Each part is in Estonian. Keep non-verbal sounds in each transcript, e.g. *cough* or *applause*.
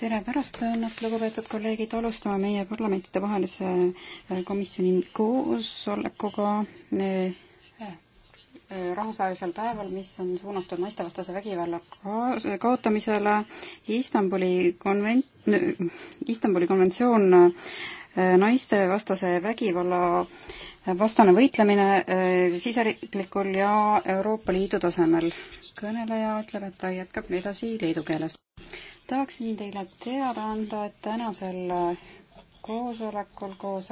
tere pärastlõunat, lugupeetud kolleegid, alustame meie parlamentidevahelise äh, komisjoni koosolekuga äh, äh, rahvusvahelisel päeval, mis on suunatud naistevastase vägivalla kaotamisele. Istanbuli konvent-, Istanbuli konventsioon naistevastase vägivalla äh, vastane võitlemine äh, siseriiklikul ja Euroopa Liidu tasemel. kõneleja ütleb, et ta jätkab edasi leedu keeles. tahaksin teile teada anda, et tänasel äh, koosolekul koos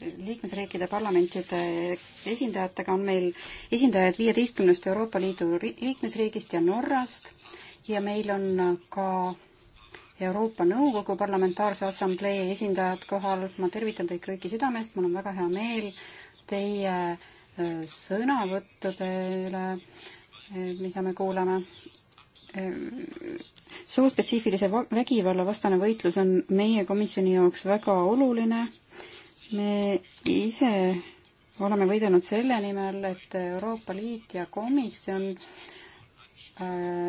liikmesriikide parlamentide esindajatega on meil esindajaid viieteistkümnest Euroopa Liidu liikmesriigist ja Norrast ja meil on ka Euroopa Nõukogu Parlamentaarse Assamblee esindajad kohal. ma tervitan teid kõiki südamest, mul on väga hea meel äh, teie äh, sõnavõttude üle, äh, mida me kuulame. Äh, soospetsiifilise vägivalla vastane võitlus on meie komisjoni jaoks väga oluline. me ise oleme võidelnud selle nimel, et Euroopa Liit ja komisjon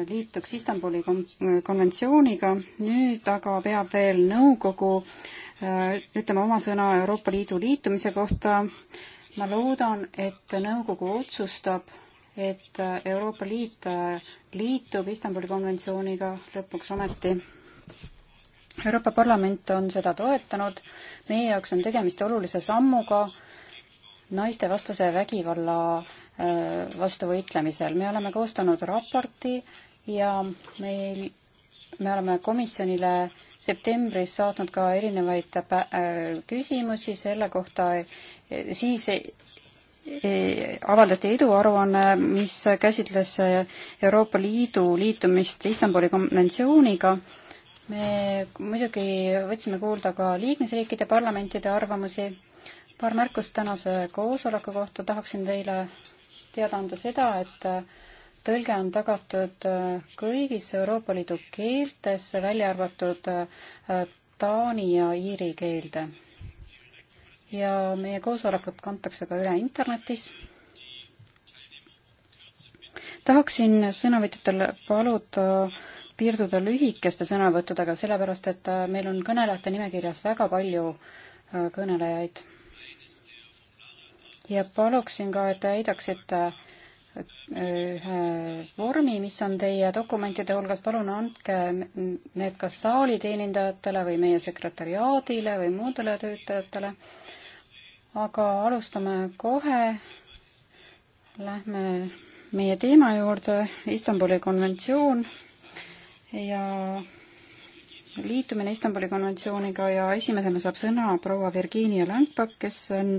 liituks Istanbuli konventsiooniga, nüüd aga peab veel nõukogu ütleme oma sõna Euroopa Liidu liitumise kohta ma loodan, et nõukogu otsustab, et Euroopa Liit äh, liitub Istanbuli konventsiooniga lõpuks ometi. Euroopa Parlament on seda toetanud, meie jaoks on tegemist olulise sammuga naistevastase vägivalla äh, vastu võitlemisel. me oleme koostanud raporti ja meil me oleme komisjonile septembris saatnud ka erinevaid äh, küsimusi selle kohta, siis avaldati eduaruanne, mis käsitles Euroopa Liidu liitumist Istanbuli konventsiooniga. me muidugi võtsime kuulda ka liikmesriikide parlamentide arvamusi. paar märkust tänase koosoleku kohta tahaksin teile teada anda seda, et tõlge on tagatud äh, kõigisse Euroopa Liidu keeltesse, välja arvatud äh, taani ja iiri keelde. ja meie koosolekud kantakse ka üle internetis. tahaksin sõnavõtjatel paluda piirduda lühikeste sõnavõttudega, sellepärast et äh, meil on kõnelejate nimekirjas väga palju kõnelejaid. ja paluksin ka, et te heidaksite vormi, mis on teie dokumentide hulgas, palun andke need kas saali teenindajatele või meie sekretariaadile või muudele töötajatele. aga alustame kohe. Lähme meie teema juurde, Istanbuli konventsioon ja liitumine Istanbuli konventsiooniga ja esimesena saab sõna proua Virginia Landbach, kes on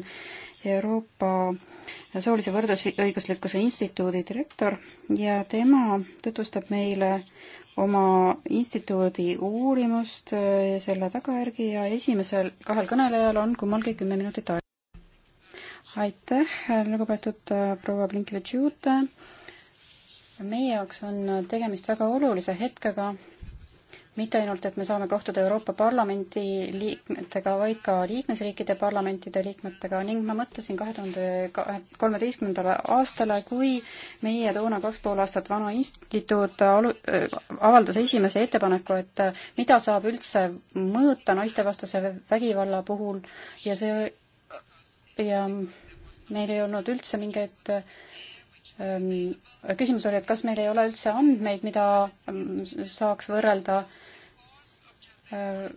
Euroopa soolise võrdõiguslikkuse instituudi direktor ja tema tutvustab meile oma instituudi uurimust ja äh, selle tagajärgi ja esimesel kahel kõnelejal on kummalgi kümme minutit aega. aitäh, lugupeetud äh, proua Blinkevitš-Juute. meie jaoks on tegemist väga olulise hetkega mitte ainult, et me saame kohtuda Euroopa Parlamendi liikmetega, vaid ka liikmesriikide parlamentide liikmetega ning ma mõtlesin kahe tuhande kolmeteistkümnendale aastale, kui meie toona kaks pool aastat vana instituut alu-, avaldas esimese ettepaneku, et mida saab üldse mõõta naistevastase vägivalla puhul ja see ja meil ei olnud üldse mingeid ähm, küsimus oli, et kas meil ei ole üldse andmeid, mida mm, saaks võrrelda, äh,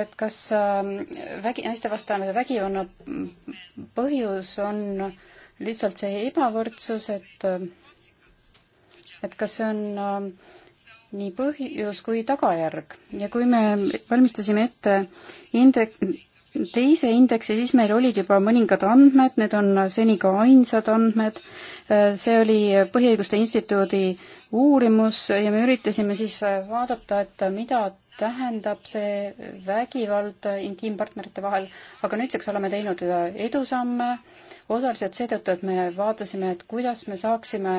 et kas äh, vägi, naistevastane vägivalla põhjus on lihtsalt see ebavõrdsus, et äh, et kas see on nii põhjus kui tagajärg ja kui me valmistasime ette indek-, teise indeksi, siis meil olid juba mõningad andmed, need on seni ka ainsad andmed, see oli Põhiõiguste Instituudi uurimus ja me üritasime siis vaadata, et mida tähendab see vägivald intiimpartnerite vahel, aga nüüdseks oleme teinud edusamme, osaliselt seetõttu, et me vaatasime, et kuidas me saaksime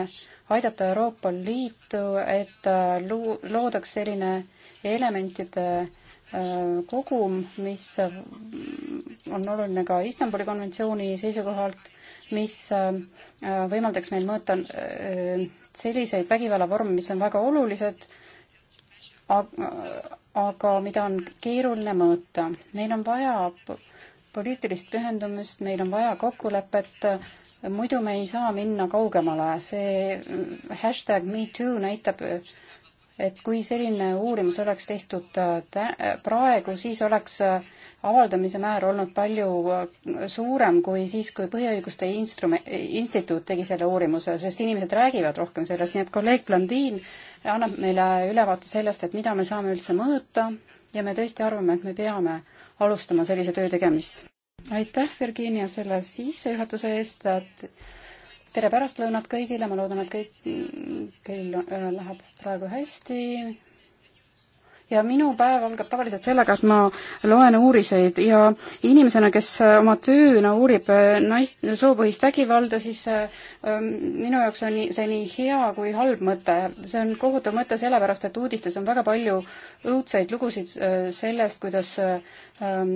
aidata Euroopa Liitu, et luu-, loodaks selline elementide äh, Äh, kogum, mis äh, on oluline ka Istanbuli konventsiooni seisukohalt, mis äh, võimaldaks meil mõõta selliseid vägivallavorme, mis on väga olulised, aga mida on keeruline mõõta. meil on vaja poliitilist pühendumust, meil on vaja kokkulepet, muidu me ei saa minna kaugemale. see hashtag MeToo näitab et kui selline uurimus oleks tehtud äh, praegu, siis oleks äh, avaldamise määr olnud palju äh, suurem kui siis, kui Põhiõiguste instrume-, instituut tegi selle uurimuse, sest inimesed räägivad rohkem sellest, nii et kolleeg Blondin annab meile ülevaate sellest, et mida me saame üldse mõõta ja me tõesti arvame, et me peame alustama sellise töö tegemist. aitäh, Virginia, selle sissejuhatuse eest, et tere pärastlõunat kõigile, ma loodan, et kõik, teil äh, läheb praegu hästi. ja minu päev algab tavaliselt sellega, et ma loen uuriseid ja inimesena, kes äh, oma tööna uurib äh, naist, soopõhist vägivalda, siis ähm, minu jaoks on see nii hea kui halb mõte. see on kohutav mõte sellepärast, et uudistes on väga palju õudseid lugusid sellest, kuidas ähm,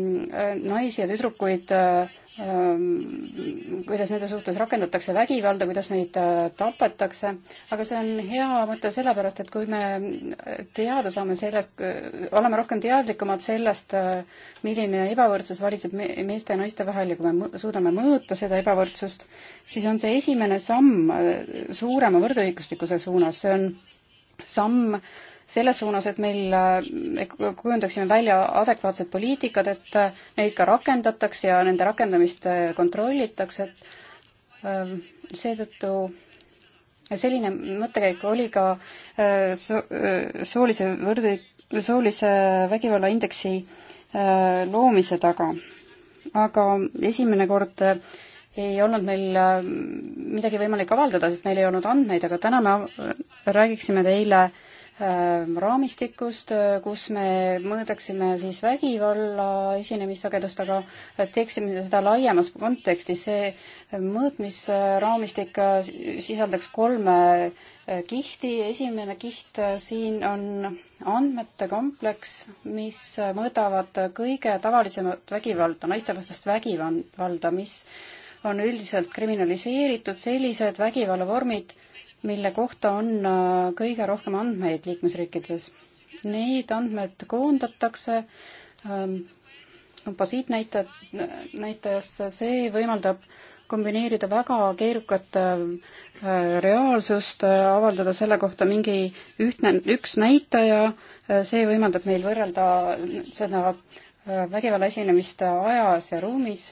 naisi ja tüdrukuid äh, Ehm, kuidas nende suhtes rakendatakse vägivalda, kuidas neid äh, tapetakse, aga see on hea mõte sellepärast, et kui me äh, teada saame sellest, äh, oleme rohkem teadlikumad sellest, milline ebavõrdsus valitseb meeste ja naiste vahel ja kui me suudame mõõta seda ebavõrdsust, siis on see esimene samm suurema võrdõiguslikkuse suunas, see on samm, selles suunas, et meil, me äh, kujundaksime välja adekvaatsed poliitikad, et äh, neid ka rakendatakse ja nende rakendamist äh, kontrollitakse, et ähm, seetõttu selline mõttekäik oli ka so-, soolise võrd-, soolise vägivalla indeksi loomise taga. aga esimene kord ei olnud meil midagi võimalik avaldada, sest meil ei olnud andmeid, aga täna me räägiksime teile äh, Ähm, raamistikust, äh, kus me mõõdaksime siis vägivalla esinemissagedust, aga teeksime seda laiemas kontekstis. see mõõtmisraamistik äh, sisaldaks kolme äh, kihti. esimene kiht siin on andmete kompleks, mis mõõdavad kõige tavalisemat vägivalda, naistevastast vägivalda, mis on üldiselt kriminaliseeritud, sellised vägivallavormid, mille kohta on äh, kõige rohkem andmeid liikmesriikides. Neid andmed koondatakse komposiitnäita-, ähm, näitajasse, see võimaldab kombineerida väga keerukat äh, reaalsust, äh, avaldada selle kohta mingi ühtne, üks näitaja, see võimaldab meil võrrelda seda vägivalla esinemist ajas ja ruumis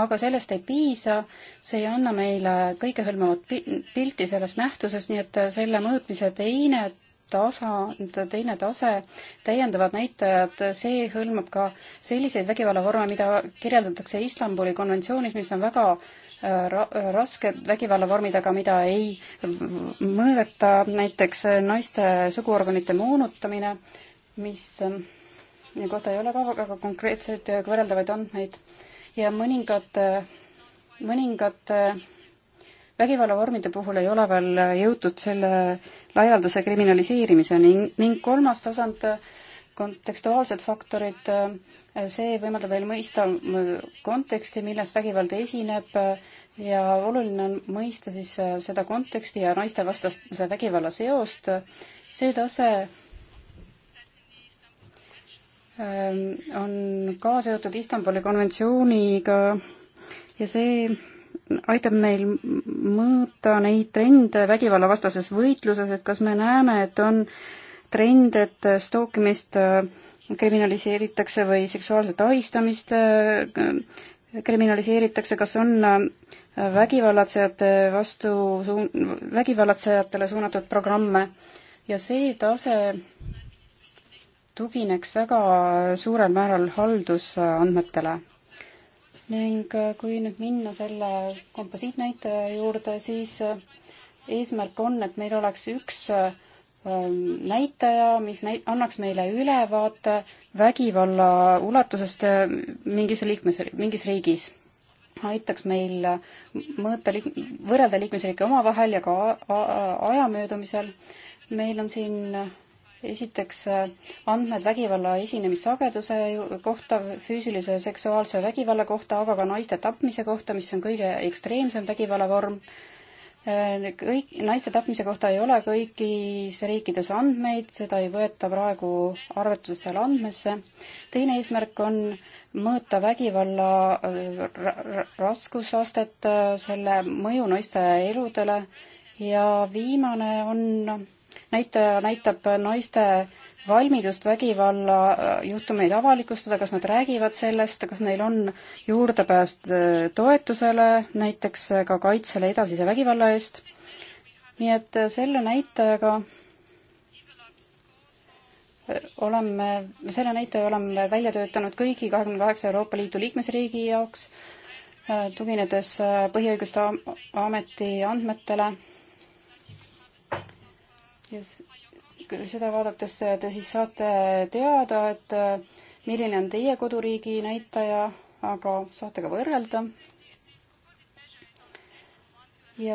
aga sellest ei piisa, see ei anna meile kõikehõlmavat pilti sellest nähtusest, nii et äh, selle mõõtmise teine tasand, teine tase, täiendavad näitajad, see hõlmab ka selliseid vägivallavorme, mida kirjeldatakse Istanbuli konventsioonis, mis on väga äh, ra-, rasked vägivallavormid, aga mida ei mõõdeta, näiteks äh, naiste suguorganite moonutamine, mis kohta ei ole ka väga konkreetseid võrreldavaid andmeid ja mõningate, äh, mõningate äh, vägivallavormide puhul ei ole veel äh, jõutud selle laialdase kriminaliseerimiseni ning kolmas tasand, kontekstuaalsed faktorid, see võimaldab veel mõista konteksti, milles vägivald esineb ja oluline on mõista siis seda konteksti ja naistevastase vägivalla seost. see tase Ähm, on ka seotud Istanbuli konventsiooniga ja see aitab meil mõõta neid trende vägivallavastases võitluses, et kas me näeme, et on trend, et stookimist äh, kriminaliseeritakse või seksuaalset ahistamist äh, kriminaliseeritakse, kas on äh, vägivallatsejate vastu suun-, vägivallatsejatele suunatud programme ja see tase tugineks väga suurel määral haldusandmetele. ning äh, kui nüüd minna selle komposiitnäitaja juurde, siis äh, eesmärk on, et meil oleks üks äh, näitaja, mis näit-, annaks meile ülevaate vägivalla ulatusest mingis liikmes, mingis riigis. aitaks meil mõõta liik-, võrrelda liikmesriike omavahel ja ka aja möödumisel. meil on siin esiteks äh, andmed vägivalla esinemissageduse kohta, füüsilise ja seksuaalse vägivalla kohta, aga ka naiste tapmise kohta, mis on kõige ekstreemsem vägivallavorm. Äh, kõik, naiste tapmise kohta ei ole kõigis riikides andmeid, seda ei võeta praegu arvutusele andmesse. teine eesmärk on mõõta vägivalla äh, raskusastet, selle mõju naiste eludele ja viimane on näitaja näitab naiste valmidust vägivallajuhtumeid avalikustada, kas nad räägivad sellest, kas neil on juurdepääs äh, toetusele, näiteks äh, ka kaitsele edasise vägivalla eest. nii et äh, selle näitajaga oleme, selle näitaja oleme välja töötanud kõigi kahekümne kaheksa Euroopa Liidu liikmesriigi jaoks, tuginedes Põhiõiguste Ameti andmetele seda vaadates te siis saate teada, et äh, milline on teie koduriigi näitaja, aga saate ka võrrelda. ja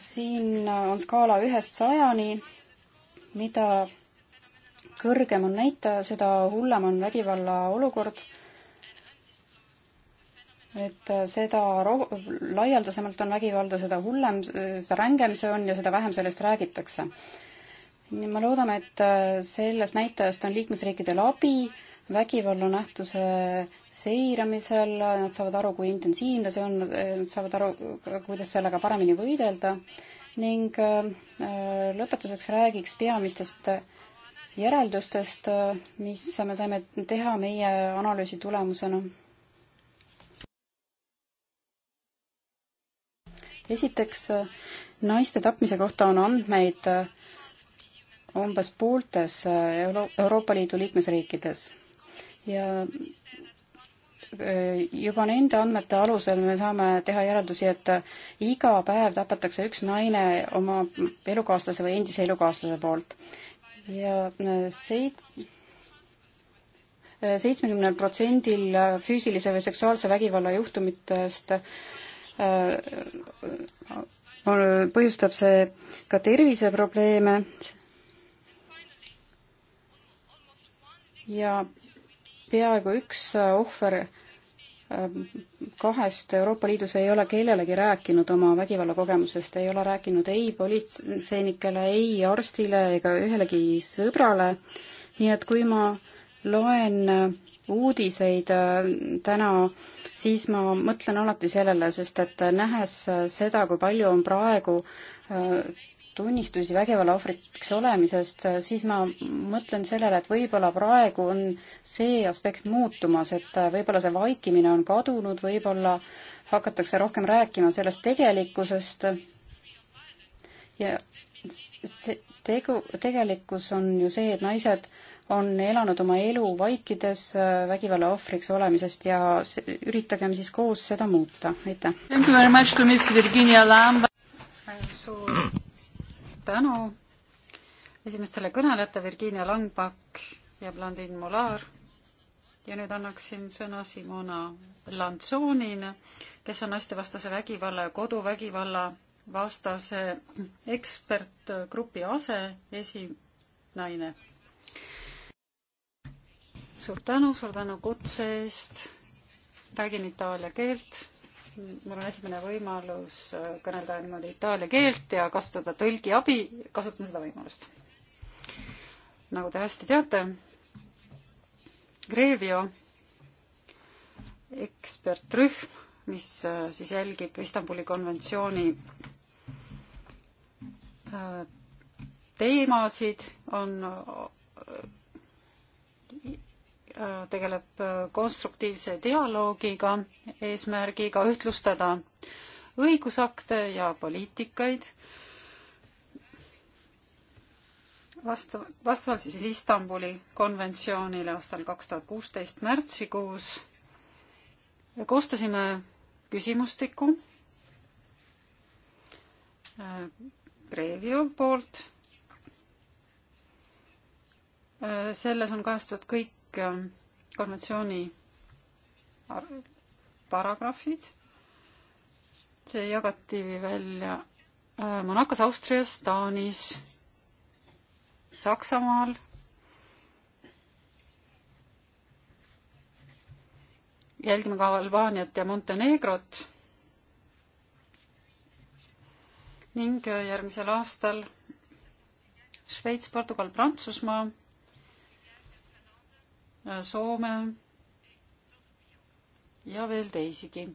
siin on skaala ühest sajani, mida kõrgem on näitaja, seda hullem on vägivalla olukord. et äh, seda roh-, laialdasemalt on vägivalda, seda hullem, äh, seda rängem see on ja seda vähem sellest räägitakse me loodame, et äh, sellest näitajast on liikmesriikidel abi vägivalla nähtuse seiramisel, nad saavad aru, kui intensiivne see on, äh, nad saavad aru, äh, kuidas sellega paremini võidelda ning lõpetuseks räägiks peamistest järeldustest, mis me saime teha meie analüüsi tulemusena. esiteks, naiste tapmise kohta on andmeid umbes pooltes äh, Euro Euroopa Liidu liikmesriikides ja äh, juba nende andmete alusel me saame teha järeldusi, et iga päev tapetakse üks naine oma elukaaslase või endise elukaaslase poolt ja äh, seit-, seitsmekümnel protsendil füüsilise või seksuaalse vägivalla juhtumitest põhjustab see ka terviseprobleeme, ja peaaegu üks äh, ohver ähm, kahest Euroopa Liidus ei ole kellelegi rääkinud oma vägivallakogemusest, ei ole rääkinud ei politseinikele, ei arstile ega ühelegi sõbrale. nii et kui ma loen äh, uudiseid äh, täna, siis ma mõtlen alati sellele, sest et nähes seda, kui palju on praegu tunnistusi vägivalla ohvriks olemisest, siis ma mõtlen sellele, et võib-olla praegu on see aspekt muutumas, et võib-olla see vaikimine on kadunud, võib-olla hakatakse rohkem rääkima sellest tegelikkusest ja see tegu, tegelikkus on ju see, et naised on elanud oma elu vaikides äh, vägivalla ohvriks olemisest ja üritagem siis koos seda muuta, aitäh! suur tänu esimestele kõnelejate Virginia Langbak ja Blandin Molar. ja nüüd annaksin sõna Simona Lantsoonile, kes on naistevastase vägivalla ja koduvägivalla vastase ekspertgrupi aseesinaine. suur tänu, suur tänu kutse eest. räägin itaalia keelt mul on esimene võimalus äh, kõnelda niimoodi itaalia keelt ja kasutada tõlgi abi, kasutan seda võimalust. nagu te hästi teate, Grevio ekspertrühm, mis äh, siis jälgib Istanbuli konventsiooni äh, teemasid, on tegeleb äh, konstruktiivse dialoogiga, eesmärgiga ühtlustada õigusakte ja poliitikaid vastav, vastavalt siis Istanbuli konventsioonile aastal kaks tuhat kuusteist märtsikuus koostasime küsimustiku äh, Previo poolt. Äh, selles on kajastatud kõik kõik äh, konventsiooni paragrahvid. see jagati välja äh, Monacos, Austrias, Taanis, Saksamaal. jälgime ka Albaaniat ja Montenegrot. ning äh, järgmisel aastal Šveits, Portugal, Prantsusmaa Soome ja veel teisigi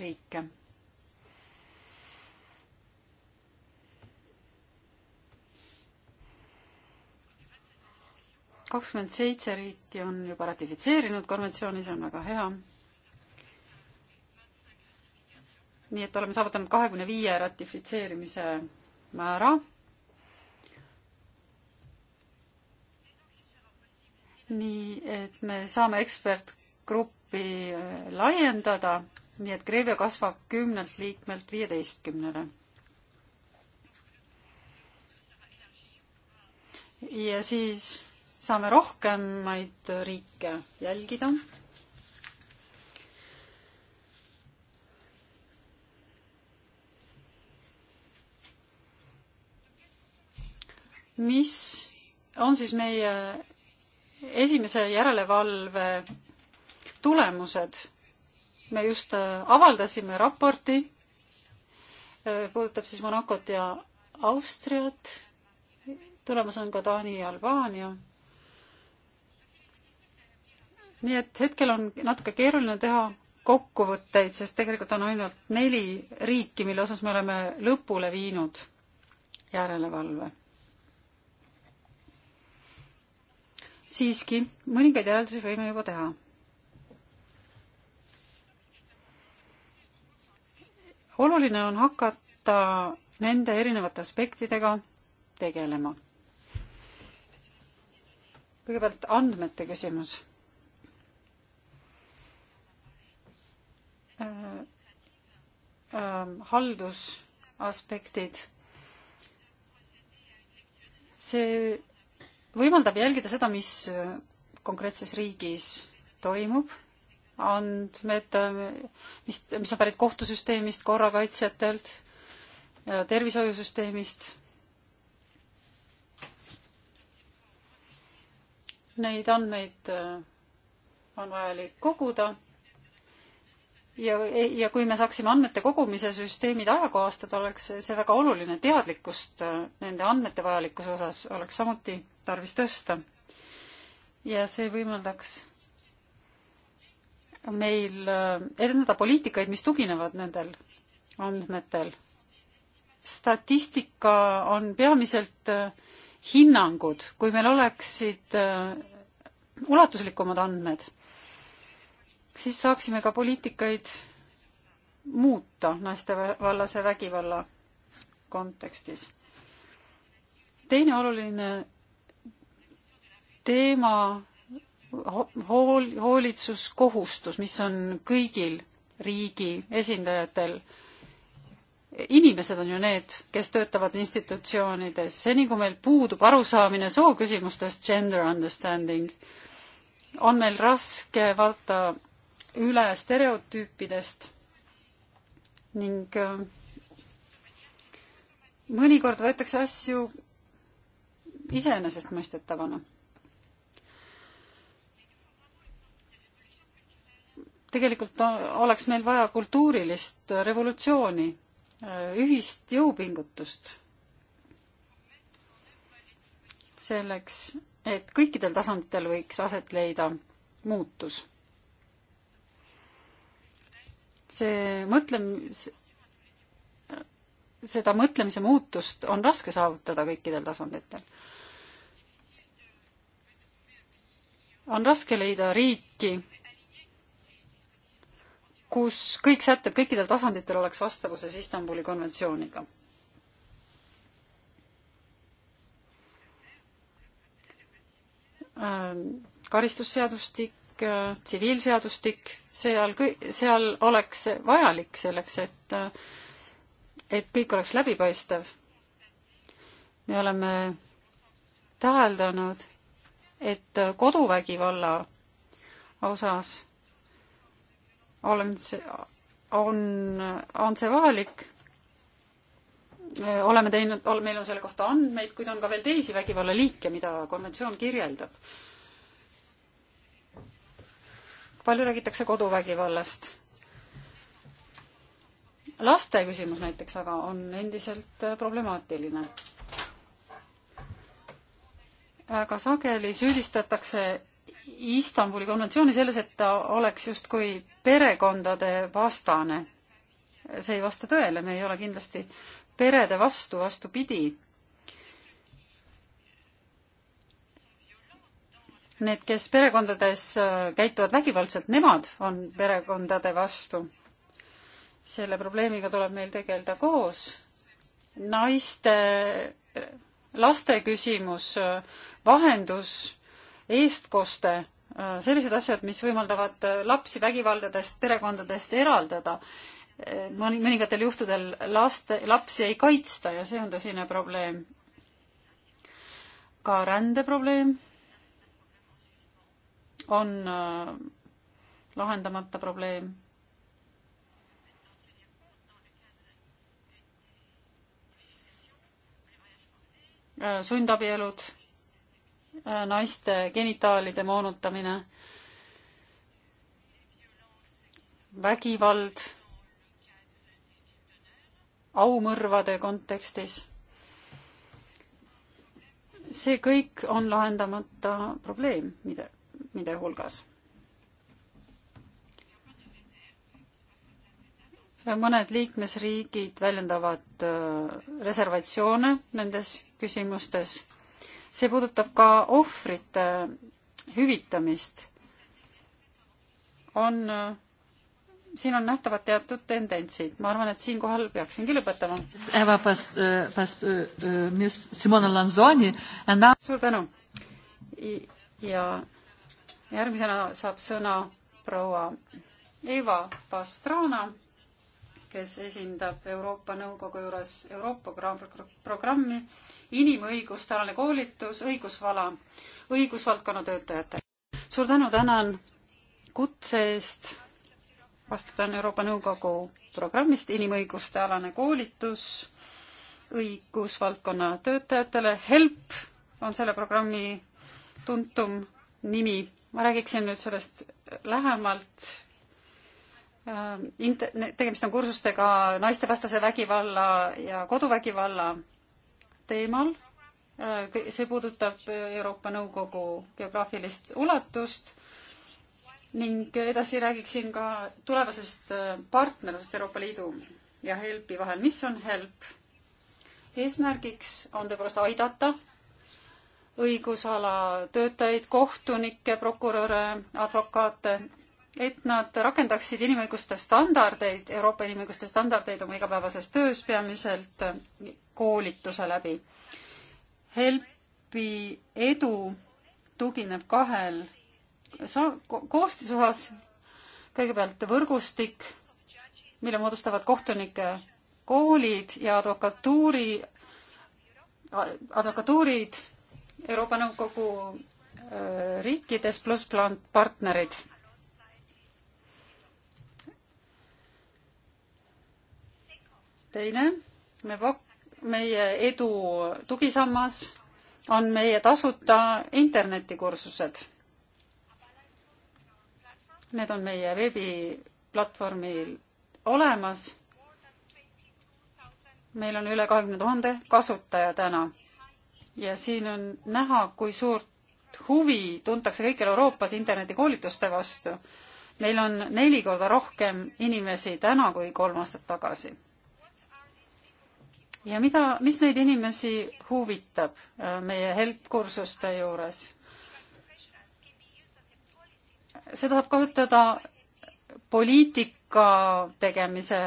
riike. kakskümmend seitse riiki on juba ratifitseerinud konventsiooni, see on väga hea. nii et oleme saavutanud kahekümne viie ratifitseerimise määra nii et me saame ekspertgruppi äh, laiendada, nii et Grevio kasvab kümnelt liikmelt viieteistkümnele. ja siis saame rohkemaid riike jälgida mis on siis meie esimese järelevalve tulemused. me just äh, avaldasime raporti, äh, puudutab siis Monacot ja Austriat. tulemas on ka Taani ja Albaania. nii et hetkel on natuke keeruline teha kokkuvõtteid, sest tegelikult on ainult neli riiki, mille osas me oleme lõpule viinud järelevalve siiski mõningaid järeldusi võime juba teha. oluline on hakata nende erinevate aspektidega tegelema. kõigepealt andmete küsimus. Äh, äh, haldusaspektid. see võimaldab jälgida seda, mis konkreetses riigis toimub, andmed, mis, mis on pärit kohtusüsteemist, korrakaitsjatelt, tervishoiusüsteemist. Neid andmeid äh, on vajalik koguda ja, ja kui me saaksime andmete kogumise süsteemid ajakohastada, oleks see väga oluline, teadlikkust äh, nende andmete vajalikkuse osas oleks samuti tarvis tõsta. ja see võimaldaks meil äh, edendada poliitikaid, mis tuginevad nendel andmetel. statistika on peamiselt äh, hinnangud, kui meil oleksid äh, ulatuslikumad andmed, siis saaksime ka poliitikaid muuta naistevallase vägivalla kontekstis. teine oluline teema hool, hoolitsuskohustus, mis on kõigil riigi esindajatel. inimesed on ju need, kes töötavad institutsioonides, seni kui meil puudub arusaamine sooküsimustest, gender understanding, on meil raske vaata üle stereotüüpidest ning äh, mõnikord võetakse asju iseenesestmõistetavana tegelikult oleks meil vaja kultuurilist revolutsiooni, ühist jõupingutust selleks, et kõikidel tasanditel võiks aset leida muutus. see mõtlem-, seda mõtlemise muutust on raske saavutada kõikidel tasanditel. on raske leida riiki, kus kõik sätted kõikidel tasanditel oleks vastavuses Istanbuli konventsiooniga. Ähm, karistusseadustik, äh, tsiviilseadustik, seal, seal oleks vajalik selleks, et, äh, et kõik oleks läbipaistev. me oleme täheldanud, et koduvägivalla osas olen see, on, on see vajalik. oleme teinud, meil on selle kohta andmeid, kuid on ka veel teisi vägivallaliike, mida konventsioon kirjeldab. palju räägitakse koduvägivallast? laste küsimus näiteks aga on endiselt problemaatiline. väga sageli süüdistatakse Istanbuli konventsiooni selles, et ta oleks justkui perekondade vastane. see ei vasta tõele, me ei ole kindlasti perede vastu, vastupidi. Need, kes perekondades äh, käituvad vägivaldselt, nemad on perekondade vastu. selle probleemiga tuleb meil tegeleda koos. naiste, äh, laste küsimus, äh, vahendus eestkoste, äh, sellised asjad, mis võimaldavad äh, lapsi vägivaldadest perekondadest eraldada. Äh, mõni, mõningatel juhtudel laste, lapsi ei kaitsta ja see on tõsine probleem. ka rändeprobleem on lahendamata probleem sundabielud Äh, naiste genitaalide moonutamine, vägivald aumõrvade kontekstis. see kõik on lahendamata probleem, mida, mida hulgas. mõned liikmesriigid väljendavad äh, reservatsioone nendes küsimustes see puudutab ka ohvrite hüvitamist. on, siin on nähtavad teatud tendentsid, ma arvan, et siinkohal peaksingi lõpetama. suur tänu. ja järgmisena saab sõna proua Eva Pastrana kes esindab Euroopa Nõukogu juures Euroopa programmi, inimõigustealane koolitus, õigusvala, õigusvaldkonna töötajate. suur tänu, tänan kutse eest, vastutan Euroopa Nõukogu programmist inimõigustealane koolitus õigusvaldkonna töötajatele, HELP on selle programmi tuntum nimi. ma räägiksin nüüd sellest lähemalt Äh, int-, tegemist on kursustega naistevastase vägivalla ja koduvägivalla teemal. Äh, see puudutab äh, Euroopa Nõukogu geograafilist ulatust ning edasi räägiksin ka tulevasest partnerlusest Euroopa Liidu ja HELP-i vahel. mis on HELP? eesmärgiks on tõepoolest aidata õigusala töötajaid, kohtunikke, prokuröre, advokaate et nad rakendaksid inimõiguste standardeid, Euroopa inimõiguste standardeid oma igapäevases töös, peamiselt koolituse läbi. Helpi edu tugineb kahel sa-, koostisosas, kõigepealt võrgustik, mille moodustavad kohtunike koolid ja advokatuuri, advokatuurid Euroopa Nõukogu äh, riikides pluss partnerid teine, me pak-, meie edu tugisammas on meie tasuta internetikursused. Need on meie veebiplatvormil olemas. meil on üle kahekümne tuhande kasutaja täna ja siin on näha, kui suurt huvi tuntakse kõikjal Euroopas internetikoolituste vastu. meil on neli korda rohkem inimesi täna kui kolm aastat tagasi ja mida, mis neid inimesi huvitab äh, meie HELP-kursuste juures? seda saab kasutada poliitika tegemise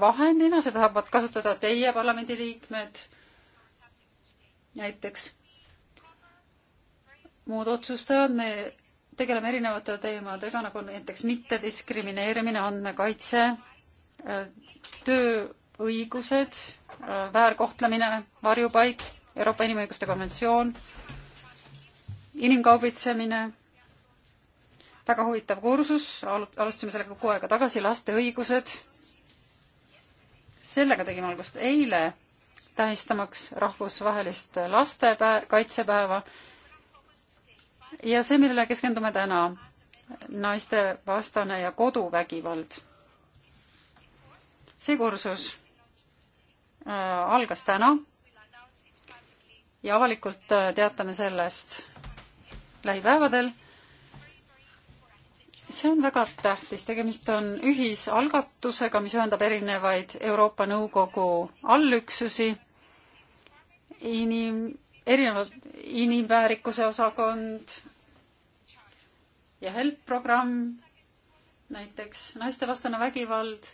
vahendina, seda saavad kasutada teie parlamendiliikmed näiteks, muud otsustajad, me tegeleme erinevate teemadega, nagu näiteks mittediskrimineerimine, andmekaitse, äh, töö õigused, väärkohtlemine, varjupaik, Euroopa Inimõiguste Konventsioon, inimkaubitsemine, väga huvitav kursus, alustasime sellega kuu aega tagasi, laste õigused, sellega tegime algust eile, tähistamaks rahvusvahelist lastekaitsepäeva ja see, millele keskendume täna, naistevastane ja koduvägivald. see kursus Äh, algas täna ja avalikult äh, teatame sellest lähipäevadel. see on väga tähtis, tegemist on ühisalgatusega, mis ühendab erinevaid Euroopa Nõukogu allüksusi, inim-, erinevad inimväärikuse osakond ja HELP programm, näiteks naistevastane vägivald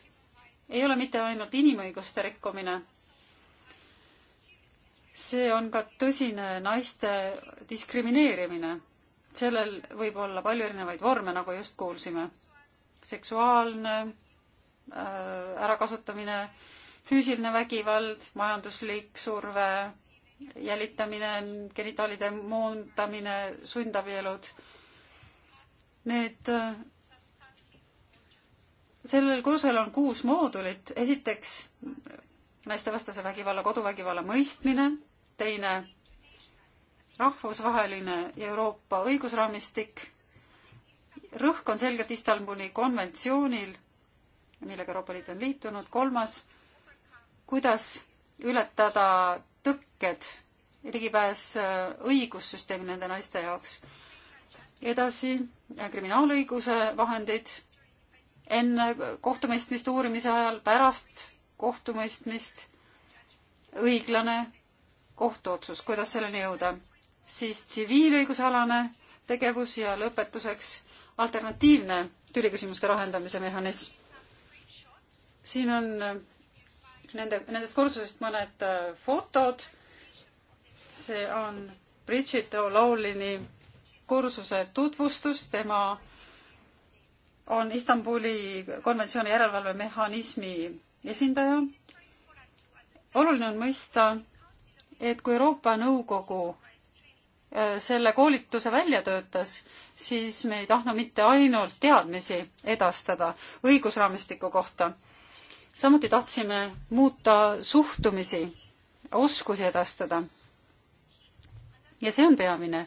ei ole mitte ainult inimõiguste rikkumine see on ka tõsine naiste diskrimineerimine. sellel võib olla palju erinevaid vorme, nagu just kuulsime. seksuaalne äh, ärakasutamine, füüsiline vägivald, majanduslik surve, jälitamine, genitaalide moondamine, sundabielud. Need, äh, sellel kursusel on kuus moodulit. esiteks naistevastase vägivalla, koduvägivalla mõistmine teine rahvusvaheline ja Euroopa õigusraamistik. rõhk on selgelt Istanbuli konventsioonil, millega Euroopa Liit on liitunud. kolmas, kuidas ületada tõkked, ligipääs äh, õigussüsteemi nende naiste jaoks. edasi äh, kriminaalõiguse vahendid enne kohtumõistmist uurimise ajal, pärast kohtumõistmist, õiglane kohtuotsus, kuidas selleni jõuda, siis tsiviilõigusalane tegevus ja lõpetuseks alternatiivne tüliküsimuste lahendamise mehhanism. siin on äh, nende, nendest kursusest mõned äh, fotod. see on Bridget O'Lowlini kursuse tutvustus, tema on Istanbuli konventsiooni järelevalvemehhanismi esindaja. oluline on mõista, et kui Euroopa Nõukogu äh, selle koolituse välja töötas, siis me ei tahtnud mitte ainult teadmisi edastada õigusraamistiku kohta. samuti tahtsime muuta suhtumisi, oskusi edastada. ja see on peamine.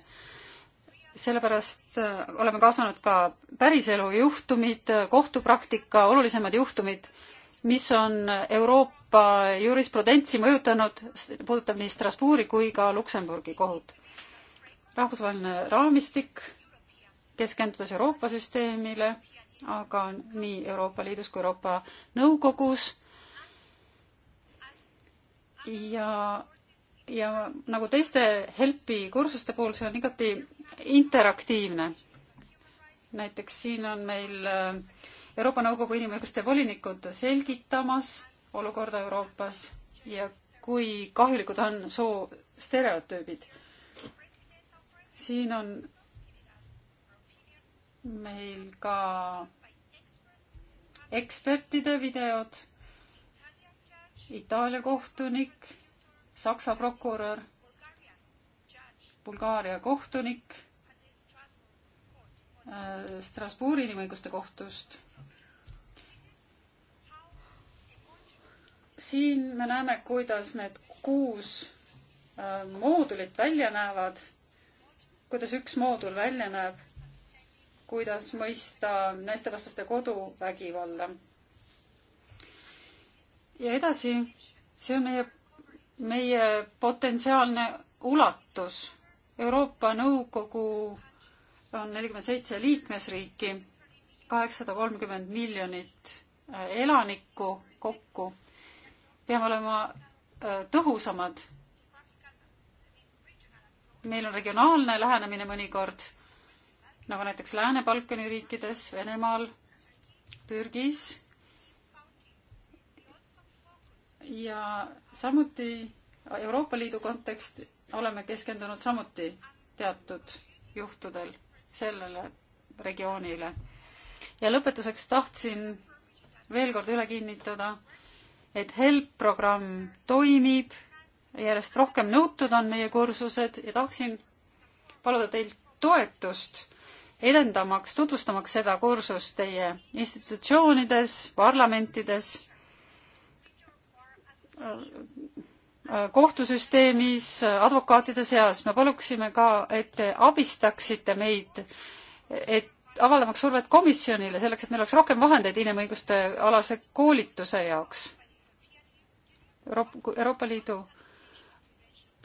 sellepärast äh, oleme kaasanud ka päriselu juhtumid, kohtupraktika, olulisemad juhtumid, mis on Euroopa Euroopa jurisprudentsi mõjutanud, puudutab nii Strasbourgi kui ka Luksemburgi kohut. rahvusvaheline raamistik, keskendudes Euroopa süsteemile, aga nii Euroopa Liidus kui Euroopa Nõukogus ja, ja nagu teiste HELP-i kursuste puhul, see on igati interaktiivne. näiteks siin on meil äh, Euroopa Nõukogu inimõiguste volinikud selgitamas olukorda Euroopas ja kui kahjulikud on soostereotüübid. siin on meil ka ekspertide videod, Itaalia kohtunik, Saksa prokurör, Bulgaaria kohtunik äh, Strasbourgi inimõiguste kohtust siin me näeme, kuidas need kuus äh, moodulit välja näevad, kuidas üks moodul välja näeb, kuidas mõista naistevastaste koduvägivalda. ja edasi, see on meie, meie potentsiaalne ulatus. Euroopa Nõukogu on nelikümmend seitse liikmesriiki, kaheksasada kolmkümmend miljonit äh, elanikku kokku peame olema äh, tõhusamad. meil on regionaalne lähenemine mõnikord, nagu näiteks Lääne-Balkani riikides, Venemaal, Türgis. ja samuti Euroopa Liidu kontekst oleme keskendunud samuti teatud juhtudel sellele regioonile. ja lõpetuseks tahtsin veel kord üle kinnitada, et HELP programm toimib, järjest rohkem nõutud on meie kursused ja tahaksin paluda teilt toetust edendamaks, tutvustamaks seda kursust teie institutsioonides, parlamentides, kohtusüsteemis, advokaatide seas. me paluksime ka, et te abistaksite meid, et avaldamaks survet komisjonile selleks, et meil oleks rohkem vahendeid inimõiguste alase koolituse jaoks. Euroopa, Euroopa Liidu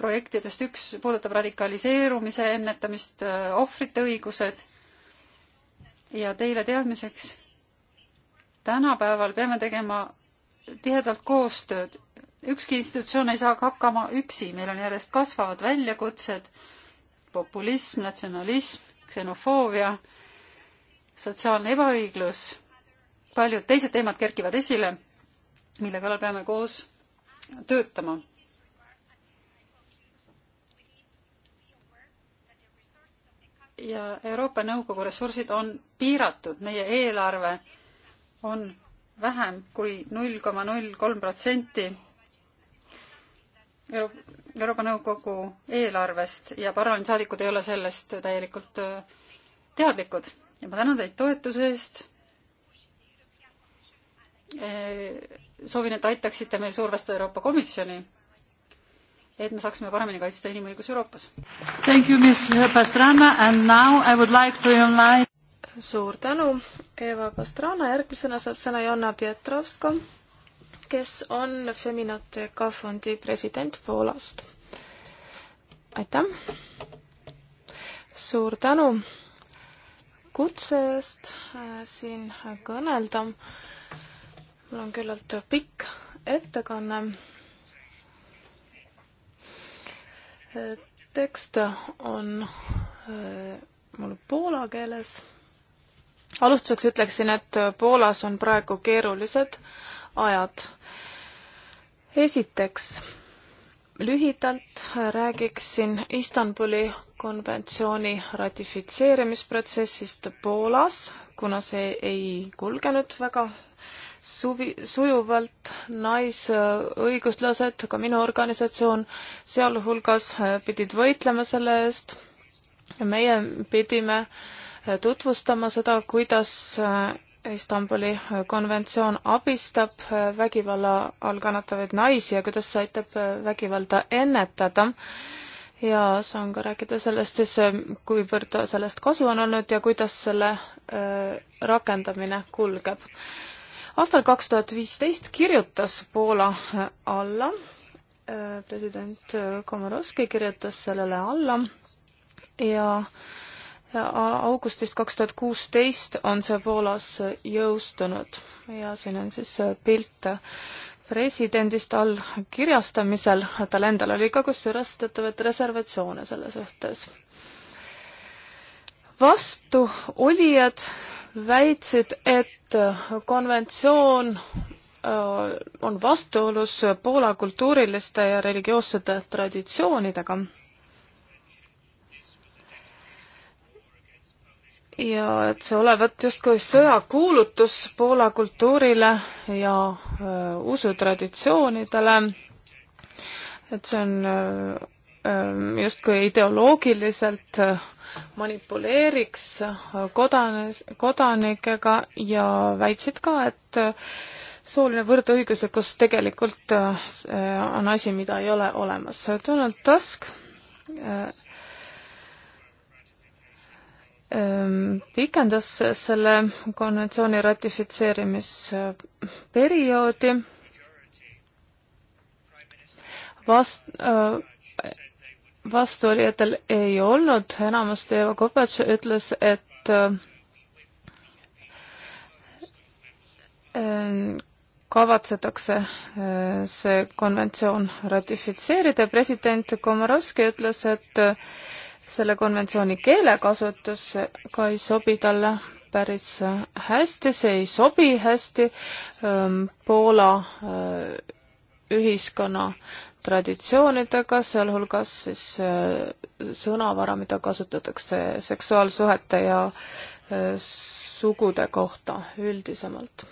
projektidest üks puudutab radikaliseerumise ennetamist, äh, ohvrite õigused ja teile teadmiseks, tänapäeval peame tegema tihedalt koostööd. ükski institutsioon ei saa hakkama üksi, meil on järjest kasvavad väljakutsed, populism, natsionalism, ksenofoobia, sotsiaalne ebaõiglus, paljud teised teemad kerkivad esile, mille kallal peame koos töötama. ja Euroopa Nõukogu ressursid on piiratud, meie eelarve on vähem kui null koma null kolm protsenti Euroopa Nõukogu eelarvest ja parlamendisaadikud ei ole sellest täielikult äh, teadlikud ja ma tänan teid toetuse eest. Äh, soovin, et aitaksite meil survestada Euroopa Komisjoni, et me saaksime paremini kaitsta inimõigusi Euroopas. Like suur tänu, Eva Pastrana, järgmisena saab sõna Jonna Pietrovska, kes on Feminate K fondi president Poolast. aitäh! suur tänu kutse eest äh, siin kõnelda mul on küllalt pikk ettekanne. tekst on äh, mul poola keeles. alustuseks ütleksin, et Poolas on praegu keerulised ajad. esiteks lühidalt räägiksin Istanbuli konventsiooni ratifitseerimisprotsessist Poolas, kuna see ei kulgenud väga suvi, sujuvalt naisõiguslased, ka minu organisatsioon sealhulgas, äh, pidid võitlema selle eest ja meie pidime äh, tutvustama seda, kuidas äh, Istanbuli konventsioon abistab vägivalla all kannatavaid naisi ja kuidas see aitab vägivalda ennetada ja saan ka rääkida sellest siis, kuivõrd sellest kasu on olnud ja kuidas selle rakendamine kulgeb aastal kaks tuhat viisteist kirjutas Poola äh, alla, äh, president äh, Komorovski kirjutas sellele alla ja augustist kaks tuhat kuusteist on see Poolas jõustunud ja siin on siis pilt presidendist allkirjastamisel, tal endal oli ka kusjuures teatavaid reservatsioone selle suhtes. vastuolijad väitsid, et konventsioon äh, on vastuolus Poola kultuuriliste ja religioossete traditsioonidega. ja et see olevat justkui sõjakuulutus Poola kultuurile ja äh, usutraditsioonidele, et see on äh, Ähm, justkui ideoloogiliselt äh, manipuleeriks äh, kodanes, kodanikega ja väitsid ka, et äh, sooline võrdõiguslikkus tegelikult on asi, mida ei ole olemas. Donald Tusk ähm, pikendas selle konventsiooni ratifitseerimisperioodi vast-, vastuolijatel ei olnud enamust, Eva Kopets ütles, et äh, ähm, kavatsetakse äh, see konventsioon ratifitseerida. president Komorovski ütles, et äh, selle konventsiooni keelekasutus ka ei sobi talle päris hästi, see ei sobi hästi ähm, Poola ühiskonna traditsioonidega, sealhulgas siis äh, sõnavara, mida kasutatakse seksuaalsuhete ja äh, sugude kohta üldisemalt.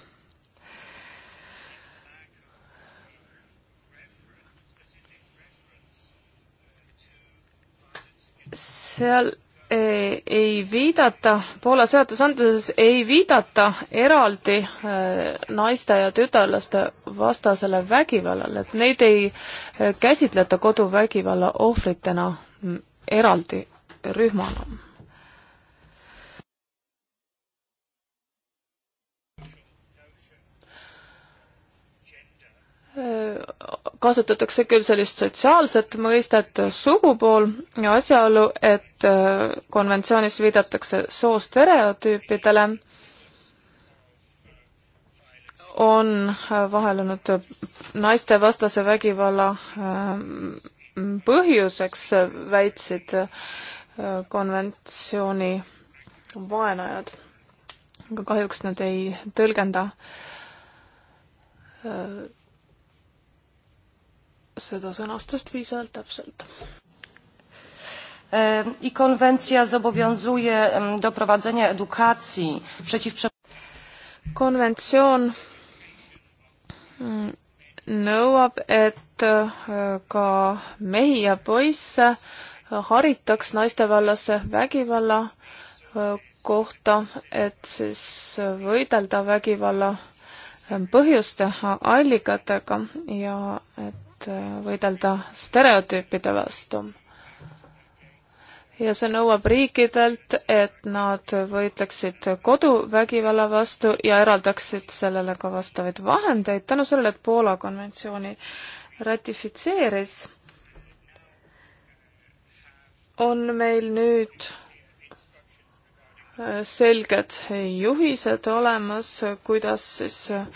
seal Eh, ei viidata, Poola seadusandluses ei viidata eraldi eh, naiste ja tütarlaste vastasele vägivallale, et neid ei eh, käsitleta koduvägivalla ohvritena mm, eraldi rühmana kasutatakse küll sellist sotsiaalset mõistet sugupool ja asjaolu, et äh, konventsioonis viidatakse soostereotüüpidele, on vahel olnud naistevastase vägivalla äh, põhjuseks, väitsid äh, konventsiooni vaenajad. aga kahjuks nad ei tõlgenda seda sõnastust piisavalt täpselt. I konwencja zobowiązuje do prowadzenia edukacji przeciw konventsioon mm, nõuab, et e, ka mehi ja poisse haritaks naistevallase vägivalla e, kohta, et siis võidelda vägivalla põhjuste allikatega ja et et äh, võidelda stereotüüpide vastu. ja see nõuab riikidelt, et nad võitleksid koduvägivalla vastu ja eraldaksid sellele ka vastavaid vahendeid tänu sellele, et Poola konventsiooni ratifitseeris, on meil nüüd äh, selged juhised olemas, kuidas siis äh,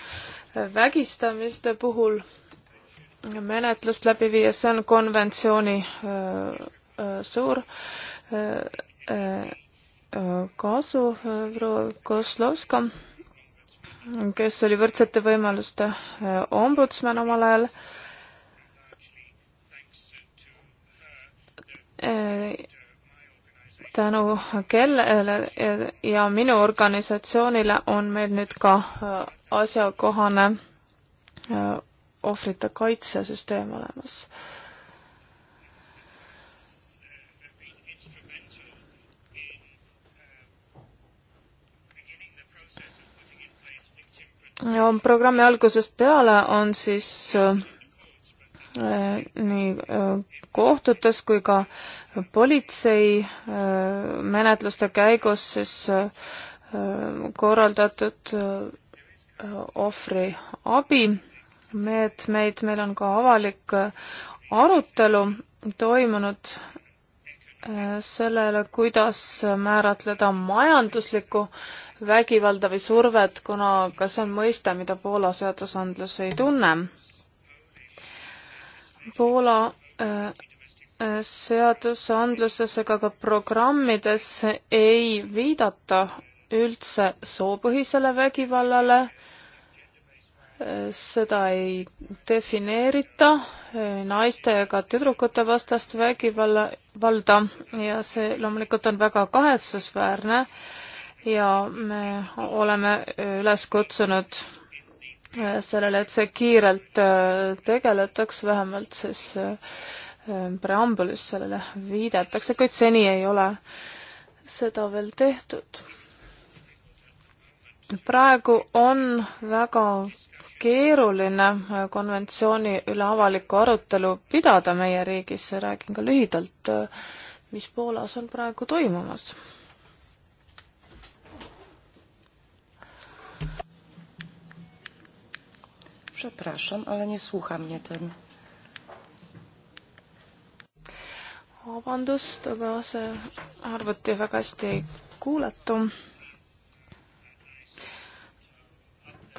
vägistamiste puhul menetlust läbi viia, see on konventsiooni suur kasu, proua Kozlovska, kes oli võrdsete võimaluste ombudsman omal ajal, tänu kellele ja minu organisatsioonile on meil nüüd ka asjakohane ohvrite kaitsesüsteem olemas. ja on programmi algusest peale on siis äh, nii äh, kohtutes kui ka politsei äh, menetluste käigus siis äh, korraldatud äh, ohvri abi meetmeid, meil on ka avalik äh, arutelu toimunud äh, sellele, kuidas määratleda majanduslikku vägivalda või survet, kuna ka see on mõiste, mida Poola seadusandlus ei tunne. Poola äh, seadusandluses ega ka programmides ei viidata üldse soopõhisele vägivallale äh, seda ei defineerita, eh, naiste ega tüdrukute vastast vägivalla, valda ja see loomulikult on väga kahetsusväärne ja me oleme üles kutsunud eh, sellele, et see kiirelt eh, tegeletaks, vähemalt siis preambulis sellele viidetakse, kuid seni ei ole seda veel tehtud. praegu on väga keeruline äh, konventsiooni üle avalikku arutelu pidada meie riigis, räägin ka lühidalt, äh, mis Poolas on praegu toimumas. Przepraszam, ale nie słucha mnie ten. vabandust, aga see arvuti väga hästi ei kuuletu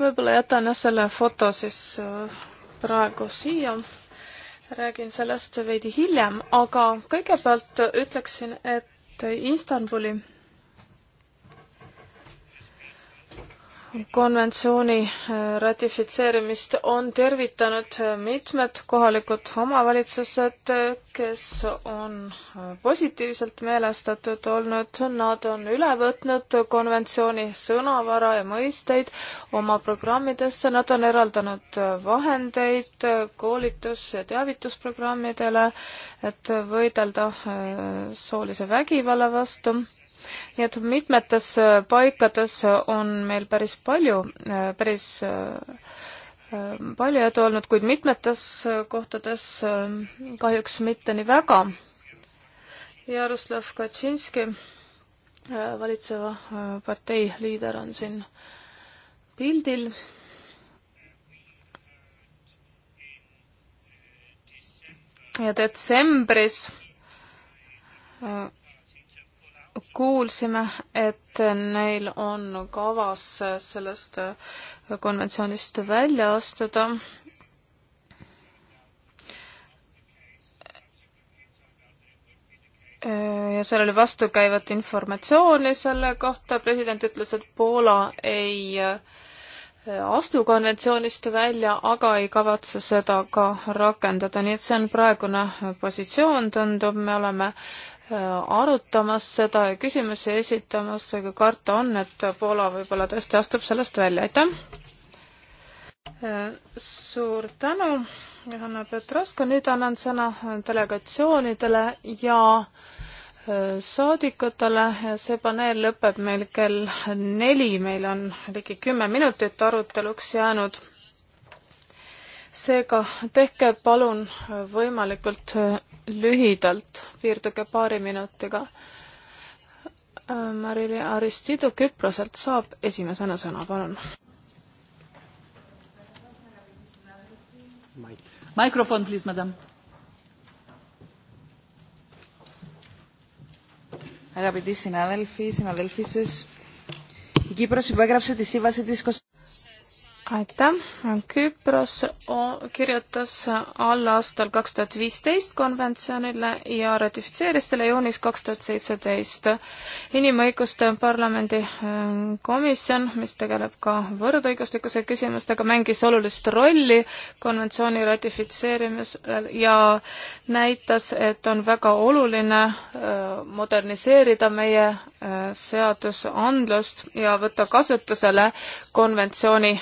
võib-olla jätan jah selle foto siis äh, praegu siia, räägin sellest veidi hiljem, aga kõigepealt ütleksin, et Istanbuli konventsiooni äh, ratifitseerimist on tervitanud äh, mitmed kohalikud omavalitsused, äh, kes on positiivselt meelestatud olnud. Nad on üle võtnud konventsiooni sõnavara ja mõisteid oma programmidesse, nad on eraldanud vahendeid koolitus- ja teavitusprogrammidele, et võidelda soolise vägivalla vastu nii et mitmetes äh, paikades äh, on meil päris palju, äh, päris palju edu olnud, kuid mitmetes kohtades kahjuks mitte nii väga. Jaroslav Kaczynski, valitseva partei liider, on siin pildil. ja detsembris kuulsime, et neil on kavas sellest konventsioonist välja astuda. ja seal oli vastukäivat informatsiooni selle kohta, president ütles, et Poola ei astu konventsioonist välja, aga ei kavatse seda ka rakendada, nii et see on praegune positsioon, tundub, me oleme äh, arutamas seda ja küsimusi esitamas, aga karta on, et Poola võib-olla tõesti astub sellest välja, aitäh! Äh, suur tänu, Johanna Petroska, nüüd annan sõna delegatsioonidele ja äh, saadikutele, see paneel lõpeb meil kell neli, meil on ligi kümme minutit aruteluks jäänud seega tehke palun võimalikult lühidalt, piirduge paari minutiga. Marili Aristidu Küproselt saab esimesena sõna, palun. mikrofon, please, madam. Αγαπητοί συνάδελφοι, συναδελφοί σας, η Κύπρος υπέγραψε τη σύμβαση της Κωνσταντινούπολης aitäh, Küpros kirjutas alla aastal kaks tuhat viisteist konventsioonile ja ratifitseeris selle juunis kaks tuhat seitseteist. inimõiguste parlamendi hm, komisjon, mis tegeleb ka võrdõiguslikkuse küsimustega, mängis olulist rolli konventsiooni ratifitseerimisel ja näitas, et on väga oluline hm, moderniseerida meie hm, seadusandlust ja võtta kasutusele konventsiooni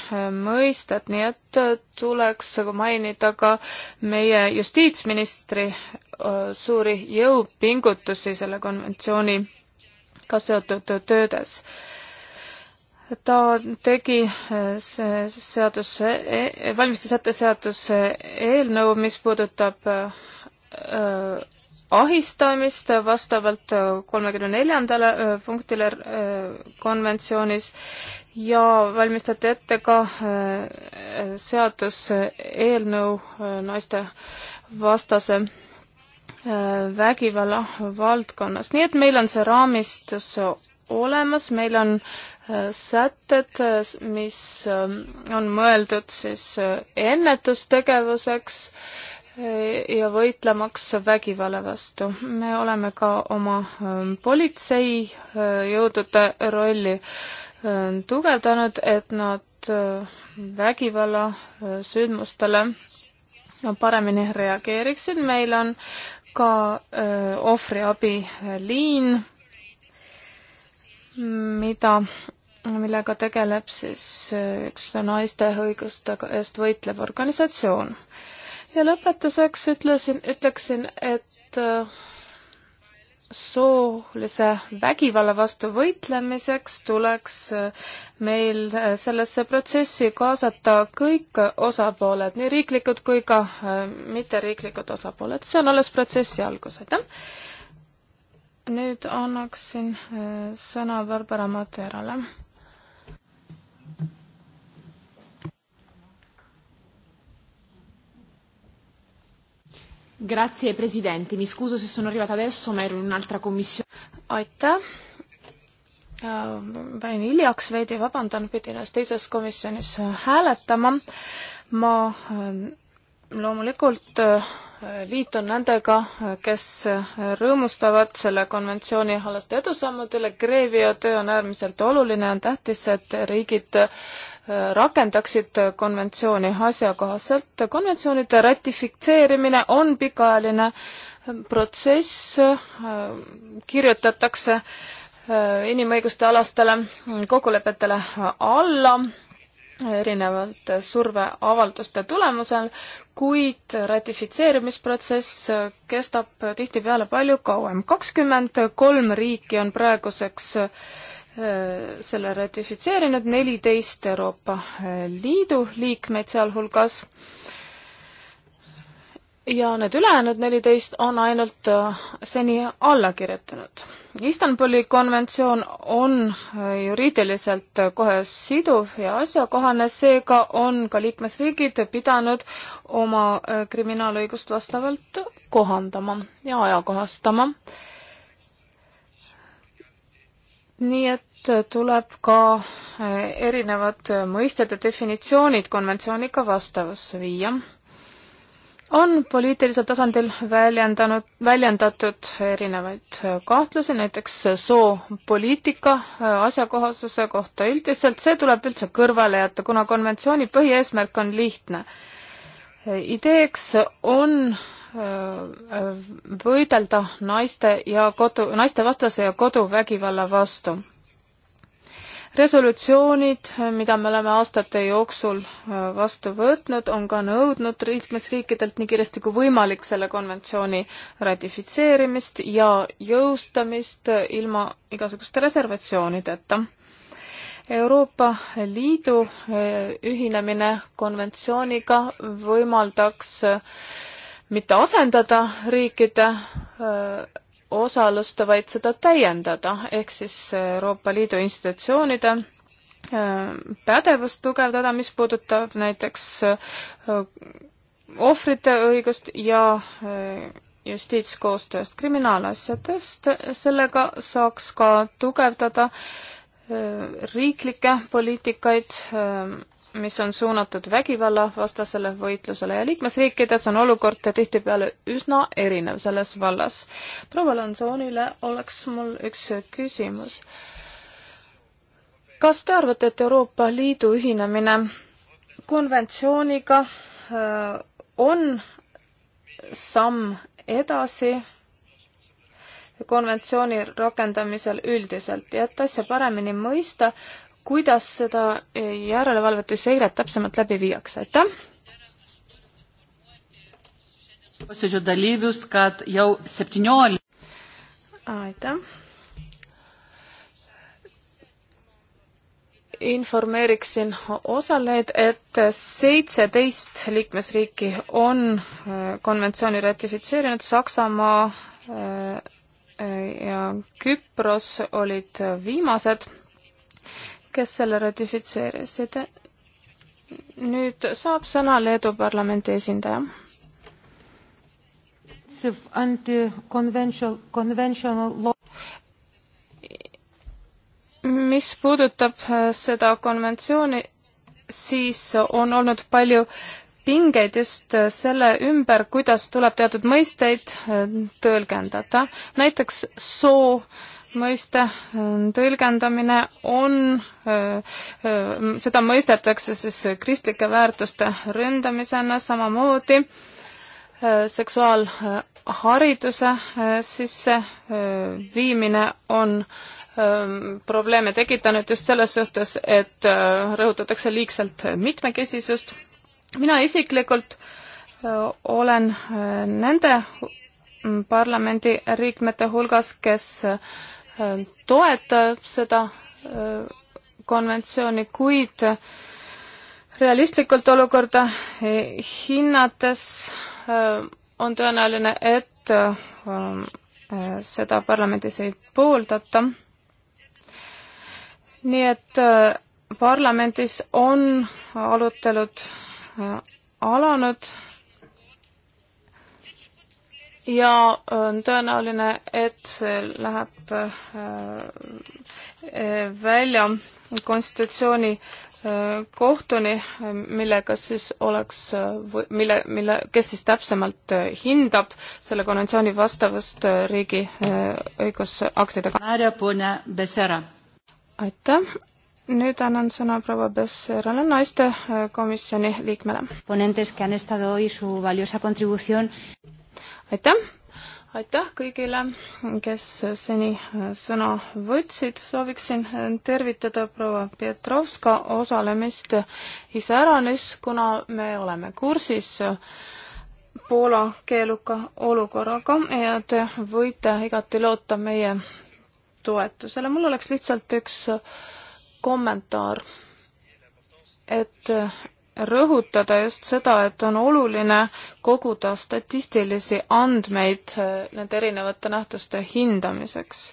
mõistet, nii et äh, tuleks mainida ka meie justiitsministri äh, suuri jõupingutusi selle konventsiooniga seotud töödes. ta tegi äh, seaduse, e-, valmistas ette seaduse eelnõu, mis puudutab ahistamist vastavalt kolmekümne neljandale punktile konventsioonis ja valmistati ette ka äh, seaduseelnõu äh, naiste vastase äh, vägivalla valdkonnas, nii et meil on see raamistus olemas, meil on sätted, mis on mõeldud siis ennetustegevuseks ja võitlemaks vägivalla vastu. me oleme ka oma politseijõudude rolli äh, Äh, tugevdanud, et nad äh, vägivalla äh, sündmustele paremini reageeriksid, meil on ka ohvriabiliin, mida, millega tegeleb siis üks naiste õiguste eest võitlev organisatsioon. ja lõpetuseks ütlesin, ütleksin, et soolise vägivalla vastu võitlemiseks tuleks äh, meil äh, sellesse protsessi kaasata kõik osapooled, nii riiklikud kui ka äh, mitteriiklikud osapooled. see on alles protsessi algus, aitäh! nüüd annaksin sõna Barbara Materale Grazie Presidente, mi scuso se sono arrivata adesso, ma ero in un'altra komisjon. aitäh! Äh, jäin hiljaks veidi, vabandan, pidin ühes teises komisjonis äh, hääletama. ma äh, loomulikult liitun nendega, kes rõõmustavad selle konventsiooni alaste edusammude üle. Grevio töö on äärmiselt oluline, on tähtis, et riigid rakendaksid konventsiooni asjakohaselt. konventsioonide ratifitseerimine on pikaajaline protsess, kirjutatakse äh, inimõiguste alastele kokkulepetele alla erinevate surveavalduste tulemusel, kuid ratifitseerimisprotsess äh, kestab tihtipeale palju kauem. kakskümmend kolm riiki on praeguseks äh, Äh, selle ratifitseerinud neliteist Euroopa äh, Liidu liikmeid sealhulgas ja need ülejäänud neliteist on ainult äh, seni alla kirjutanud. Istanbuli konventsioon on juriidiliselt kohe siduv ja asjakohane, seega on ka liikmesriigid pidanud oma kriminaalõigust vastavalt kohandama ja ajakohastama nii et äh, tuleb ka äh, erinevad äh, mõistete definitsioonid konventsiooniga vastavusse viia. on poliitilisel tasandil väljendanud, väljendatud erinevaid kahtlusi, näiteks soopoliitika asjakohasuse kohta üldiselt, see tuleb üldse kõrvale jätta, kuna konventsiooni põhieesmärk on lihtne. ideeks on Äh, võidelda naiste ja kodu, naistevastase ja koduvägivalla vastu. resolutsioonid, mida me oleme aastate jooksul äh, vastu võtnud, on ka nõudnud liikmesriikidelt nii kiiresti kui võimalik selle konventsiooni ratifitseerimist ja jõustamist ilma igasuguste reservatsioonideta Euroopa Liidu äh, ühinemine konventsiooniga võimaldaks mitte asendada riikide osalust, vaid seda täiendada, ehk siis Euroopa Liidu institutsioonide pädevust tugevdada, mis puudutab näiteks ohvrite õigust ja justiitskoostööst kriminaalasjadest, sellega saaks ka tugevdada riiklikke poliitikaid mis on suunatud vägivallavastasele võitlusele ja liikmesriikides on olukord tihtipeale üsna erinev selles vallas. proua Lanzonile oleks mul üks küsimus. kas te arvate, et Euroopa Liidu ühinemine konventsiooniga äh, on samm edasi konventsiooni rakendamisel üldiselt ja et asja paremini mõista, kuidas seda järelevalvet või seiret täpsemalt läbi viiakse, aitäh! posėdžio dalyvius, kad jau 17. Aitäh. informeeriksin osalejaid, et seitseteist liikmesriiki on äh, konventsiooni ratifitseerinud, Saksamaa äh, äh, ja Küpros olid viimased kes selle ratifitseerisid. nüüd saab sõna Leedu parlamendi esindaja. mis puudutab äh, seda konventsiooni, siis on olnud palju pingeid just äh, selle ümber, kuidas tuleb teatud mõisteid äh, tõlgendada, näiteks soo mõiste äh, tõlgendamine on, äh, äh, seda mõistetakse siis kristlike väärtuste ründamisena samamoodi seksuaalhariduse sisseviimine on ähm, probleeme tekitanud just selles suhtes, et rõhutatakse liigselt mitmekesisust. mina isiklikult olen nende mm, parlamendiliikmete hulgas, kes Ähm, toetab seda äh, konventsiooni, kuid realistlikult olukorda hinnates äh, on tõenäoline, et äh, seda parlamendis ei pooldata. nii et parlamendis on arutelud alanud ja on tõenäoline, et see läheb äh, välja konstitutsiooni äh, kohtuni, millega siis oleks, mille, mille, kes siis täpsemalt äh, hindab selle konventsiooni vastavust riigi õigusaktidega. aitäh, nüüd annan sõna proua Besserale, naistekomisjoni liikmele aitäh! aitäh kõigile, kes seni äh, sõna võtsid, sooviksin äh, tervitada proua Pietrovska osalemist iseäranis, kuna me oleme kursis äh, poola keeluka olukorraga ja te võite igati loota meie toetusele. mul oleks lihtsalt üks kommentaar, et rõhutada just seda, et on oluline koguda statistilisi andmeid äh, nende erinevate nähtuste hindamiseks.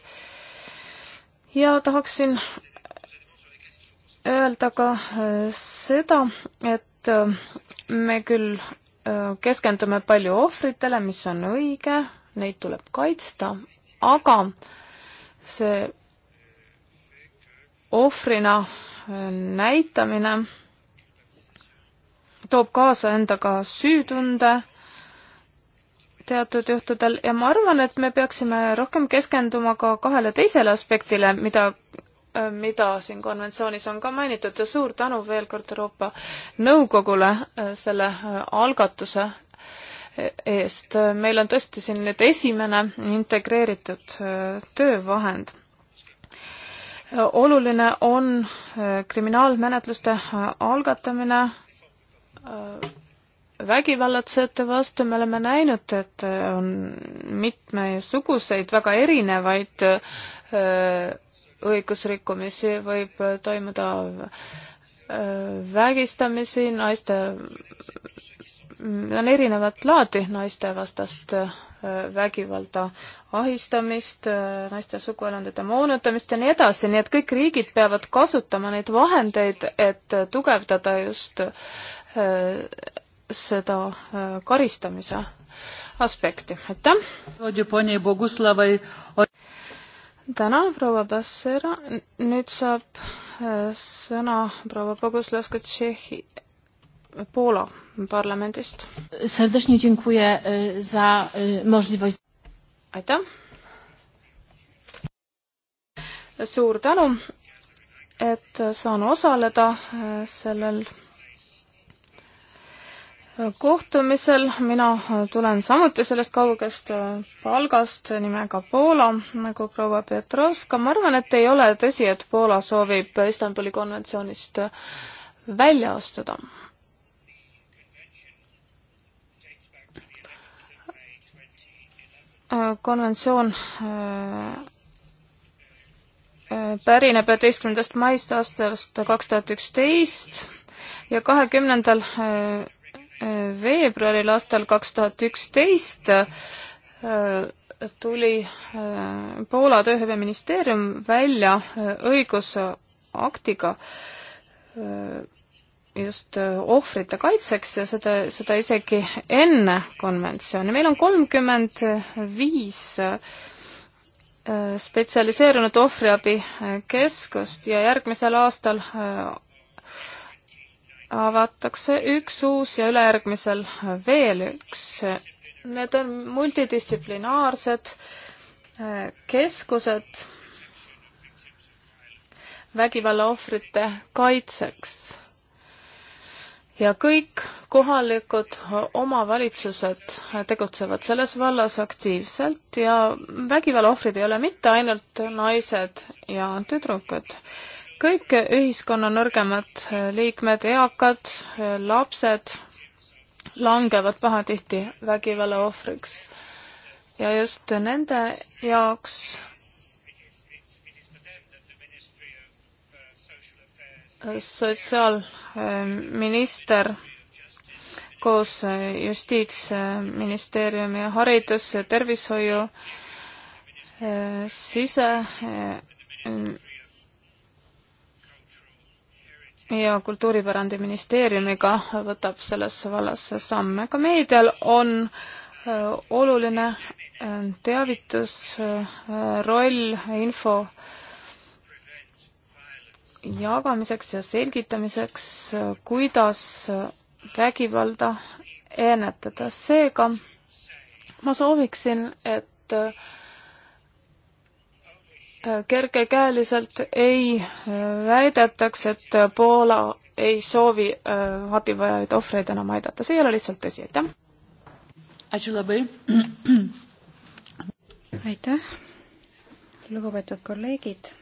ja tahaksin öelda ka äh, seda, et äh, me küll keskendume palju ohvritele, mis on õige, neid tuleb kaitsta, aga see ohvrina näitamine toob kaasa endaga süütunde teatud juhtudel ja ma arvan, et me peaksime rohkem keskenduma ka kahele teisele aspektile, mida, äh, mida siin konventsioonis on ka mainitud ja suur tänu veel kord Euroopa Nõukogule äh, selle äh, algatuse e, eest. meil on tõesti siin nüüd esimene integreeritud töövahend. oluline on kriminaalmenetluste algatamine Äh, vägivallatsejate vastu me oleme näinud, et äh, on mitmesuguseid, väga erinevaid äh, õigusrikkumisi, võib toimuda vägistamisi, naiste, on erinevat laadi naistevastast vägivalda, ahistamist, naiste suguelundite moonutamist ja nii edasi, nii et kõik riigid peavad kasutama neid vahendeid, et tugevdada just Äh, seda äh, karistamise aspekti, aitäh! tänan, proua Bassera, nüüd saab äh, sõna proua Boguslaska Tšehhi, Poola parlamendist. E, e, aitäh! suur tänu, et saan osaleda e, sellel kohtumisel, mina tulen samuti sellest kaugest äh, palgast nimega Poola, nagu proua Petrovska, ma arvan, et ei ole tõsi, et Poola soovib Istanbuli konventsioonist äh, välja astuda. Äh, konventsioon pärineb üheteistkümnendast maist aastast kaks tuhat üksteist ja kahekümnendal veebruaril aastal kaks tuhat üksteist äh, tuli äh, Poola tööhõiveministeerium välja äh, õigusaktiga just ohvrite kaitseks ja seda, seda isegi enne konventsiooni. meil on kolmkümmend viis spetsialiseerunud ohvriabikeskust ja järgmisel aastal avatakse üks uus ja ülejärgmisel veel üks. Need on multidistsiplinaarsed eh, keskused vägivallaohvrite kaitseks. ja kõik kohalikud omavalitsused tegutsevad selles vallas aktiivselt ja vägivallaohvrid ei ole mitte ainult naised ja tüdrukud kõik ühiskonna nõrgemad eh, liikmed, eakad, eh, lapsed langevad pahatihti vägivalla ohvriks. ja just nende jaoks sotsiaalminister koos eh, Justiitsministeeriumi haridus- ja tervishoiu sise ja Kultuuripärandiministeeriumiga võtab selles vallas samme. ka meedial on äh, oluline äh, teavitusroll äh, info jagamiseks ja selgitamiseks, kuidas vägivalda ennetada. seega ma sooviksin, et kergekäeliselt ei äh, väidetaks, et äh, Poola ei soovi äh, abivajajaid ohvreid enam aidata, see ei ole lihtsalt tõsi, aitäh. aitäh, lugupeetud kolleegid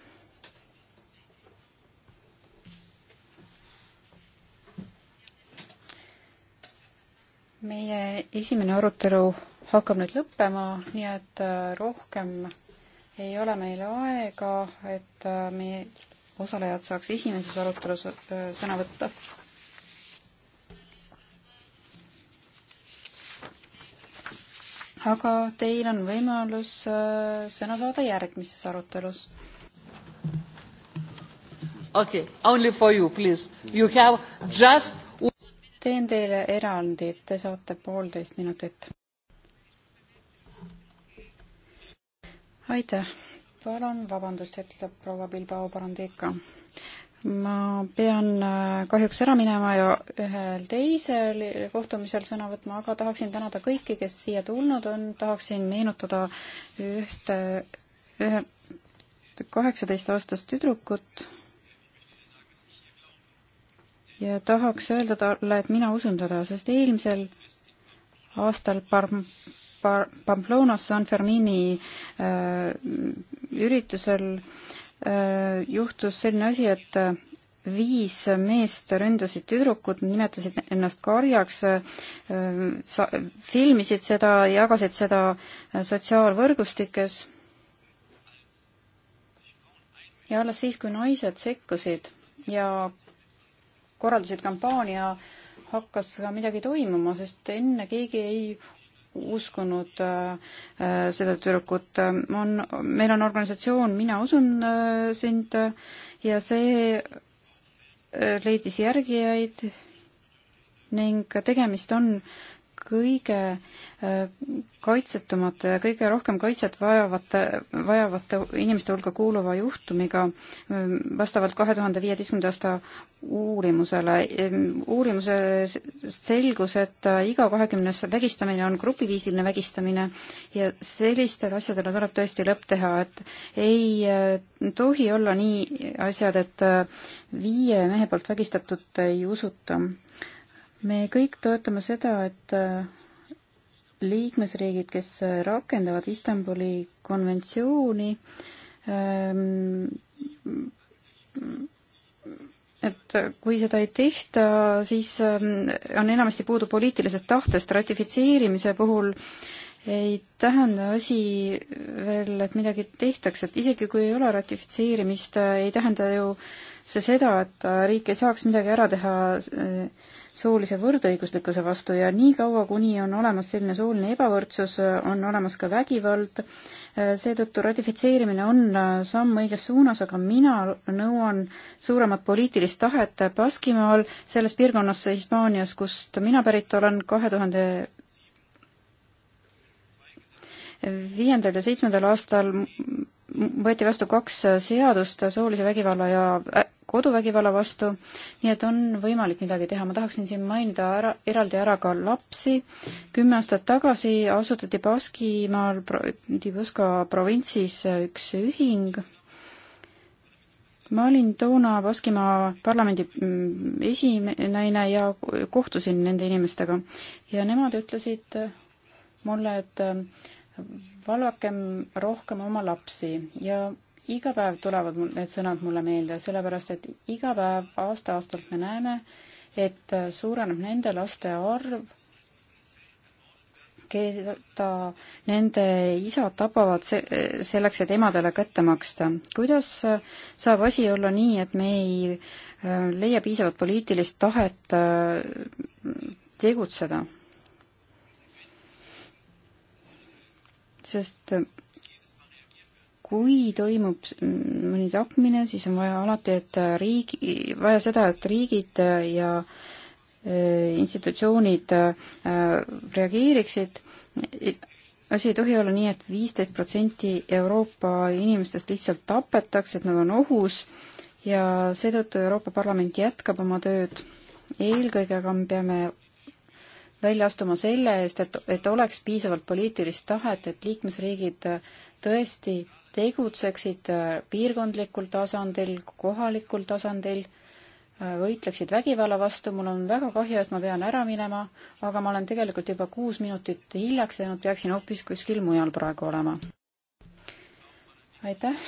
meie esimene arutelu hakkab nüüd lõppema, nii et rohkem ei ole meil aega, et äh, meie osalejad saaks esimeses arutelus äh, sõna võtta. aga teil on võimalus äh, sõna saada järgmises arutelus. okei okay,, only for you, please. You have just teen teile erandi, te saate poolteist minutit. aitäh. palun vabandust, ütleb proua Bilbao Barandica. ma pean äh, kahjuks ära minema ja ühel teisel kohtumisel sõna võtma, aga tahaksin tänada kõiki, kes siia tulnud on, tahaksin meenutada ühte, ühe kaheksateistaastast tüdrukut ja tahaks öelda talle, et mina usun teda, sest eelmisel aastal Bar-, Pamplonas San Fermini äh, üritusel äh, juhtus selline asi, et äh, viis meest ründasid tüdrukut, nimetasid ennast karjaks, sa-, filmisid seda, jagasid seda sotsiaalvõrgustikes ja alles siis, kui naised sekkusid ja korraldasid kampaania, hakkas ka midagi toimuma, sest enne keegi ei uskunud äh, äh, seda tüdrukut. on, meil on organisatsioon Mina usun äh, sind äh, ja see äh, leidis järgijaid ning tegemist on kõige äh, kaitsetumate, kõige rohkem kaitset vajavate, vajavate inimeste hulka kuuluva juhtumiga ähm, vastavalt kahe tuhande viieteistkümnenda aasta uurimusele. Ehm, uurimusest selgus, et äh, iga kahekümnes vägistamine on grupiviisiline vägistamine ja sellistele asjadele tuleb tõesti lõpp teha, et ei äh, tohi olla nii asjad, et äh, viie mehe poolt vägistatut ei usuta. me kõik toetame seda, et liikmesriigid, kes rakendavad Istanbuli konventsiooni, ähm, et kui seda ei tehta, siis ähm, on enamasti puudu poliitilisest tahtest ratifitseerimise puhul ei tähenda asi veel, et midagi tehtakse, et isegi kui ei ole ratifitseerimist, ei tähenda ju see seda, et riik ei saaks midagi ära teha äh, soolise võrdõiguslikkuse vastu ja niikaua, kuni on olemas selline sooline ebavõrdsus, on olemas ka vägivald, seetõttu ratifitseerimine on samm õiges suunas, aga mina nõuan suuremat poliitilist tahet Baskimaal, selles piirkonnas Hispaanias, kust mina pärit olen, kahe tuhande viiendal ja seitsmendal aastal võeti vastu kaks seadust soolise vägivalla ja koduvägivalla vastu, nii et on võimalik midagi teha. ma tahaksin siin mainida ära, eraldi ära ka lapsi. kümme aastat tagasi asutati Baskimaal Tibuska provintsis üks ühing, ma olin toona Baskimaa parlamendi mm, esinaine ja kohtusin nende inimestega ja nemad ütlesid mulle, et mm, valvakem rohkem oma lapsi ja iga päev tulevad need sõnad mulle meelde, sellepärast et iga päev aasta-aastalt me näeme, et suureneb nende laste arv, keda nende isad tapavad se-, selleks, et emadele kätte maksta. kuidas saab asi olla nii, et me ei äh, leia piisavat poliitilist tahet äh, tegutseda? sest äh, kui toimub mm, mõni tapmine, siis on vaja alati, et riigi, vaja seda, et riigid ja äh, institutsioonid äh, reageeriksid. asi ei tohi olla nii et, et viisteist protsenti Euroopa inimestest lihtsalt tapetakse, et nad on ohus ja seetõttu Euroopa Parlament jätkab oma tööd. eelkõige aga me peame välja astuma selle eest, et, et oleks piisavalt poliitilist tahet, et liikmesriigid tõesti tegutseksid äh, piirkondlikul tasandil, kohalikul tasandil, äh, võitleksid vägivalla vastu, mul on väga kahju, et ma pean ära minema, aga ma olen tegelikult juba kuus minutit hiljaks jäänud, peaksin hoopis kuskil mujal praegu olema. aitäh,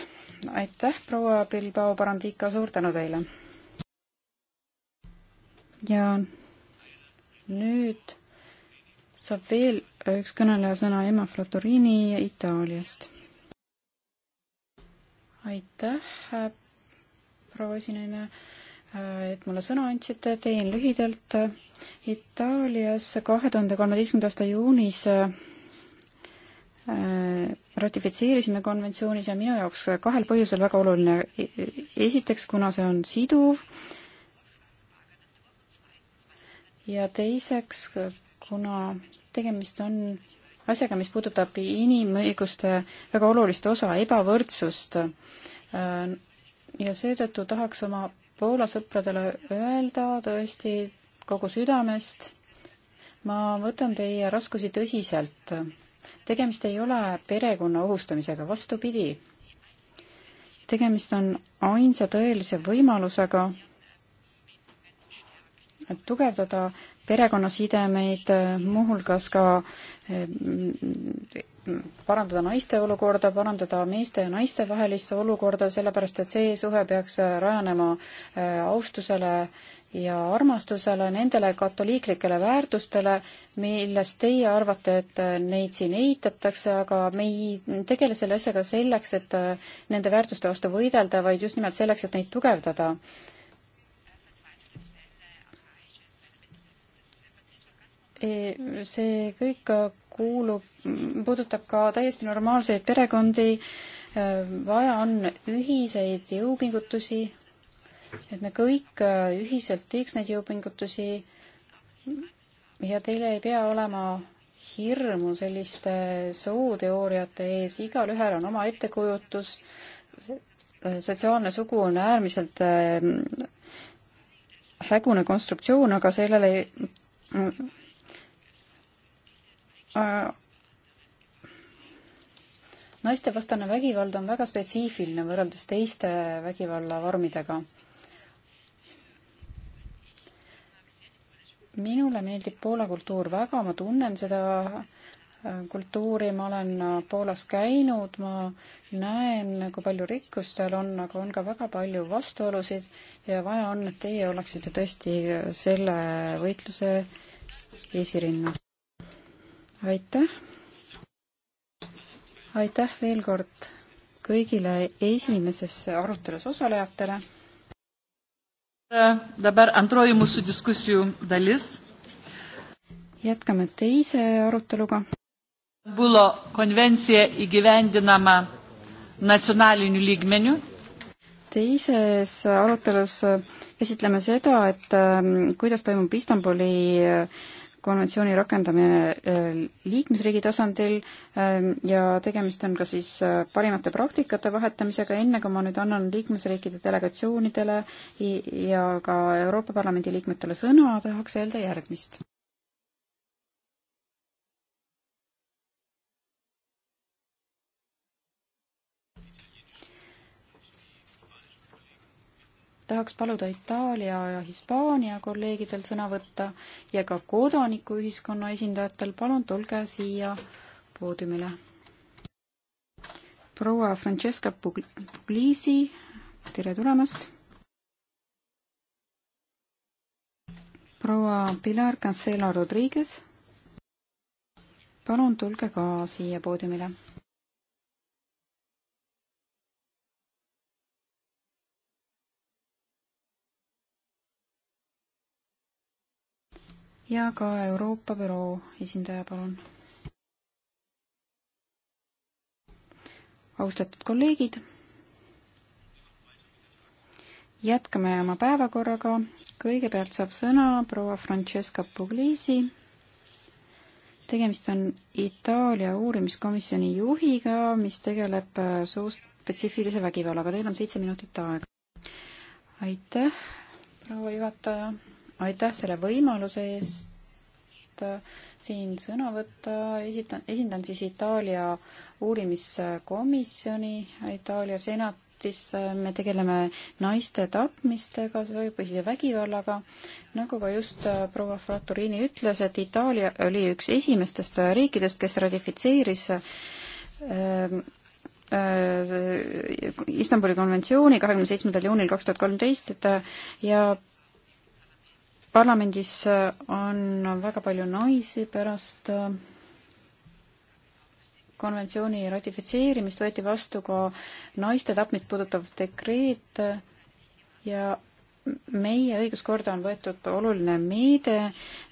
aitäh, proua Bilbao Barandika, suur tänu teile! ja nüüd saab veel üks kõneleja sõna Emma Flatorini Itaaliast aitäh, äh, proua esineja, äh, et mulle sõna andsite, teen lühidalt. Itaalias kahe tuhande kolmeteistkümnenda aasta juunis äh, ratifitseerisime konventsioonis ja minu jaoks kahel põhjusel väga oluline. E-, esiteks, kuna see on siduv ja teiseks, kuna tegemist on asjaga, mis puudutab inimõiguste väga olulist osa, ebavõrdsust. ja seetõttu tahaks oma Poola sõpradele öelda tõesti kogu südamest, ma võtan teie raskusi tõsiselt. tegemist ei ole perekonna ohustamisega, vastupidi. tegemist on ainsa tõelise võimalusega tugevdada äh, perekonnasidemeid, äh, muuhulgas ka äh, parandada naiste olukorda, parandada meeste ja naiste vahelist olukorda, sellepärast et see suhe peaks äh, rajanema austusele ja armastusele, nendele katoliiklikele väärtustele, millest teie arvate, et neid siin eitatakse, aga me ei tegele selle asjaga selleks, et nende väärtuste vastu võidelda, vaid just nimelt selleks, et neid tugevdada. E, see kõik kuulub, puudutab ka täiesti normaalseid perekondi, e, vaja on ühiseid jõupingutusi, et me kõik ühiselt teeks neid jõupingutusi ja teil ei pea olema hirmu selliste sooteooriate ees, igalühel on oma ettekujutus, e, sotsiaalne sugu on äärmiselt hägune konstruktsioon, aga sellele ei Äh, naistevastane vägivald on väga spetsiifiline võrreldes teiste vägivallavormidega. minule meeldib Poola kultuur väga, ma tunnen seda äh, kultuuri, ma olen äh, Poolas käinud, ma näen, kui palju rikkust seal on, aga on ka väga palju vastuolusid ja vaja on, et teie oleksite tõesti selle võitluse esirinnas aitäh. aitäh veel kord kõigile esimeses arutelus osalejatele. jätkame teise aruteluga. Bulo konventsia įgyvendinama natsionaaliniu lygmeniu teises arutelus käsitleme seda, et ähm, kuidas toimub Istanbuli äh, konventsiooni rakendamine äh, liikmesriigi tasandil ähm, ja tegemist on ka siis äh, parimate praktikate vahetamisega, enne kui ma nüüd annan liikmesriikide delegatsioonidele ja ka Euroopa Parlamendi liikmetele sõna, tahaks öelda järgmist. tahaks paluda Itaalia ja Hispaania kolleegidel sõna võtta ja ka kodanikuühiskonna esindajatel, palun tulge siia poodiumile. proua Francesca Puglisi, tere tulemast. proua Pilar Cancela Rodriguez, palun tulge ka siia poodiumile ja ka Euroopa büroo esindaja, palun. austatud kolleegid, jätkame oma päevakorraga. kõigepealt saab sõna proua Francesca Puglisi. tegemist on Itaalia uurimiskomisjoni juhiga, mis tegeleb äh, soospetsiifilise vägivallaga. Teil on seitse minutit aega. aitäh, proua juhataja aitäh selle võimaluse eest äh, siin sõna võtta, esitan, esindan siis Itaalia uurimiskomisjoni Itaalia senatis, me tegeleme naiste tapmistega, soopõhise vägivallaga. nagu ka just äh, proua Fratturini ütles, et Itaalia oli üks esimestest riikidest, kes ratifitseeris äh, äh, Istanbuli konventsiooni kahekümne seitsmendal juunil kaks tuhat kolmteist äh, ja parlamendis äh, on väga palju naisi pärast äh, konventsiooni ratifitseerimist võeti vastu ka naiste tapmist puudutav dekreet äh, ja meie õiguskorda on võetud oluline meede,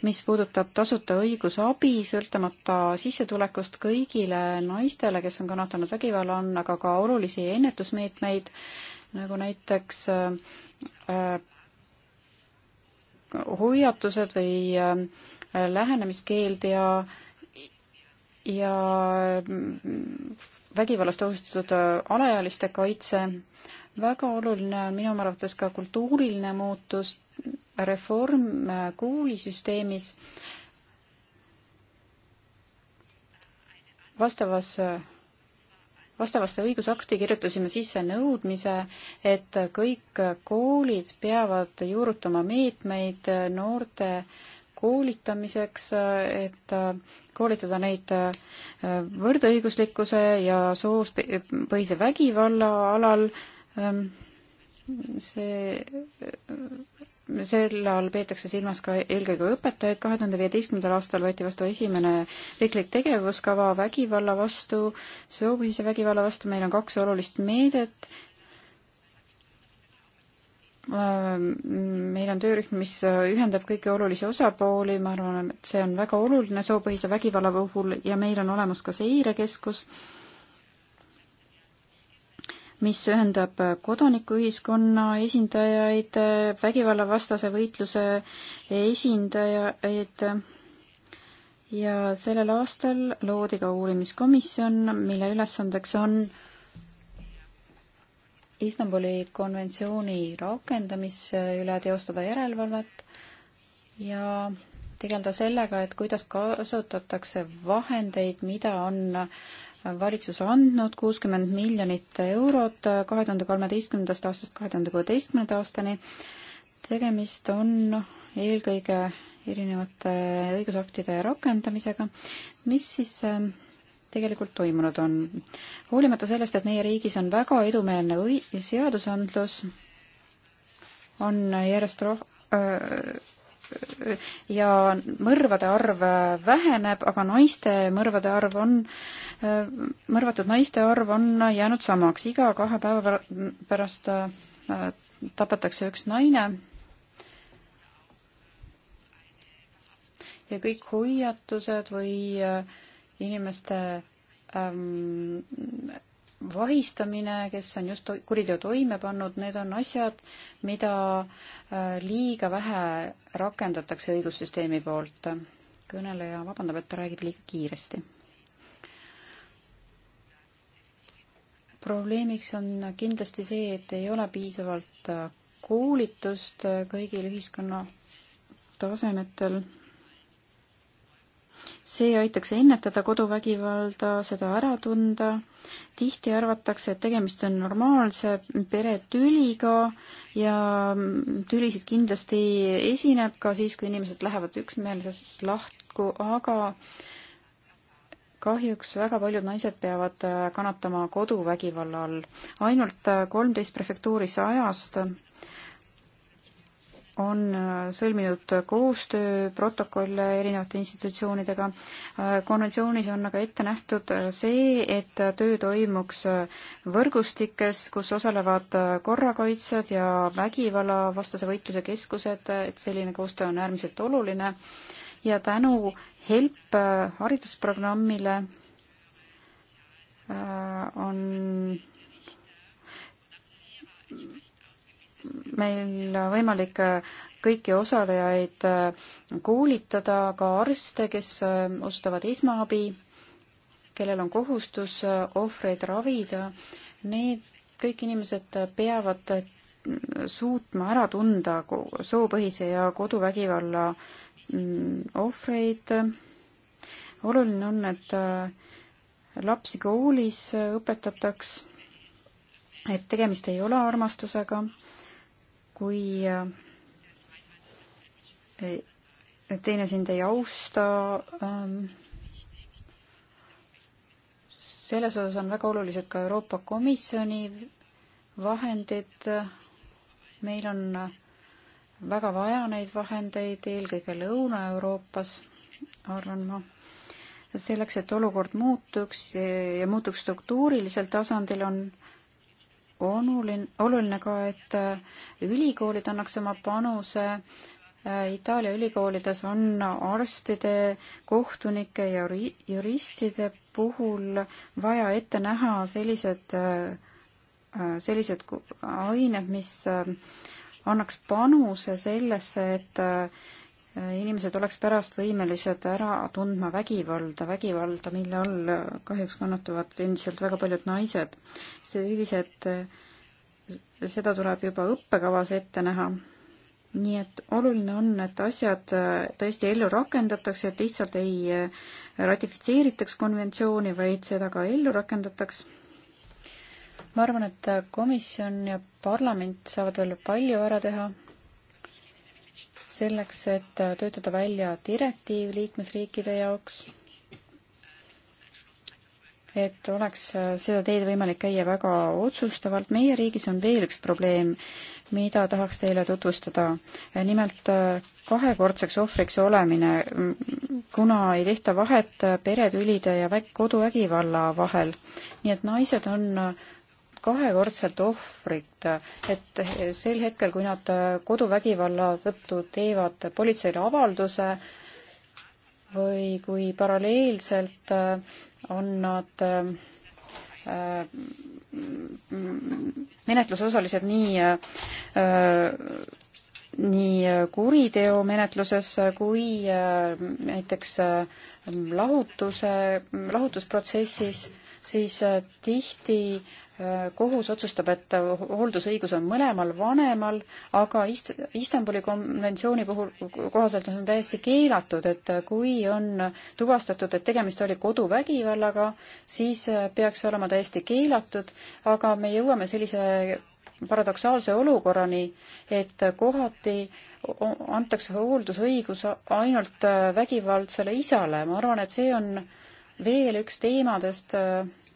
mis puudutab tasuta õigusabi sõltumata sissetulekust kõigile naistele, kes on kannatanud vägivalla all, aga ka olulisi ennetusmeetmeid, nagu näiteks äh, hoiatused või äh, lähenemiskeeld ja ja mm, vägivallast ohustatud äh, alaealiste kaitse. väga oluline on minu arvates ka kultuuriline muutus, reform äh, koolisüsteemis vastavas vastavasse õigusakti kirjutasime sisse nõudmise, et kõik koolid peavad juurutama meetmeid noorte koolitamiseks, et koolitada neid võrdõiguslikkuse ja soospõhise vägivalla alal. see selle all peetakse silmas ka eelkõige õpetajaid, kahe tuhande viieteistkümnendal aastal võeti vastu esimene riiklik tegevuskava vägivalla vastu, soopõhise vägivalla vastu, meil on kaks olulist meedet, ähm, meil on töörühm, mis ühendab kõiki olulisi osapooli, ma arvan, et see on väga oluline soopõhise vägivalla puhul ja meil on olemas ka seirekeskus see mis ühendab kodanikuühiskonna esindajaid, vägivallavastase võitluse esindajaid ja sellel aastal loodi ka uurimiskomisjon, mille ülesandeks on Istanbuli konventsiooni rakendamise üle teostada järelevalvet ja tegeleda sellega, et kuidas kasutatakse vahendeid, mida on äh, valitsus andnud kuuskümmend miljonit eurot kahe tuhande kolmeteistkümnendast aastast kahe tuhande kuueteistkümnenda aastani. tegemist on eelkõige erinevate õigusaktide rakendamisega. mis siis ähm, tegelikult toimunud on? hoolimata sellest, et meie riigis on väga edumeelne õi-, seadusandlus, on järjest roh-, äh, ja mõrvade arv väheneb, aga naiste mõrvade arv on, mõrvatud naiste arv on jäänud samaks, iga kahe päeva pärast äh, tapetakse üks naine. ja kõik hoiatused või äh, inimeste ähm, vahistamine, kes on just kuriteo toime pannud, need on asjad, mida äh, liiga vähe rakendatakse õigussüsteemi poolt. kõneleja vabandab, et ta räägib liiga kiiresti. probleemiks on kindlasti see, et ei ole piisavalt äh, koolitust äh, kõigil ühiskonna tasemetel see aitaks ennetada koduvägivalda, seda ära tunda. tihti arvatakse, et tegemist on normaalse peretüliga ja tülisid kindlasti esineb ka siis, kui inimesed lähevad üksmeelsest lahku, aga kahjuks väga paljud naised peavad kannatama koduvägivalla all. ainult kolmteist prefektuuri sajast on äh, sõlminud koostööprotokolle erinevate institutsioonidega. Äh, konventsioonis on aga ette nähtud äh, see, et töö toimuks võrgustikes, kus osalevad korrakaitsjad ja vägivallavastase võitluse keskused, et selline koostöö on äärmiselt oluline ja tänu HELP haridusprogrammile on meil võimalik äh, kõiki osalejaid äh, koolitada, ka arste, kes äh, osutavad esmaabi, kellel on kohustus ohvreid ravida, need kõik inimesed peavad suutma ära tunda soopõhise ja koduvägivalla mm, ohvreid. oluline on, et lapsi koolis õpetataks, et tegemist ei ole armastusega kui äh, teine sind ei austa. Ähm, selles osas on väga olulised ka Euroopa Komisjoni vahendid. meil on väga vaja neid vahendeid, eelkõige Lõuna-Euroopas, arvan ma. selleks, et olukord muutuks ja muutuks struktuurilisel tasandil, on on oluline, oluline ka, et äh, ülikoolid annaks oma panuse äh, Itaalia ülikoolides on arstide, kohtunike ja juristide puhul vaja ette näha sellised, äh, sellised ained, mis annaks panuse sellesse, et inimesed oleks pärast võimelised ära tundma vägivalda, vägivalda, mille all kahjuks kannatavad endiselt väga paljud naised. sellised, seda tuleb juba õppekavas ette näha. nii et oluline on, et asjad tõesti ellu rakendatakse, et lihtsalt ei ratifitseeritaks konventsiooni, vaid seda ka ellu rakendataks. ma arvan, et komisjon ja parlament saavad veel palju ära teha selleks, et töötada välja direktiiv liikmesriikide jaoks, et oleks seda teed võimalik käia väga otsustavalt. meie riigis on veel üks probleem, mida tahaks teile tutvustada. nimelt kahekordseks ohvriks olemine, kuna ei tehta vahet peretülide ja koduvägivalla vahel. nii et naised on äh, kahekordset ohvrit, et sel hetkel, kui nad koduvägivalla tõttu teevad politseile avalduse või kui paralleelselt äh, on nad äh, menetlusosalised nii äh, nii kuriteomenetluses kui näiteks lahutuse, lahutusprotsessis, siis tihti kohus otsustab, et hooldusõigus on mõlemal vanemal, aga Ist-, Istanbuli konventsiooni puhul, kohaselt on see täiesti keelatud, et kui on tuvastatud, et tegemist oli koduvägivallaga, siis peaks see olema täiesti keelatud, aga me jõuame sellise paradoksaalse olukorrani, et kohati antakse hooldusõigus ainult vägivaldsele isale, ma arvan, et see on veel üks teemadest,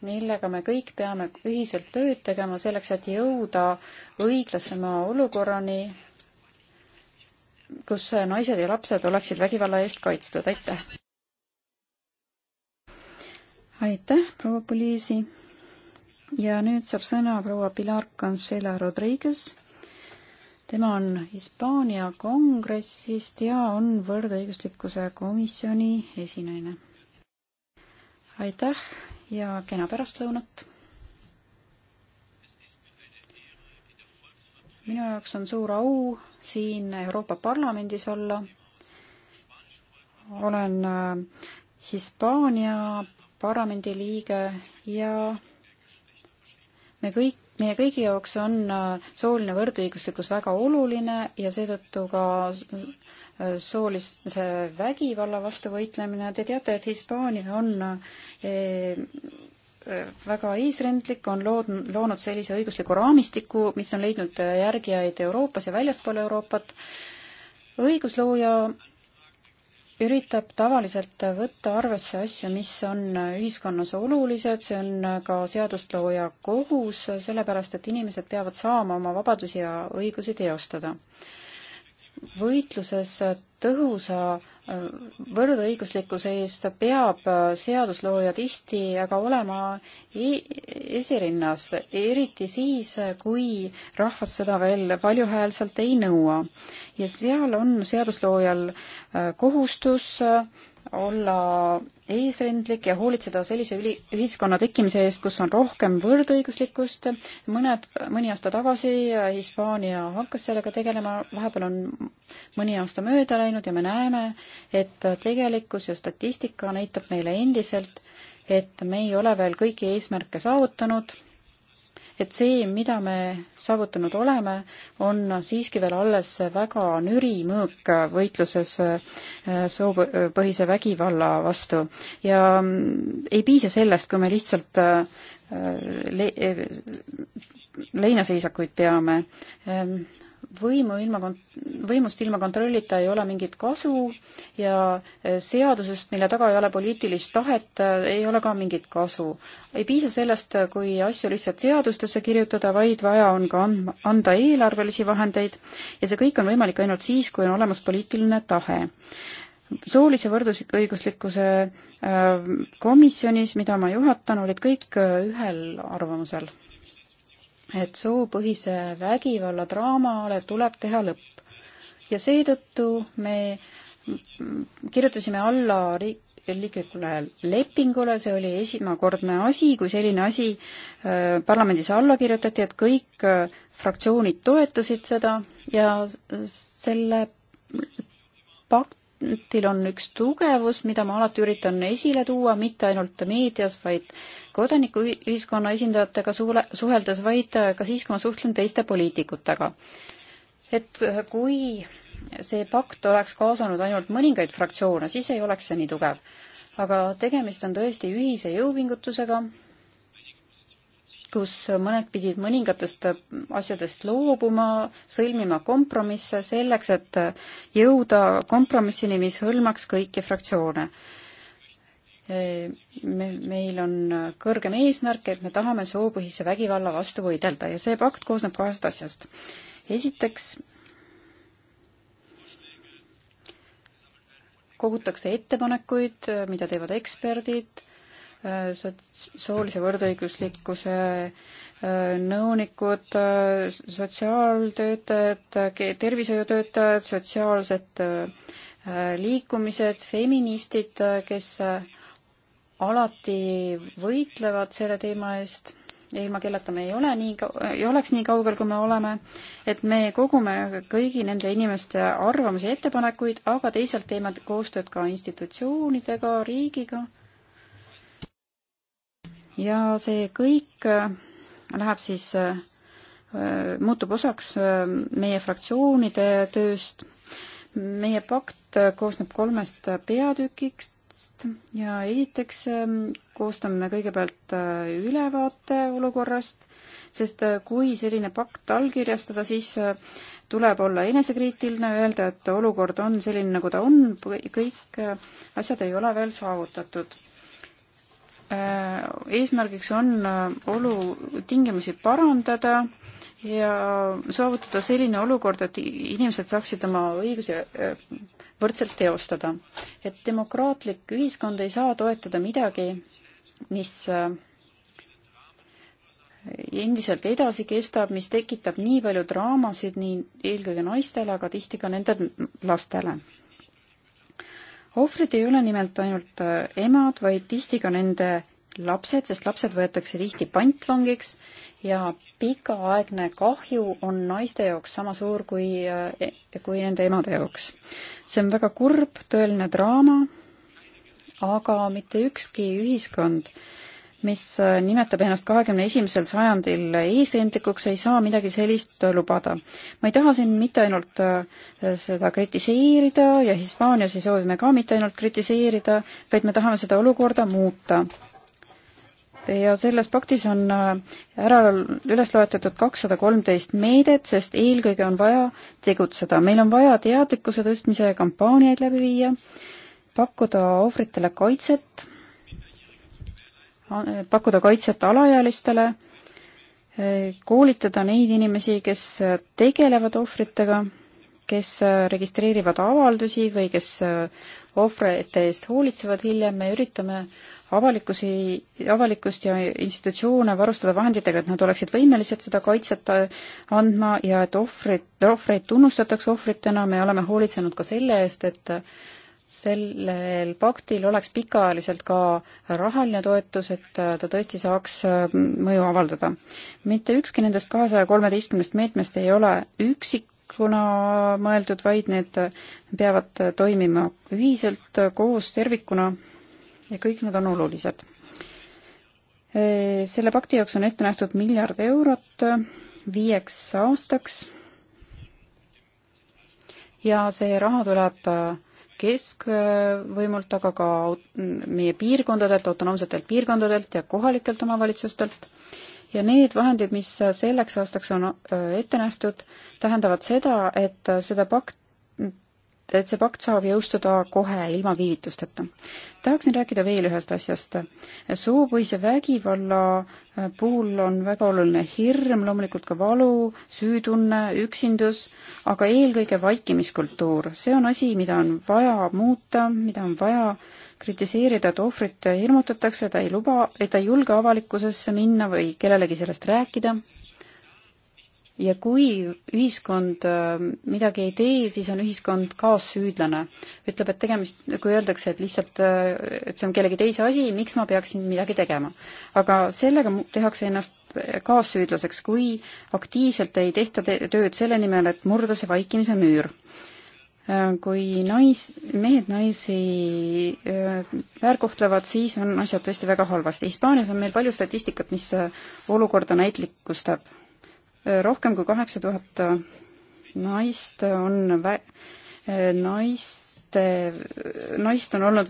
millega me kõik peame ühiselt tööd tegema selleks, et jõuda õiglasema olukorrani, kus naised ja lapsed oleksid vägivalla eest kaitstud, aitäh! aitäh, proua Poliisi! ja nüüd saab sõna proua Pilar Cancela Rodriguez. tema on Hispaania kongressist ja on võrdõiguslikkuse komisjoni esinaine. aitäh ja kena pärastlõunat. minu jaoks on suur au siin Euroopa Parlamendis olla. olen äh, Hispaania parlamendi liige ja me kõik, meie kõigi jaoks on äh, sooline võrdõiguslikkus väga oluline ja seetõttu ka soolise vägivalla vastu võitlemine, te teate, et Hispaania on eh, eh, väga eesrindlik, on lood-, loonud sellise õigusliku raamistiku, mis on leidnud eh, järgijaid Euroopas ja väljaspool Euroopat. õiguslooja üritab tavaliselt võtta arvesse asju, mis on ühiskonnas olulised, see on ka seadustlooja kohus, sellepärast et inimesed peavad saama oma vabadusi ja õigusi teostada võitluses tõhusa võrdõiguslikkuse eest peab äh, seaduslooja tihti aga olema e-, esirinnas, eriti siis, kui rahvas seda veel valjuhäälselt ei nõua. ja seal on seadusloojal äh, kohustus äh, olla eesrindlik ja hoolitseda sellise üli, ühiskonna tekkimise eest, kus on rohkem võrdõiguslikkust. mõned, mõni aasta tagasi Hispaania hakkas sellega tegelema, vahepeal on mõni aasta mööda läinud ja me näeme, et tegelikkus ja statistika näitab meile endiselt, et me ei ole veel kõiki eesmärke saavutanud et see, mida me saavutanud oleme, on siiski veel alles väga nüri mõõk võitluses äh, soopõhise vägivalla vastu ja mm, ei piisa sellest, kui me lihtsalt äh, le-, äh, leinaseisakuid peame. Ähm, võimu ilma, võimust ilma kontrollita ei ole mingit kasu ja eh, seadusest, mille taga ei ole poliitilist tahet, eh, ei ole ka mingit kasu. ei piisa sellest, eh, kui asju lihtsalt seadustesse kirjutada, vaid vaja on ka anda eelarvelisi vahendeid ja see kõik on võimalik ainult siis, kui on olemas poliitiline tahe soolise võrdusõiguslikkuse komisjonis, mida ma juhatan, olid kõik ühel arvamusel et soopõhise vägivalla draamale tuleb teha lõpp. ja seetõttu me kirjutasime alla riiklikule lepingule, see oli esmakordne asi, kui selline asi äh, parlamendis alla kirjutati, et kõik äh, fraktsioonid toetasid seda ja selle pakt parlamentil on üks tugevus, mida ma alati üritan esile tuua, mitte ainult meedias, vaid kodanikuühiskonna esindajatega suule, suheldes, vaid ka siis, kui ma suhtlen teiste poliitikutega. et kui see pakt oleks kaasanud ainult mõningaid fraktsioone, siis ei oleks see nii tugev. aga tegemist on tõesti ühise jõupingutusega kus mõned pidid mõningatest asjadest loobuma, sõlmima kompromisse selleks, et jõuda kompromissini, mis hõlmaks kõiki fraktsioone. me, meil on kõrgem eesmärk, et me tahame soopõhise vägivalla vastu võidelda ja see pakt koosneb kahest asjast. esiteks kogutakse ettepanekuid, mida teevad eksperdid Äh, soolise võrdõiguslikkuse äh, nõunikud, äh, sotsiaaltöötajad, tervishoiutöötajad, sotsiaalsed liikumised, feministid, kes alati võitlevad selle teema eest, ilma kelleta me ei ole nii, ei oleks nii kaugel, kui me oleme, et me kogume kõigi nende inimeste arvamusi ja ettepanekuid, aga teisalt teeme koostööd ka institutsioonidega, riigiga ja see kõik äh, läheb siis, äh, äh, muutub osaks meie fraktsioonide tööst. meie pakt koosneb kolmest peatükist ja esiteks ähm, koostame kõigepealt ülevaate olukorrast, sest kui selline pakt allkirjastada, siis tuleb olla enesekriitiline, öelda, et olukord on selline, nagu ta on, kõik asjad ei ole veel saavutatud Äh, eesmärgiks on äh, olu tingimusi parandada ja saavutada selline olukord, et inimesed saaksid oma õigusi äh, võrdselt teostada. et demokraatlik ühiskond ei saa toetada midagi, mis endiselt edasi kestab, mis tekitab nii palju draamasid nii eelkõige naistele, aga tihti ka nende lastele ohvrid ei ole nimelt ainult äh, emad, vaid tihti ka nende lapsed, sest lapsed võetakse tihti pantvangiks ja pikaaegne kahju on naiste jaoks sama suur kui, äh, kui nende emade jaoks. see on väga kurb, tõeline draama, aga mitte ükski ühiskond mis äh, nimetab ennast kahekümne esimesel sajandil eesrindlikuks, ei saa midagi sellist lubada. ma ei taha siin mitte ainult äh, seda kritiseerida ja Hispaanias ei soovi me ka mitte ainult kritiseerida, vaid me tahame seda olukorda muuta ja selles paktis on äh, ära üles loetletud kakssada kolmteist meedet, sest eelkõige on vaja tegutseda. meil on vaja teadlikkuse tõstmise kampaaniaid läbi viia, pakkuda ohvritele kaitset pakkuda kaitset alaealistele, koolitada neid inimesi, kes tegelevad ohvritega, kes registreerivad avaldusi või kes ohvrite eest hoolitsevad hiljem, me üritame avalikkusi, avalikkust ja institutsioone varustada vahenditega, et nad oleksid võimelised seda kaitset andma ja et ohvrid, ohvreid tunnustataks ohvritena, me oleme hoolitsenud ka selle eest, et sellel paktil oleks pikaajaliselt ka rahaline toetus, et ta tõesti saaks äh, mõju avaldada. mitte ükski nendest kahesaja kolmeteistkümnest meetmest ei ole üksikuna mõeldud, vaid need peavad toimima ühiselt, koos, tervikuna ja kõik need on olulised. Äh, selle pakti jaoks on ette nähtud miljard eurot viieks aastaks ja see raha tuleb äh, keskvõimult, aga ka meie piirkondadelt, autonoomsetelt piirkondadelt ja kohalikelt omavalitsustelt. ja need vahendid, mis selleks aastaks on äh, ette nähtud, tähendavad seda, et äh, seda pakt et see pakt saab jõustuda kohe, ilma viivitusteta. tahaksin rääkida veel ühest asjast. soopõhise vägivalla äh, puhul on väga oluline hirm, loomulikult ka valu, süütunne, üksindus, aga eelkõige vaikimiskultuur. see on asi, mida on vaja muuta, mida on vaja kritiseerida, et ohvrit hirmutatakse, ta ei luba, ta ei julge avalikkusesse minna või kellelegi sellest rääkida ja kui ühiskond äh, midagi ei tee, siis on ühiskond kaassüüdlane. ütleb, et tegemist, kui öeldakse, et lihtsalt, äh, et see on kellegi teise asi, miks ma peaksin midagi tegema. aga sellega tehakse ennast äh, kaassüüdlaseks, kui aktiivselt ei tehta te tööd selle nimel, et murda see vaikimise müür kui nais, mehed naisi väärkohtlevad, siis on asjad tõesti väga halvasti. Hispaanias on meil palju statistikat, mis olukorda näitlikustab rohkem kui kaheksa tuhat naist on vä-, naiste, naist on olnud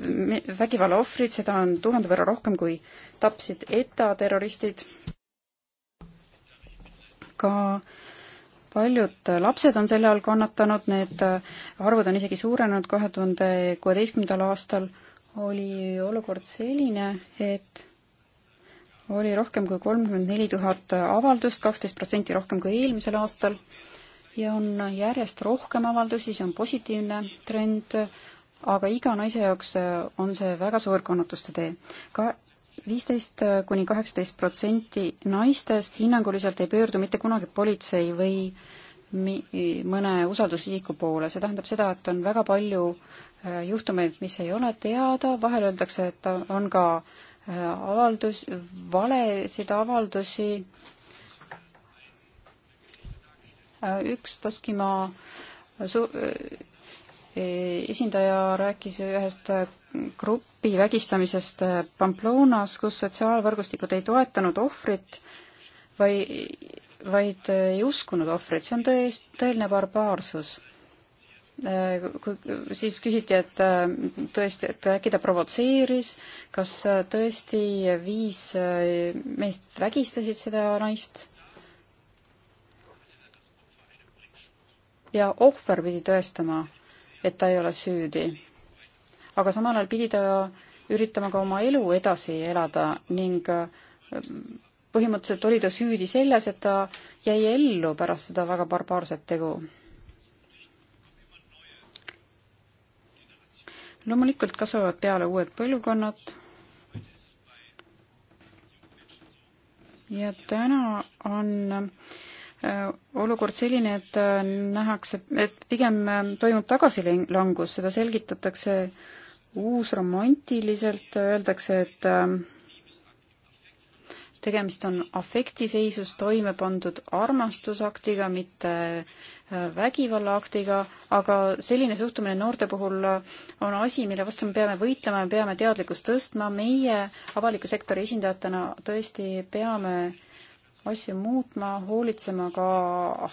vägivalla ohvrid, seda on tuhande võrra rohkem, kui tapsid ETA terroristid. ka paljud lapsed on selle all kannatanud, need arvud on isegi suurenenud, kahe tuhande kuueteistkümnendal aastal oli olukord selline, et oli rohkem kui kolmkümmend neli tuhat avaldust, kaksteist protsenti rohkem kui eelmisel aastal ja on järjest rohkem avaldusi, see on positiivne trend, aga iga naise jaoks äh, on see väga suur kannatuste tee. ka viisteist äh, kuni kaheksateist protsenti naistest hinnanguliselt ei pöördu mitte kunagi politsei või mi-, mõne usaldusisiku poole, see tähendab seda, et on väga palju äh, juhtumeid, mis ei ole teada, vahel öeldakse, et on ka äh, avaldus, valesid avaldusi. üks Baskimaa su-, e, esindaja rääkis ühest grupi vägistamisest Pamplonas, kus sotsiaalvõrgustikud ei toetanud ohvrit või, vaid ei uskunud ohvrit, see on tõest-, tõeline barbaarsus Äh, kui siis küsiti, et äh, tõesti, et äkki ta provotseeris, kas äh, tõesti viis meest vägistasid seda naist? ja ohver pidi tõestama, et ta ei ole süüdi. aga samal ajal pidi ta üritama ka oma elu edasi elada ning põhimõtteliselt oli ta süüdi selles, et ta jäi ellu pärast seda väga barbaarset tegu loomulikult kasvavad peale uued põlvkonnad ja täna on äh, olukord selline, et äh, nähakse, et pigem äh, toimub tagasilangus, seda selgitatakse uusromantiliselt, öeldakse, et tegemist on afektiseisus toime pandud armastusaktiga, mitte äh, vägivallaaktiga, aga selline suhtumine noorte puhul on asi, mille vastu me peame võitlema ja peame teadlikkust tõstma. meie avaliku sektori esindajatena tõesti peame äh, asju muutma, hoolitsema ka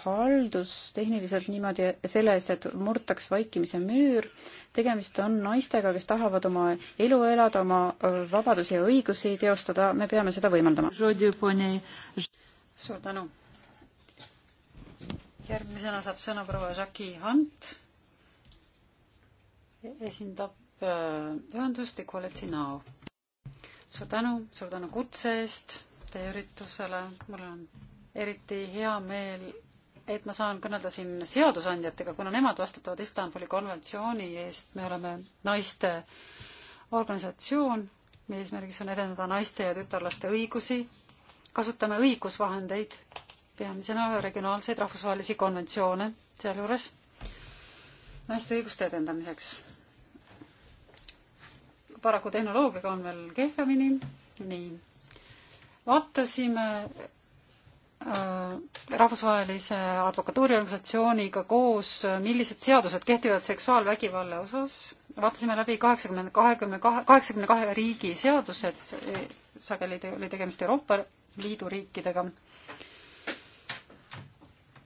haldustehniliselt niimoodi selle eest, et murtaks vaikimise müür. tegemist on naistega, kes tahavad oma elu elada, oma äh, vabadusi ja õigusi teostada, me peame seda võimaldama. suur tänu. järgmisena saab sõna proua Jackie Hunt, esindab äh, ühendust Equality Now. suur tänu, suur tänu kutse eest teie üritusele. mul on eriti hea meel, et ma saan kõnelda siin seadusandjatega, kuna nemad vastutavad Istanbuli konventsiooni eest. me oleme naiste organisatsioon, meie eesmärgiks on edendada naiste ja tütarlaste õigusi. kasutame õigusvahendeid, peamisena regionaalseid rahvusvahelisi konventsioone, sealjuures naiste õiguste edendamiseks. paraku tehnoloogiaga on veel kehvemini, nii vaatasime äh, rahvusvahelise advokatuuri organisatsiooniga koos, millised seadused kehtivad seksuaalvägivalla osas. vaatasime läbi kaheksakümmend, kahekümne kahe, kaheksakümne kahe riigi seadused, sageli oli tegemist Euroopa Liidu riikidega.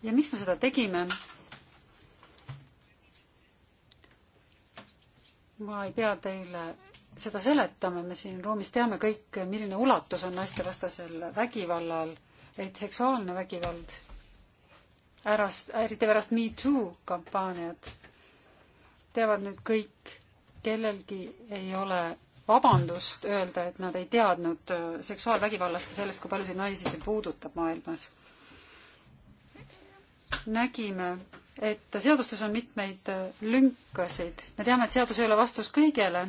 ja miks me seda tegime? ma ei pea teile seda seletame, me siin ruumis teame kõik, milline ulatus on naistevastasel vägivallal, eriti seksuaalne vägivald, ärast, eriti pärast Me Too kampaaniat, teavad nüüd kõik, kellelgi ei ole vabandust öelda, et nad ei teadnud äh, seksuaalvägivallast ja sellest, kui paljusid naisi see puudutab maailmas. nägime, et seadustes on mitmeid äh, lünkasid. me teame, et seadus ei ole vastus kõigele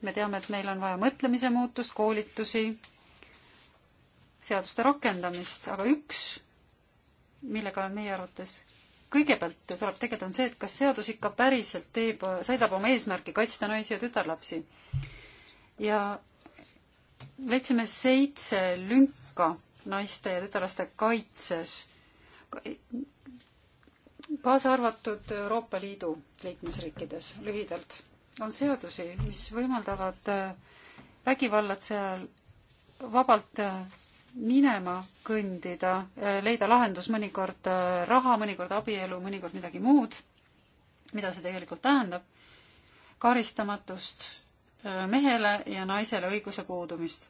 me teame, et meil on vaja mõtlemise muutust, koolitusi, seaduste rakendamist, aga üks, millega on meie arvates kõigepealt tuleb tegeleda, on see, et kas seadus ikka päriselt teeb, täidab oma eesmärki kaitsta naisi ja tütarlapsi. ja leidsime seitse lünka naiste ja tütarlaste kaitses, kaasa arvatud Euroopa Liidu liikmesriikides, lühidalt on seadusi, mis võimaldavad äh, vägivallatsejal vabalt äh, minema kõndida, äh, leida lahendus, mõnikord raha, mõnikord abielu, mõnikord midagi muud, mida see tegelikult tähendab, karistamatust mehele ja naisele õiguse puudumist.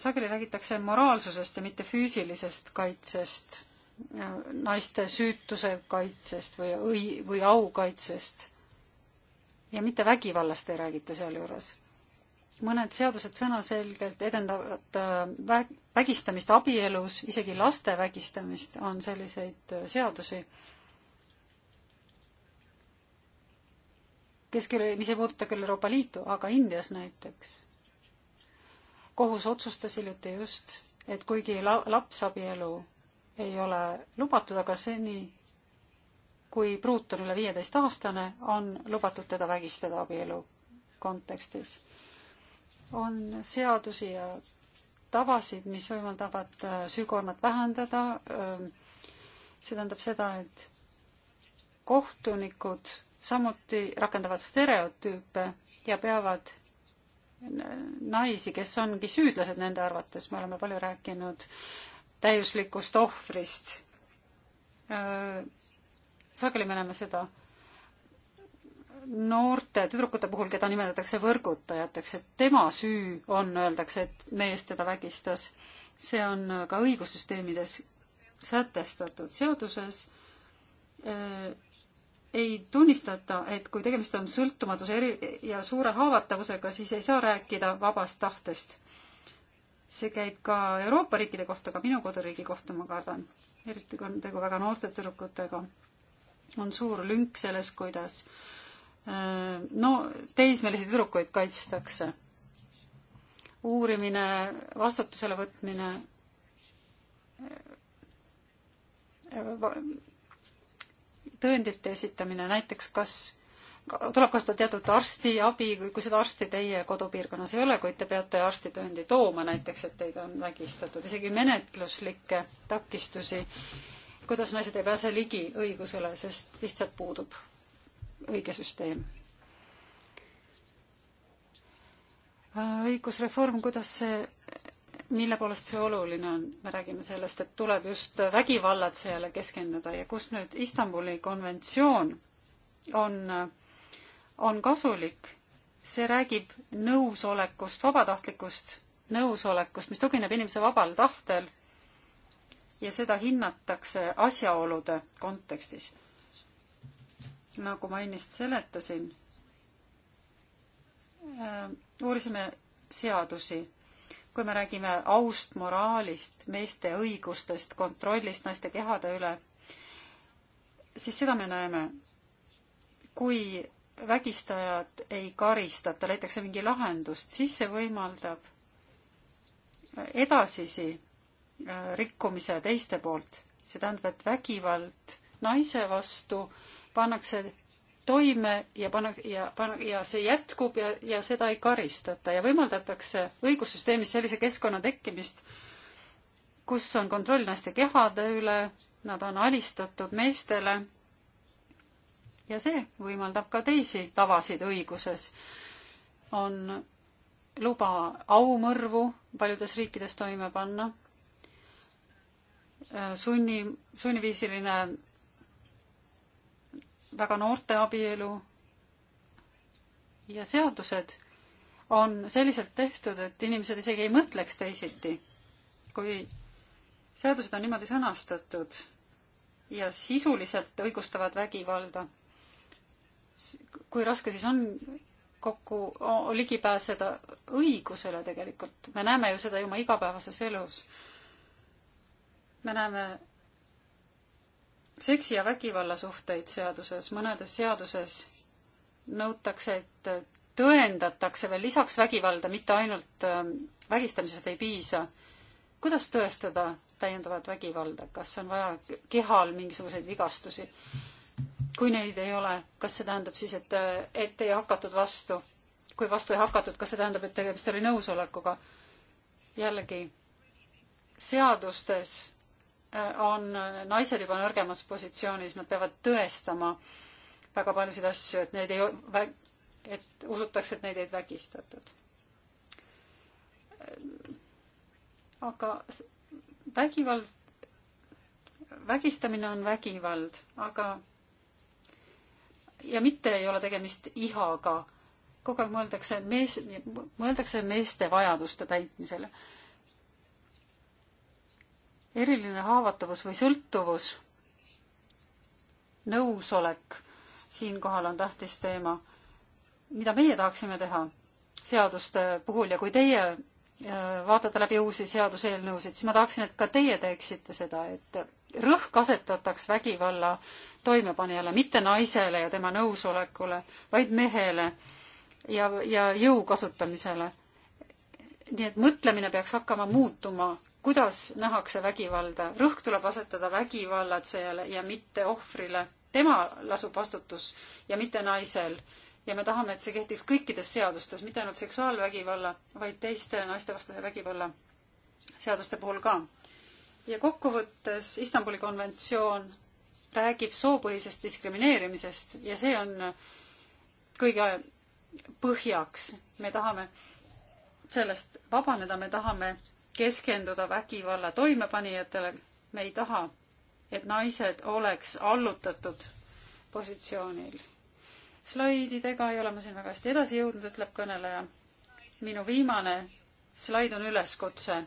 sageli räägitakse moraalsusest ja mitte füüsilisest kaitsest naiste süütuse kaitsest või, või, või aukaitsest. ja mitte vägivallast ei räägita sealjuures. mõned seadused sõnaselgelt edendavad äh, väg-, vägistamist abielus, isegi laste vägistamist on selliseid äh, seadusi, kes küll, mis ei puuduta küll Euroopa Liitu, aga Indias näiteks. kohus otsustas hiljuti just, et kuigi la-, lapsabielu ei ole lubatud, aga seni, kui pruut on üle viieteistaastane, on lubatud teda vägistada abielu kontekstis. on seadusi ja tavasid, mis võimaldavad äh, süükoormat vähendada. Ähm, see tähendab seda, et kohtunikud samuti rakendavad stereotüüpe ja peavad naisi, kes ongi süüdlased nende arvates, me oleme palju rääkinud täiuslikust ohvrist. Äh, sageli me näeme seda noorte tüdrukute puhul, keda nimetatakse võrgutajateks, et tema süü on, öeldakse, et mees teda vägistas. see on ka õigussüsteemides sätestatud seaduses äh, ei tunnistata, et kui tegemist on sõltumatuse eri- ja suure haavatavusega, siis ei saa rääkida vabast tahtest see käib ka Euroopa riikide kohta, ka minu koduriigi kohta, ma kardan. eriti kui on tegu väga noorte tüdrukutega. on suur lünk selles, kuidas äh, no teismelisi tüdrukuid kaitstakse. uurimine, vastutusele võtmine, äh, tõendite esitamine, näiteks kas tuleb kasutada teatud arstiabi, kui seda arsti teie kodupiirkonnas ei ole, kuid te peate arstitõendi tooma näiteks, et teid on vägistatud, isegi menetluslikke takistusi, kuidas naised ei pääse ligi õigusele, sest lihtsalt puudub õige süsteem. õigusreform, kuidas see, mille poolest see oluline on, me räägime sellest, et tuleb just vägivallatsejale keskenduda ja kus nüüd Istanbuli konventsioon on on kasulik. see räägib nõusolekust, vabatahtlikust nõusolekust, mis tugineb inimese vabal tahtel ja seda hinnatakse asjaolude kontekstis. nagu ma ennist seletasin, äh, uurisime seadusi, kui me räägime aust moraalist, meeste õigustest, kontrollist naiste kehade üle, siis seda me näeme, kui vägistajat ei karistata, leitakse mingi lahendust, siis see võimaldab edasisi äh, rikkumise teiste poolt. see tähendab, et vägivald naise vastu pannakse toime ja panna, ja panna, ja see jätkub ja, ja seda ei karistata ja võimaldatakse õigussüsteemis sellise keskkonna tekkimist, kus on kontroll naiste kehade üle, nad on alistatud meestele ja see võimaldab ka teisi tavasid õiguses. on luba aumõrvu paljudes riikides toime panna, äh, sunni, sunniviisiline väga noorte abielu ja seadused on selliselt tehtud, et inimesed isegi ei mõtleks teisiti, kui seadused on niimoodi sõnastatud ja sisuliselt õigustavad vägivalda kui raske siis on kokku ligi pääseda õigusele tegelikult. me näeme ju seda ju oma igapäevases elus. me näeme seksi ja vägivalla suhteid seaduses, mõnedes seaduses nõutakse, et tõendatakse veel lisaks vägivalda, mitte ainult ähm, vägistamisest ei piisa. kuidas tõestada täiendavat vägivalda, kas on vaja kehal mingisuguseid vigastusi? kui neid ei ole, kas see tähendab siis, et, et ei hakatud vastu? kui vastu ei hakatud, kas see tähendab, et tegemist oli nõusolekuga? jällegi, seadustes äh, on naised juba nõrgemas positsioonis, nad peavad tõestama väga paljusid asju, et neid ei, et usutakse, et neid ei vägistatud. aga vägivald, vägistamine on vägivald, aga ja mitte ei ole tegemist ihaga. kogu aeg mõeldakse mees, mõeldakse meeste vajaduste täitmisele. eriline haavatavus või sõltuvus, nõusolek siinkohal on tähtis teema. mida meie tahaksime teha seaduste puhul ja kui teie äh, vaatate läbi uusi seaduseelnõusid, siis ma tahaksin, et ka teie teeksite seda, et rõhk asetataks vägivalla toimepanijale, mitte naisele ja tema nõusolekule, vaid mehele ja, ja jõu kasutamisele. nii et mõtlemine peaks hakkama muutuma, kuidas nähakse vägivalda. rõhk tuleb asetada vägivallatsejale ja mitte ohvrile. tema lasub vastutus ja mitte naisel. ja me tahame, et see kehtiks kõikides seadustes, mitte ainult seksuaalvägivalla, vaid teiste naistevastase vägivalla seaduste puhul ka ja kokkuvõttes Istanbuli konventsioon räägib soopõhisest diskrimineerimisest ja see on kõige põhjaks. me tahame sellest vabaneda, me tahame keskenduda vägivalla toimepanijatele, me ei taha, et naised oleks allutatud positsioonil. slaididega ei ole ma siin väga hästi edasi jõudnud, ütleb kõneleja. minu viimane slaid on üleskutse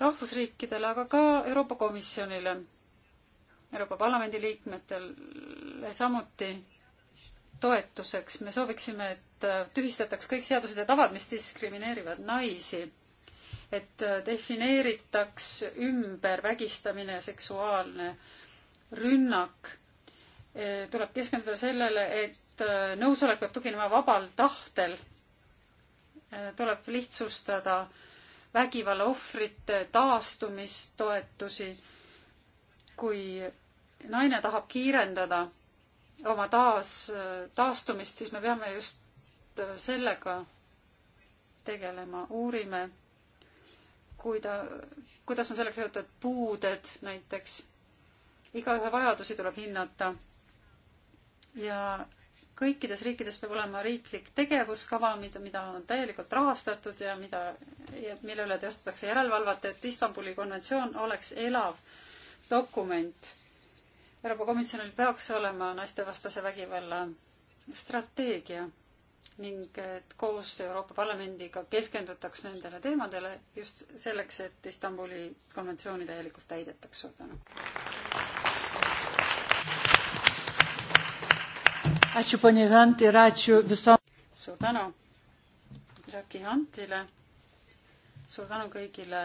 rahvusriikidele, aga ka Euroopa Komisjonile, Euroopa Parlamendi liikmetele samuti toetuseks. me sooviksime, et tühistataks kõik seadused ja tavad, mis diskrimineerivad naisi. et defineeritaks ümber vägistamine, seksuaalne rünnak. tuleb keskenduda sellele, et nõusolek peab tuginema vabal tahtel. tuleb lihtsustada äh, vägivalla ohvrite taastumistoetusi. kui naine tahab kiirendada oma taas, taastumist, siis me peame just sellega tegelema, uurime, kuida-, kuidas on sellega seotud puuded näiteks. igaühe vajadusi tuleb hinnata ja kõikides riikides peab olema riiklik tegevuskava, mida, mida on täielikult rahastatud ja mida, mille üle teostatakse järelevalvet, et Istanbuli konventsioon oleks elav dokument. Euroopa Komisjonil peaks olema naistevastase vägivalla strateegia ning et koos Euroopa Parlamendiga keskendutaks nendele teemadele just selleks, et Istanbuli konventsiooni täielikult täidetaks. suur tänu. ačiū ponė Hant ir ačiū visom. suur tänu Jackie Huntile, suur tänu kõigile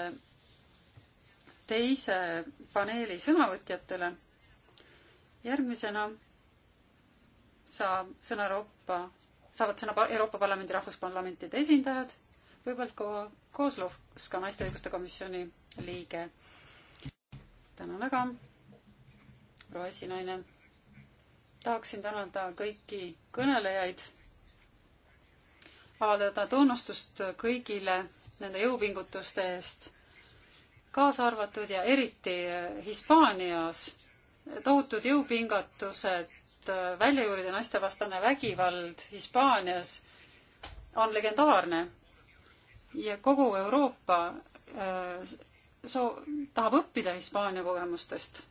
teise paneeli sõnavõtjatele. järgmisena saab sõna Euroopa, saavad sõna Euroopa Parlamendi rahvusparlamentide esindajad, kõigepealt ko-, Kozlovska naiste õiguste komisjoni liige. tänan väga, proua esinaine tahaksin tänada kõiki kõnelejaid, avaldada tunnustust kõigile nende jõupingutuste eest, kaasa arvatud ja eriti Hispaanias tohutud jõupingatused, välja juurida naistevastane vägivald Hispaanias on legendaarne ja kogu Euroopa äh, soo-, tahab õppida Hispaania kogemustest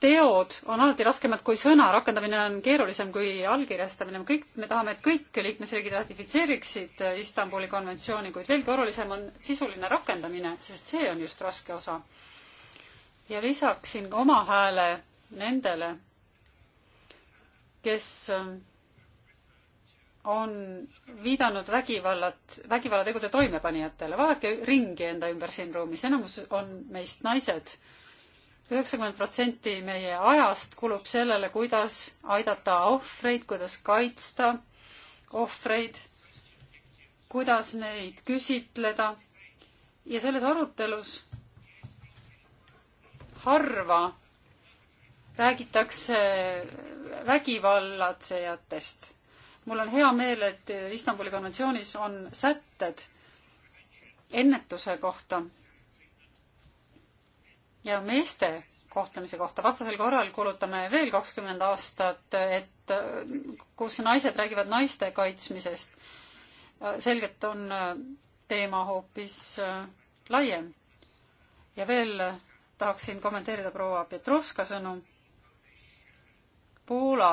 teod on alati raskemad kui sõna, rakendamine on keerulisem kui allkirjastamine. kõik, me tahame, et kõik liikmesriigid ratifitseeriksid Istanbuli konventsiooni, kuid veelgi olulisem on sisuline rakendamine, sest see on just raske osa. ja lisaksin ka oma hääle nendele, kes äh, on viidanud vägivallat, vägivallategude toimepanijatele. vaadake ringi enda ümber siin ruumis, enamus on meist naised üheksakümmend protsenti meie ajast kulub sellele, kuidas aidata ohvreid, kuidas kaitsta ohvreid, kuidas neid küsitleda. ja selles arutelus harva räägitakse vägivallatsejatest. mul on hea meel, et Istanbuli konventsioonis on sätted ennetuse kohta ja meeste kohtlemise kohta. vastasel korral kulutame veel kakskümmend aastat, et kus naised räägivad naiste kaitsmisest. selgelt on teema hoopis laiem. ja veel tahaksin kommenteerida proua Petrovska sõnu. Poola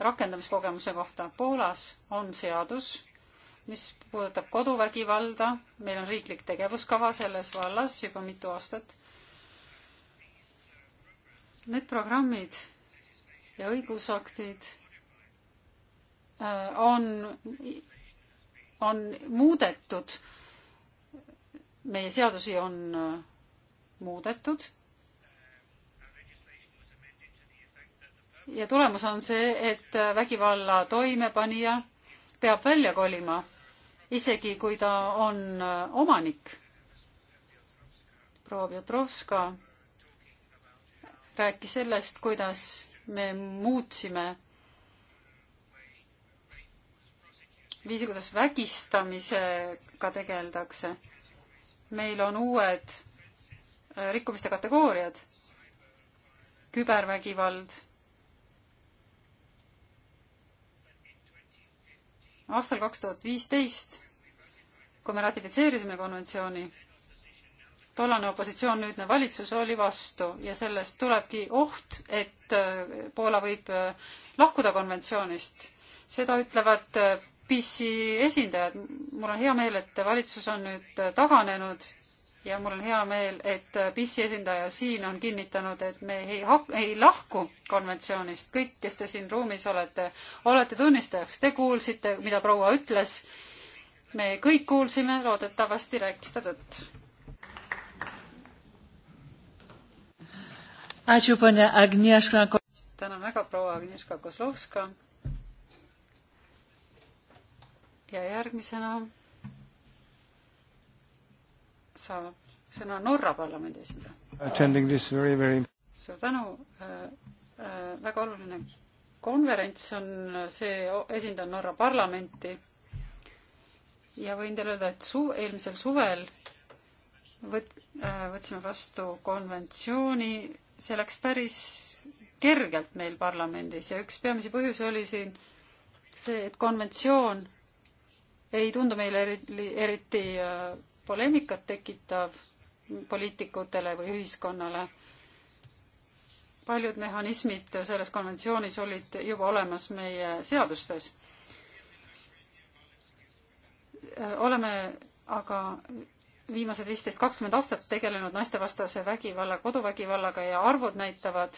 rakendamiskogemuse kohta. Poolas on seadus mis puudutab koduvägivalda, meil on riiklik tegevuskava selles vallas juba mitu aastat. Need programmid ja õigusaktid äh, on, on muudetud, meie seadusi on äh, muudetud ja tulemus on see, et äh, vägivalla toimepanija peab välja kolima, isegi kui ta on äh, omanik. proua Pjotrovska rääkis sellest, kuidas me muutsime viisi, kuidas vägistamisega tegeldakse. meil on uued äh, rikkumiste kategooriad, kübervägivald aastal kaks tuhat viisteist, kui me ratifitseerisime konventsiooni, tollane opositsioon, nüüdne valitsus oli vastu ja sellest tulebki oht, et äh, Poola võib äh, lahkuda konventsioonist. seda ütlevad äh, PC esindajad. mul on hea meel, et valitsus on nüüd taganenud ja mul on hea meel, et PIS-i esindaja siin on kinnitanud, et me ei, ei lahku konventsioonist. kõik, kes te siin ruumis olete, olete tunnistajaks. Te kuulsite, mida proua ütles. me kõik kuulsime, loodetavasti rääkis ta tõtt. tänan väga, proua Agnieszka Kozlovska. ja järgmisena saab sõna Norra parlamendi esindaja. suur tänu äh,, äh, väga oluline konverents on see, esindan Norra parlamenti ja võin teile öelda, et su-, eelmisel suvel võt-, äh, võtsime vastu konventsiooni, see läks päris kergelt meil parlamendis ja üks peamisi põhjusi oli siin see, et konventsioon ei tundu meile eriti, eriti äh, poleemikat tekitav poliitikutele või ühiskonnale. paljud mehhanismid selles konventsioonis olid juba olemas meie seadustes. oleme aga viimased viisteist, kakskümmend aastat tegelenud naistevastase vägivalla, koduvägivallaga ja arvud näitavad,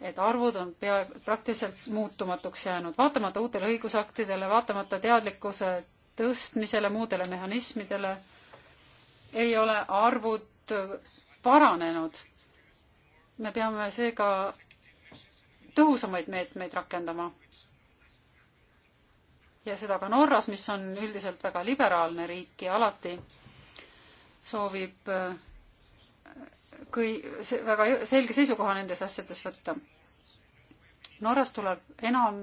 et arvud on pea, praktiliselt muutumatuks jäänud, vaatamata uutele õigusaktidele, vaatamata teadlikkuse tõstmisele, muudele mehhanismidele ei ole arvud paranenud. me peame seega tõhusamaid meetmeid rakendama. ja seda ka Norras, mis on üldiselt väga liberaalne riik ja alati soovib äh, kõi-, väga selge seisukoha nendes asjades võtta. Norras tuleb enam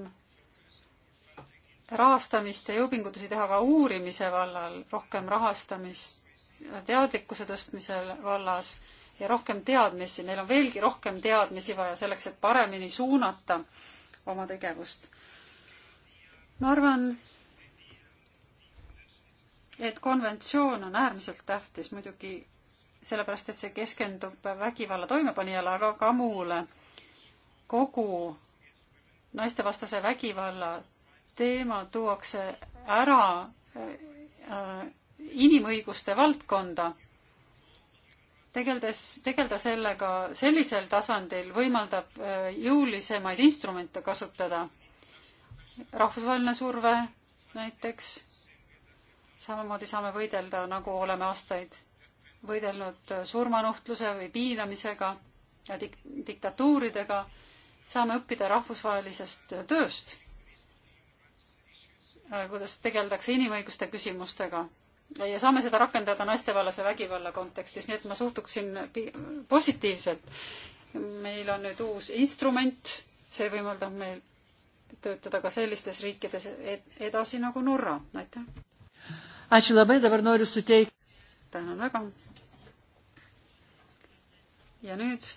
rahastamist ja jõupingutusi teha ka uurimise vallal, rohkem rahastamist teadlikkuse tõstmisel vallas ja rohkem teadmisi, meil on veelgi rohkem teadmisi vaja selleks, et paremini suunata oma tegevust. ma arvan, et konventsioon on äärmiselt tähtis muidugi sellepärast, et see keskendub vägivalla toimepanijale, aga ka muule. kogu naistevastase vägivalla teema tuuakse ära äh, inimõiguste valdkonda. tegeldes, tegeleda sellega sellisel tasandil võimaldab äh, jõulisemaid instrumente kasutada. rahvusvaheline surve näiteks, samamoodi saame võidelda, nagu oleme aastaid võidelnud äh, surmanuhtluse või piinamisega ja dik-, diktatuuridega, saame õppida rahvusvahelisest äh, tööst, kuidas tegeldakse inimõiguste küsimustega ja saame seda rakendada naistevallase vägivalla kontekstis, nii et ma suhtuksin positiivselt. meil on nüüd uus instrument, see võimaldab meil töötada ka sellistes riikides e-, edasi nagu Norra, aitäh. tänan väga. ja nüüd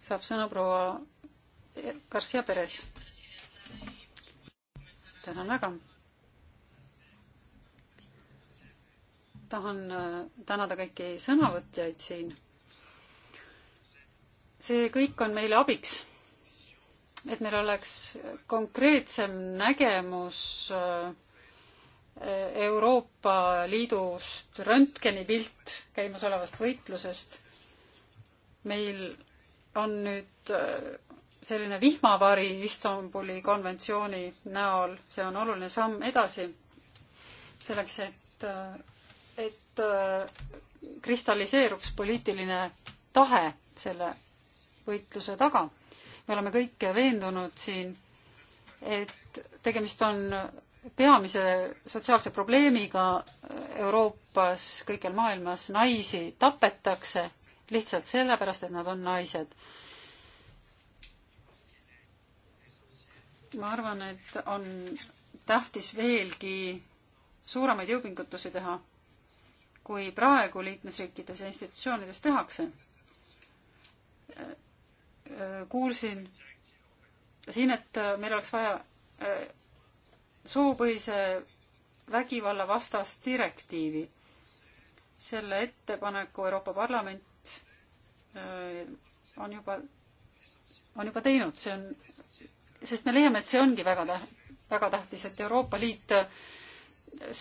saab sõna proua Garcia Perez. tänan väga tahan äh, tänada kõiki sõnavõtjaid siin. see kõik on meile abiks, et meil oleks konkreetsem nägemus äh, Euroopa Liidust röntgenipilt käimasolevast võitlusest. meil on nüüd äh, selline vihmavari Istanbuli konventsiooni näol, see on oluline samm edasi selleks, et et äh, kristalliseeruks poliitiline tahe selle võitluse taga. me oleme kõik veendunud siin, et tegemist on peamise sotsiaalse probleemiga Euroopas, kõikjal maailmas, naisi tapetakse lihtsalt sellepärast, et nad on naised. ma arvan, et on tähtis veelgi suuremaid jõupingutusi teha kui praegu liikmesriikides ja institutsioonides tehakse. kuulsin siin, et meil oleks vaja eh, soopõhise vägivalla vastast direktiivi. selle ettepaneku Euroopa Parlament eh, on juba, on juba teinud, see on, sest me leiame, et see ongi väga täht-, väga tähtis, et Euroopa Liit eh,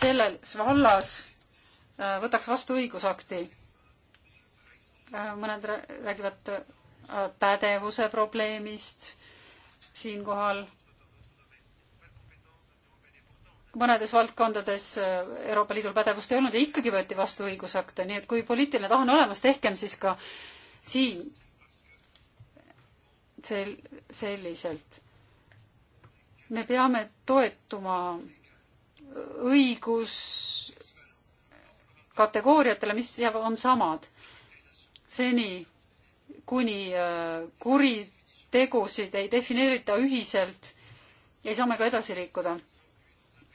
selles vallas Äh, võtaks vastu õigusakti. Äh, mõned räägivad äh, pädevuse probleemist siinkohal. mõnedes valdkondades Euroopa Liidul pädevust ei olnud ja ikkagi võeti vastu õigusakte, nii et kui poliitiline tahe on olemas, tehkem siis ka siin sel-, selliselt. me peame toetuma õigus, kategooriatele, mis on samad. seni, kuni äh, kuritegusid ei defineerita ühiselt, ei saa me ka edasi liikuda.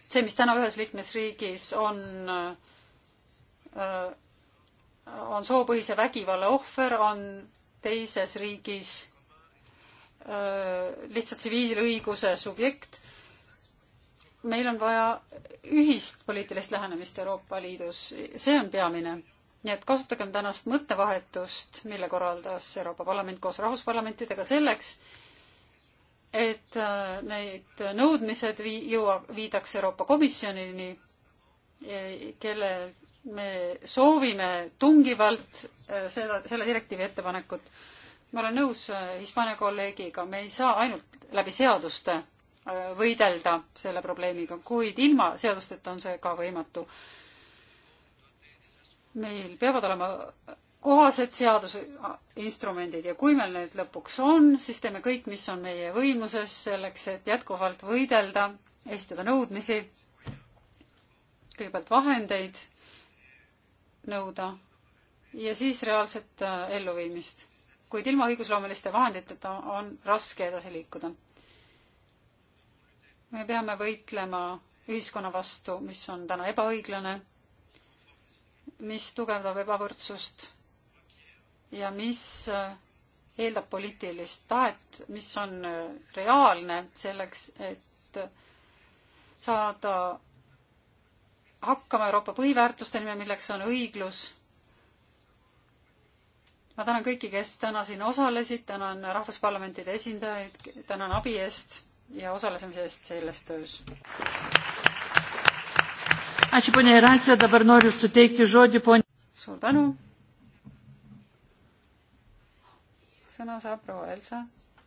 see, mis täna ühes liikmesriigis on, äh, on soopõhise vägivalla ohver, on teises riigis äh, lihtsalt tsiviilõiguse subjekt meil on vaja ühist poliitilist lähenemist Euroopa Liidus, see on peamine. nii et kasutagem tänast mõttevahetust, mille korraldas Euroopa Parlament koos rahvusparlamentidega selleks, et äh, need nõudmised vii-, jõua-, viidaks Euroopa Komisjonini, e, kelle me soovime tungivalt äh, seda, selle direktiivi ettepanekut. ma olen nõus äh, Hispaania kolleegiga, me ei saa ainult läbi seaduste võidelda selle probleemiga, kuid ilma seadusteta on see ka võimatu. meil peavad olema kohased seadusinstrumendid ja kui meil need lõpuks on, siis teeme kõik, mis on meie võimuses selleks, et jätkuvalt võidelda, esitada nõudmisi, kõigepealt vahendeid nõuda ja siis reaalset äh, elluviimist. kuid ilma õigusloomeliste vahenditeta on raske edasi liikuda me peame võitlema ühiskonna vastu, mis on täna ebaõiglane, mis tugevdab ebavõrdsust ja mis eh, eeldab poliitilist tahet, mis on eh, reaalne selleks, et saada hakkama Euroopa põhiväärtuste nimel, milleks on õiglus. ma tänan kõiki, kes täna siin osalesid, tänan rahvusparlamentide esindajaid, tänan abi eest ja osalesemise eest selles töös. suur tänu. sõna saab proua Elsa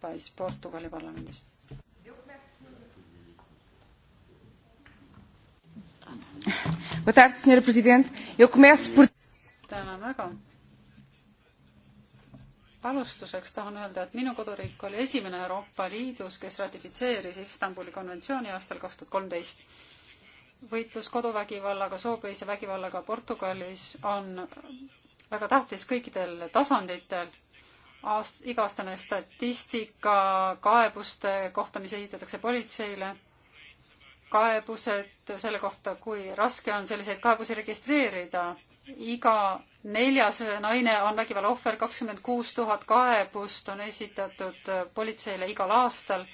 Pais Portugali parlamendist. Boa tarde, Sra. Presidente. Eu começo por. Tänan väga, alustuseks tahan öelda, et minu koduriik oli esimene Euroopa Liidus, kes ratifitseeris Istanbuli konventsiooni aastal kaks tuhat kolmteist. võitlus koduvägivallaga, soopõhise vägivallaga Portugalis on väga tähtis kõikidel tasanditel aast-, iga-aastane statistika kaebuste kohta, mis esitatakse politseile, kaebused selle kohta, kui raske on selliseid kaebusi registreerida, iga neljas naine on vägivalla ohver, kakskümmend kuus tuhat kaebust on esitatud politseile igal aastal.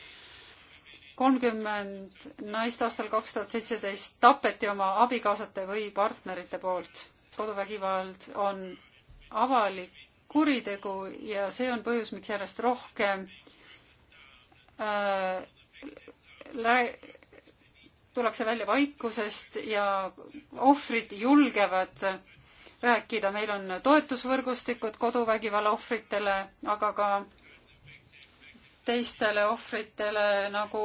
kolmkümmend naist aastal kaks tuhat seitseteist tapeti oma abikaasate või partnerite poolt. koduvägivald on avalik kuritegu ja see on põhjus, miks järjest rohkem äh, tullakse välja vaikusest ja ohvrid julgevad äh, rääkida, meil on toetusvõrgustikud koduvägivalla ohvritele, aga ka teistele ohvritele nagu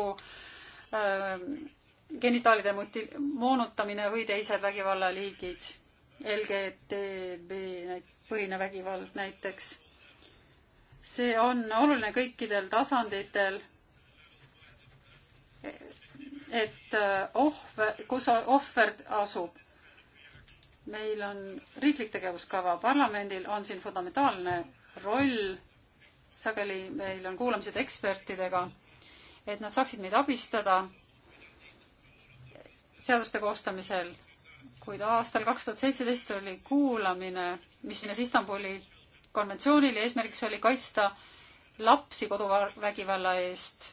äh, genitaalide muti-, moonutamine või teised vägivallaliigid, LGTB põhine vägivald näiteks. see on oluline kõikidel tasanditel, et äh, ohver, kus ohver asub meil on riiklik tegevuskava, parlamendil on siin fundamentaalne roll, sageli meil on kuulamised ekspertidega, et nad saaksid meid abistada seaduste koostamisel, kuid aastal kaks tuhat seitseteist oli kuulamine, mis sinnes Istanbuli konventsioonile, eesmärgiks oli kaitsta lapsi koduvägivalla eest,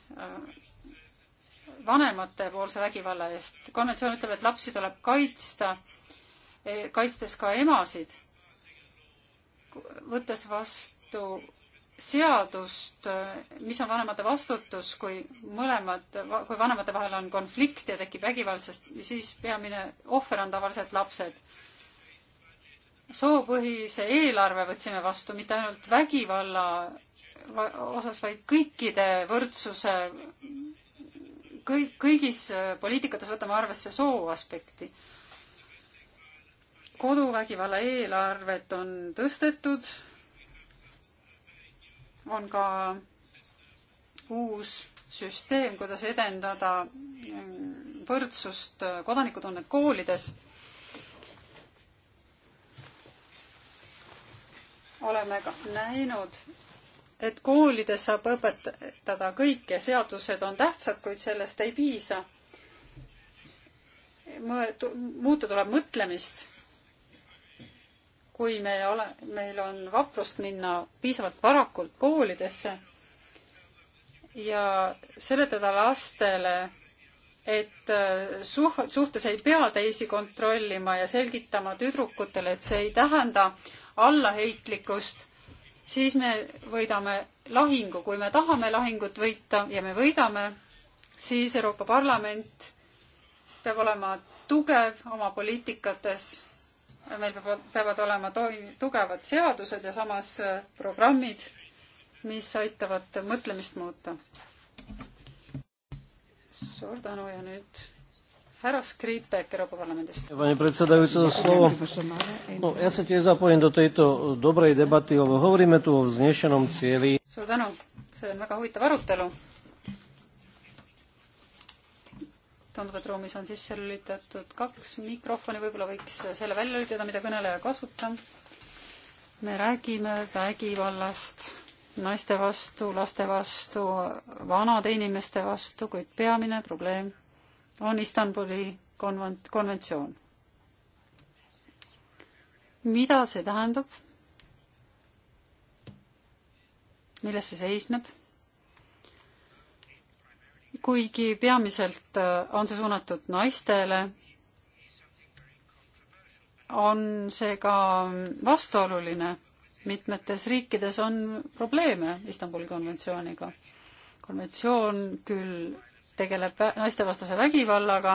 vanematepoolse vägivalla eest. konventsioon ütleb, et lapsi tuleb kaitsta kaitstes ka emasid, võttes vastu seadust, mis on vanemate vastutus, kui mõlemad, kui vanemate vahel on konflikt ja tekib vägivald, sest siis peamine ohver on tavaliselt lapsed. soopõhise eelarve võtsime vastu mitte ainult vägivalla osas, vaid kõikide võrdsuse, kõik, kõigis poliitikates võtame arvesse soo aspekti koduvägivalla eelarvet on tõstetud, on ka uus süsteem, kuidas edendada võrdsust, kodanikutunnet koolides. oleme ka näinud, et koolides saab õpetada kõike, seadused on tähtsad, kuid sellest ei piisa. muuta tuleb mõtlemist kui me ole, meil on vaprust minna piisavalt varakult koolidesse ja seletada lastele, et äh, suh-, suhtes ei pea teisi kontrollima ja selgitama tüdrukutele, et see ei tähenda allaheitlikkust, siis me võidame lahingu, kui me tahame lahingut võita ja me võidame, siis Euroopa Parlament peab olema tugev oma poliitikates meil peavad, peavad olema toim-, tugevad seadused ja samas äh, programmid, mis aitavad mõtlemist muuta. suur tänu ja nüüd härra Skripek Euroopa Parlamendist. No, ja sa tiež zapojím do tejto dobrej debaty, lebo hovoríme tu o vznešenom cieli. suur tänu, see on väga huvitav arutelu tundub, et ruumis on sisse lülitatud kaks mikrofoni, võib-olla võiks selle välja lülitada, mida kõneleja kasutab. me räägime vägivallast naiste vastu, laste vastu, vanade inimeste vastu, kuid peamine probleem on Istanbuli konvent-, konventsioon. mida see tähendab? milles see seisneb? kuigi peamiselt äh, on see suunatud naistele, on see ka vastuoluline. mitmetes riikides on probleeme Istanbuli konventsiooniga. konventsioon küll tegeleb naistevastase vägivallaga,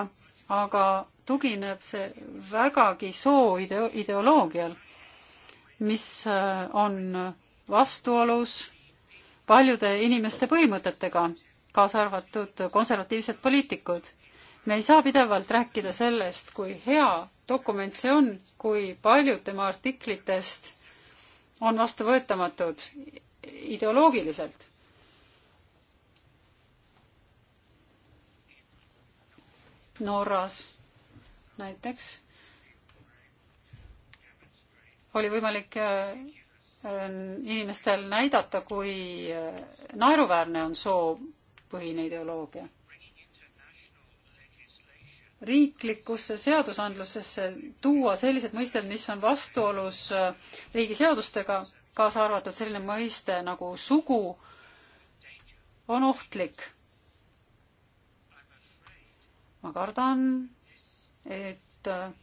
aga tugineb see vägagi sooideo-, ideoloogial, mis äh, on vastuolus paljude inimeste põhimõtetega kaasa arvatud konservatiivsed poliitikud. me ei saa pidevalt rääkida sellest, kui hea dokument see on, kui paljud tema artiklitest on vastuvõetamatud ideoloogiliselt. Norras näiteks oli võimalik äh, inimestel näidata, kui äh, naeruväärne on soo põhine ideoloogia. riiklikusse seadusandlusesse tuua sellised mõisted, mis on vastuolus äh, riigi seadustega, kaasa arvatud selline mõiste nagu sugu, on ohtlik. ma kardan, et äh,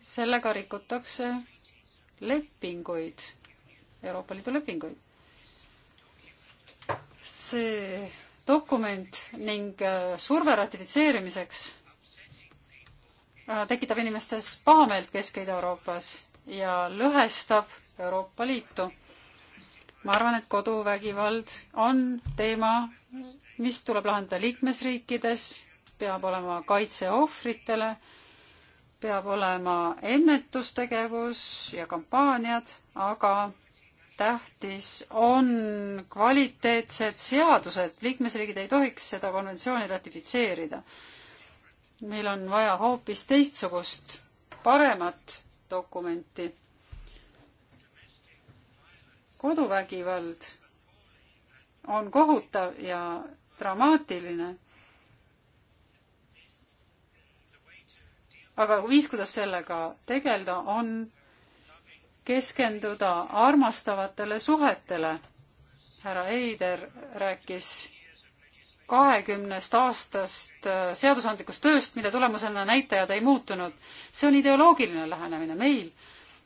sellega rikutakse lepinguid, Euroopa Liidu lepinguid see dokument ning äh, surve ratifitseerimiseks äh, tekitab inimestes pahameelt Kesk- ja Ida-Euroopas ja lõhestab Euroopa Liitu. ma arvan, et koduvägivald on teema, mis tuleb lahendada liikmesriikides, peab olema kaitse ohvritele, peab olema ennetustegevus ja kampaaniad, aga tähtis on kvaliteetsed seadused, liikmesriigid ei tohiks seda konventsiooni ratifitseerida. meil on vaja hoopis teistsugust, paremat dokumenti. koduvägivald on kohutav ja dramaatiline. aga viis, kuidas sellega tegeleda, on keskenduda armastavatele suhetele. härra Eider rääkis kahekümnest aastast äh, seadusandlikust tööst, mille tulemusena näitajad ei muutunud. see on ideoloogiline lähenemine. meil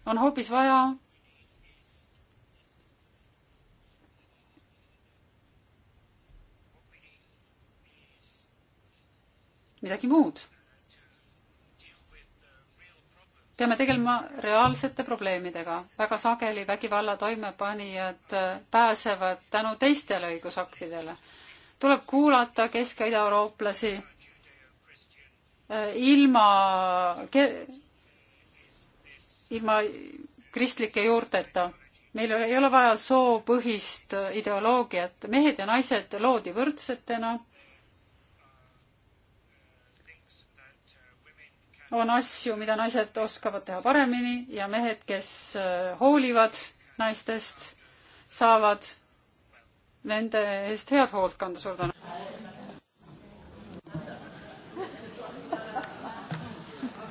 on hoopis vaja midagi muud peame tegelema reaalsete probleemidega. väga sageli vägivalla toimepanijad äh, pääsevad tänu teistele õigusaktidele. tuleb kuulata Kesk- ja Ida-Eurooplasi äh, ilma, ilma kristlike juurteta. meil ei ole vaja soopõhist ideoloogiat, mehed ja naised loodi võrdsetena on asju, mida naised oskavad teha paremini ja mehed, kes äh, hoolivad naistest, saavad nende eest head hoolt kanda. suur tänu!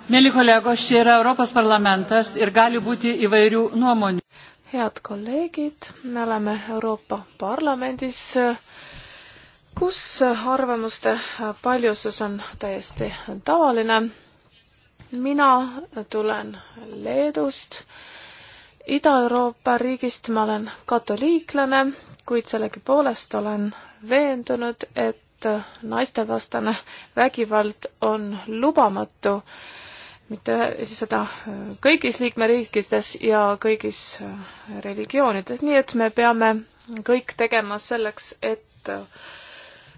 Mėly kolegos, čia yra Europos parlamentas ir gali būti įvairių nuomonių. Head kolleegid, me oleme Euroopa Parlamendis, kus arvamuste paljusus on täiesti tavaline mina tulen Leedust, Ida-Euroopa riigist ma olen katoliiklane, kuid sellegipoolest olen veendunud, et naistevastane vägivald on lubamatu, mitte seda kõigis liikmeriikides ja kõigis religioonides, nii et me peame kõik tegema selleks, et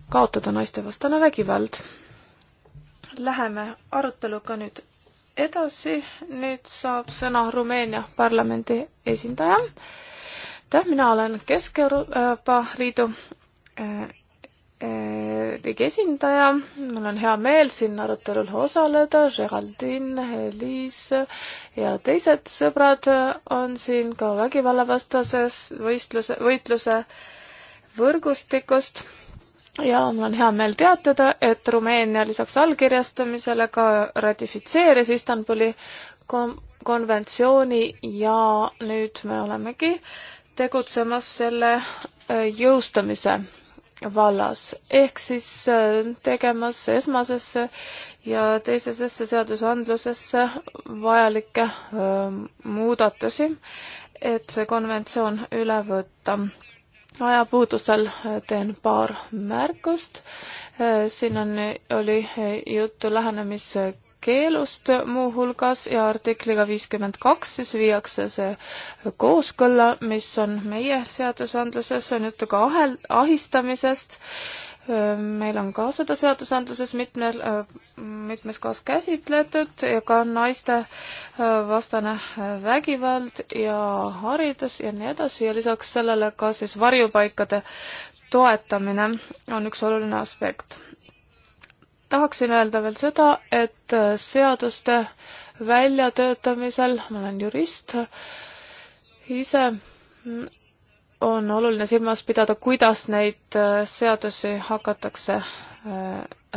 kaotada naistevastane vägivald läheme aruteluga nüüd edasi, nüüd saab sõna Rumeenia parlamendi esindaja. aitäh, mina olen Kesk-Euroopa Liidu äh, äh, riigi esindaja, mul on hea meel siin arutelul osaleda, Geraldine, Liis ja teised sõbrad on siin ka vägivallavastases võistluse, võitluse võrgustikust ja mul on hea meel teatada, et Rumeenia lisaks allkirjastamisele ka ratifitseeris Istanbuli kon-, konventsiooni ja nüüd me olemegi tegutsemas selle äh, jõustamise vallas, ehk siis äh, tegemas esmasesse ja teisesesse seadusandlusesse vajalikke äh, muudatusi, et see konventsioon üle võtta ajapuudusel teen paar märkust. siin on, oli juttu lähenemiskeelust muuhulgas ja artikliga viiskümmend kaks siis viiakse see kooskõlla, mis on meie seadusandluses, on juttu ka ahel, ahistamisest meil on ka seda seadusandluses mitmel, mitmes kohas käsitletud ja ka naiste vastane vägivald ja haridus ja nii edasi ja lisaks sellele ka siis varjupaikade toetamine on üks oluline aspekt. tahaksin öelda veel seda, et seaduste väljatöötamisel, ma olen jurist, ise on oluline silmas pidada, kuidas neid äh, seadusi hakatakse äh,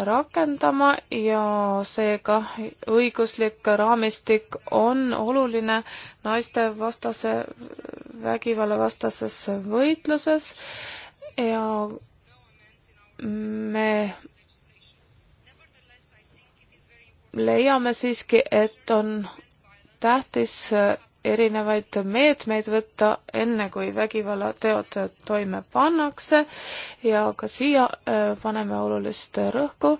rakendama ja seega õiguslik raamistik on oluline naistevastase, vägivallavastases võitluses ja me leiame siiski, et on tähtis äh, erinevaid meetmeid võtta, enne kui vägivallateod toime pannakse ja ka siia äh, paneme olulist rõhku.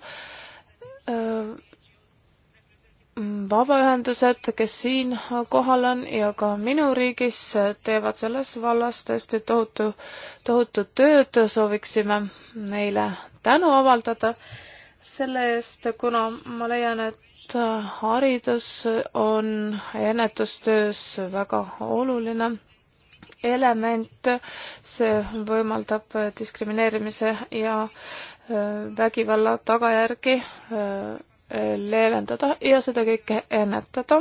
Äh, vabaühendused, kes siin kohal on ja ka minu riigis, teevad selles vallas tõesti tohutu, tohutut tööd, sooviksime neile tänu avaldada selle eest, kuna ma leian, et haridus on ennetustöös väga oluline element, see võimaldab diskrimineerimise ja äh, vägivalla tagajärgi äh, leevendada ja seda kõike ennetada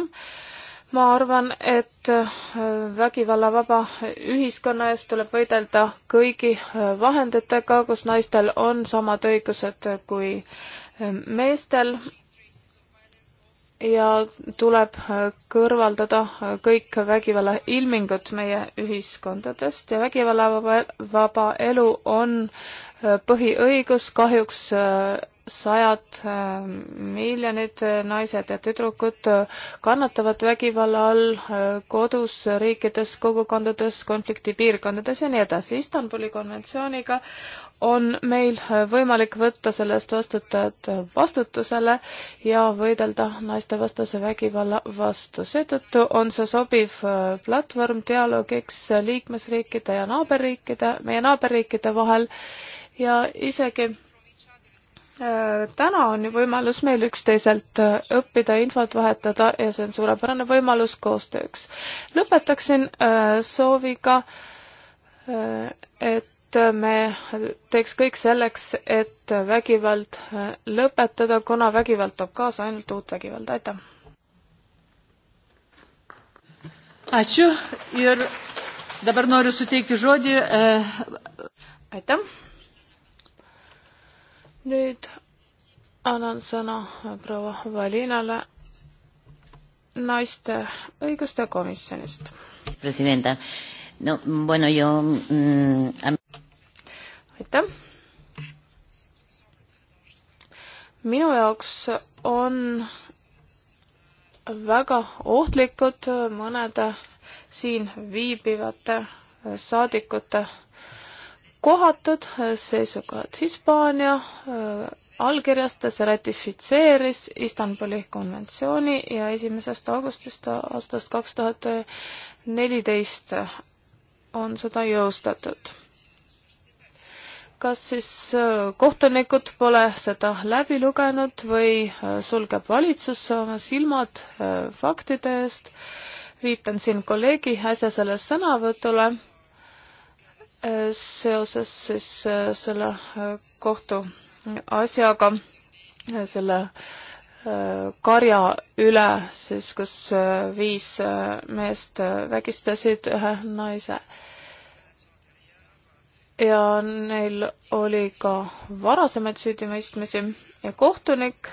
ma arvan, et äh, vägivallavaba ühiskonna eest tuleb võidelda kõigi äh, vahenditega, kus naistel on samad õigused kui äh, meestel ja tuleb kõrvaldada kõik vägivalla ilmingud meie ühiskondadest ja vägivallavaba vaba elu on põhiõigus, kahjuks sajad äh, miljonid äh, naised ja tüdrukud äh, kannatavad vägivalla all kodus, riikides, kogukondades, konfliktipiirkondades ja nii edasi. Istanbuli konventsiooniga on meil võimalik võtta selle eest vastutajad vastutusele ja võidelda naistevastase vägivalla vastu. seetõttu on see sobiv platvorm dialoogiks liikmesriikide ja naaberriikide, meie naaberriikide vahel ja isegi Äh, täna on ju võimalus meil üksteiselt äh, õppida, infot vahetada ja see on suurepärane võimalus koostööks. lõpetaksin äh, sooviga, et me teeks kõik selleks, et vägivald lõpetada, kuna vägivald toob kaasa ainult uut vägivalda, aitäh! E, aitäh! aitäh! nüüd annan sõna proua Valinale naiste õiguste komisjonist. presidenda, no bueno yo mm, aitäh. minu jaoks on väga ohtlikud mõnede siin viibivate saadikute kohatud, seisukohad Hispaania äh, allkirjastas ja ratifitseeris Istanbuli konventsiooni ja esimesest augustist aastast kaks tuhat neliteist on seda jõustatud. kas siis äh, kohtunikud pole seda läbi lugenud või äh, sulgeb valitsus oma silmad faktide eest? viitan siin kolleegi äsja selles sõnavõtule seoses siis äh, selle äh, kohtuasjaga, äh, selle karja üle siis, kus viis meest vägistasid ühe naise. ja neil oli ka varasemaid süüdimõistmisi ja kohtunik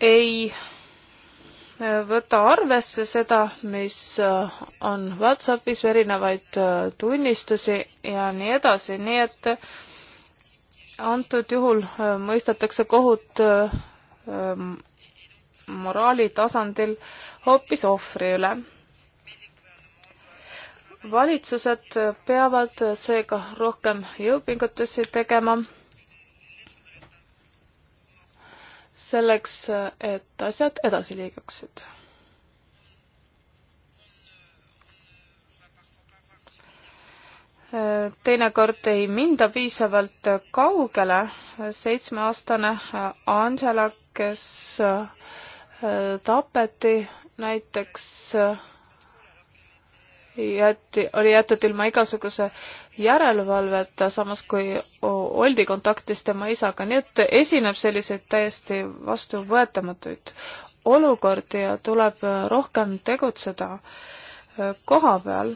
ei võta arvesse seda, mis äh, on Whatsappis, erinevaid äh, tunnistusi ja nii edasi, nii et antud juhul äh, mõistetakse kohut ähm, moraali tasandil hoopis ohvri üle. valitsused peavad seega rohkem jõupingutusi tegema selleks, et asjad edasi liiguksid. teinekord ei minda piisavalt kaugele, seitsmeaastane Angela, kes äh, tapeti näiteks äh, jäeti, oli jäetud ilma igasuguse järelevalveta, samas kui oldi kontaktis tema isaga, nii et esineb selliseid täiesti vastuvõetamatuid olukordi ja tuleb rohkem tegutseda e, koha peal.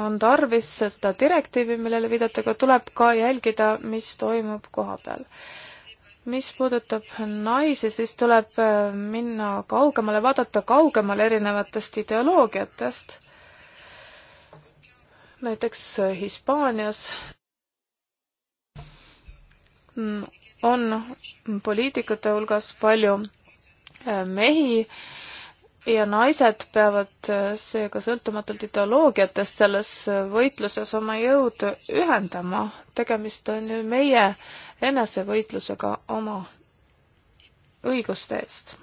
on tarvis seda direktiivi, millele viidata, aga tuleb ka jälgida, mis toimub koha peal mis puudutab naisi, siis tuleb e, minna kaugemale, vaadata kaugemale erinevatest ideoloogiatest näiteks äh, Hispaanias mm, on poliitikute hulgas palju äh, mehi ja naised peavad äh, seega sõltumatult ideoloogiatest selles võitluses oma jõud ühendama. tegemist on ju meie enesevõitlusega oma õiguste eest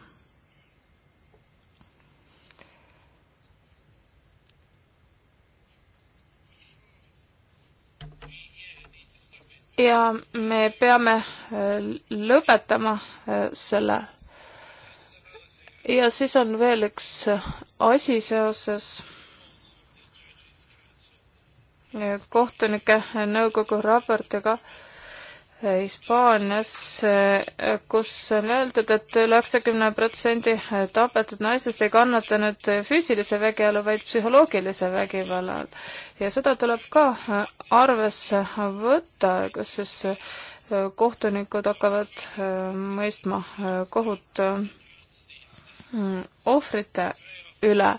ja me peame äh, lõpetama äh, selle. ja siis on veel üks äh, asi seoses kohtunike nõukogu raportiga Hispaanias, kus on öeldud et, et üle üheksakümne protsendi tapetud naisest ei kannata nüüd füüsilise vägialla, vaid psühholoogilise vägivalla all. ja seda tuleb ka arvesse võtta, kus siis kohtunikud hakkavad äh, mõistma äh, kohut äh, ohvrite üle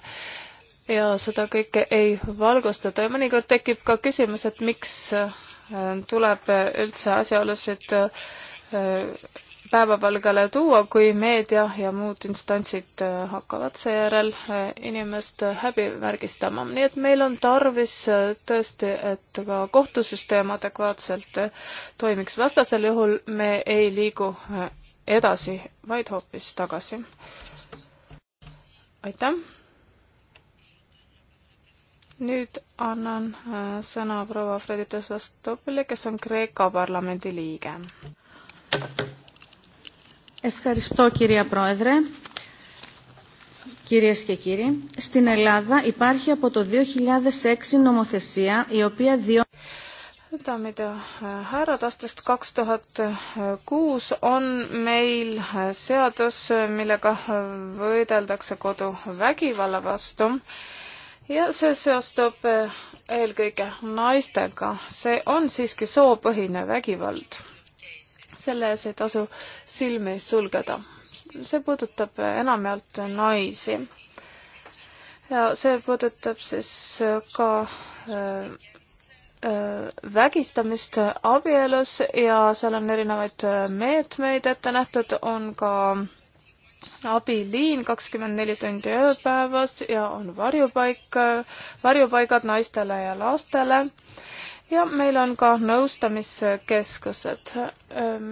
ja seda kõike ei valgustata ja mõnikord tekib ka küsimus, et miks tuleb üldse asjaolusid äh, päevavalgele tuua, kui meedia ja muud instantsid äh, hakkavad seejärel äh, inimest häbimärgistama. nii et meil on tarvis tõesti, et ka kohtusüsteem adekvaatselt toimiks, vastasel juhul me ei liigu edasi, vaid hoopis tagasi. aitäh! nüüd annan äh, sõna proua Freditas Vastopile, kes on Kreeka parlamendi liige. Ευχαριστώ κυρία Πρόεδρε. Κυρίες και κύριοι, στην Ελλάδα υπάρχει από το 2006 νομοθεσία η οποία διό... Daamid ja härrad, aastast kaks tuhat kuus on meil äh, seadus, millega äh, võideldakse koduvägivalla vastu ja see seostub eh, eelkõige naistega. see on siiski soopõhine vägivald. selle ees ei tasu silmi sulgeda. see puudutab enamjaolt naisi. ja see puudutab siis ka eh, eh, vägistamist abielus ja seal on erinevaid meetmeid ette nähtud, on ka abiliin kakskümmend neli tundi ööpäevas ja on varjupaik, varjupaigad naistele ja lastele. ja meil on ka nõustamiskeskused,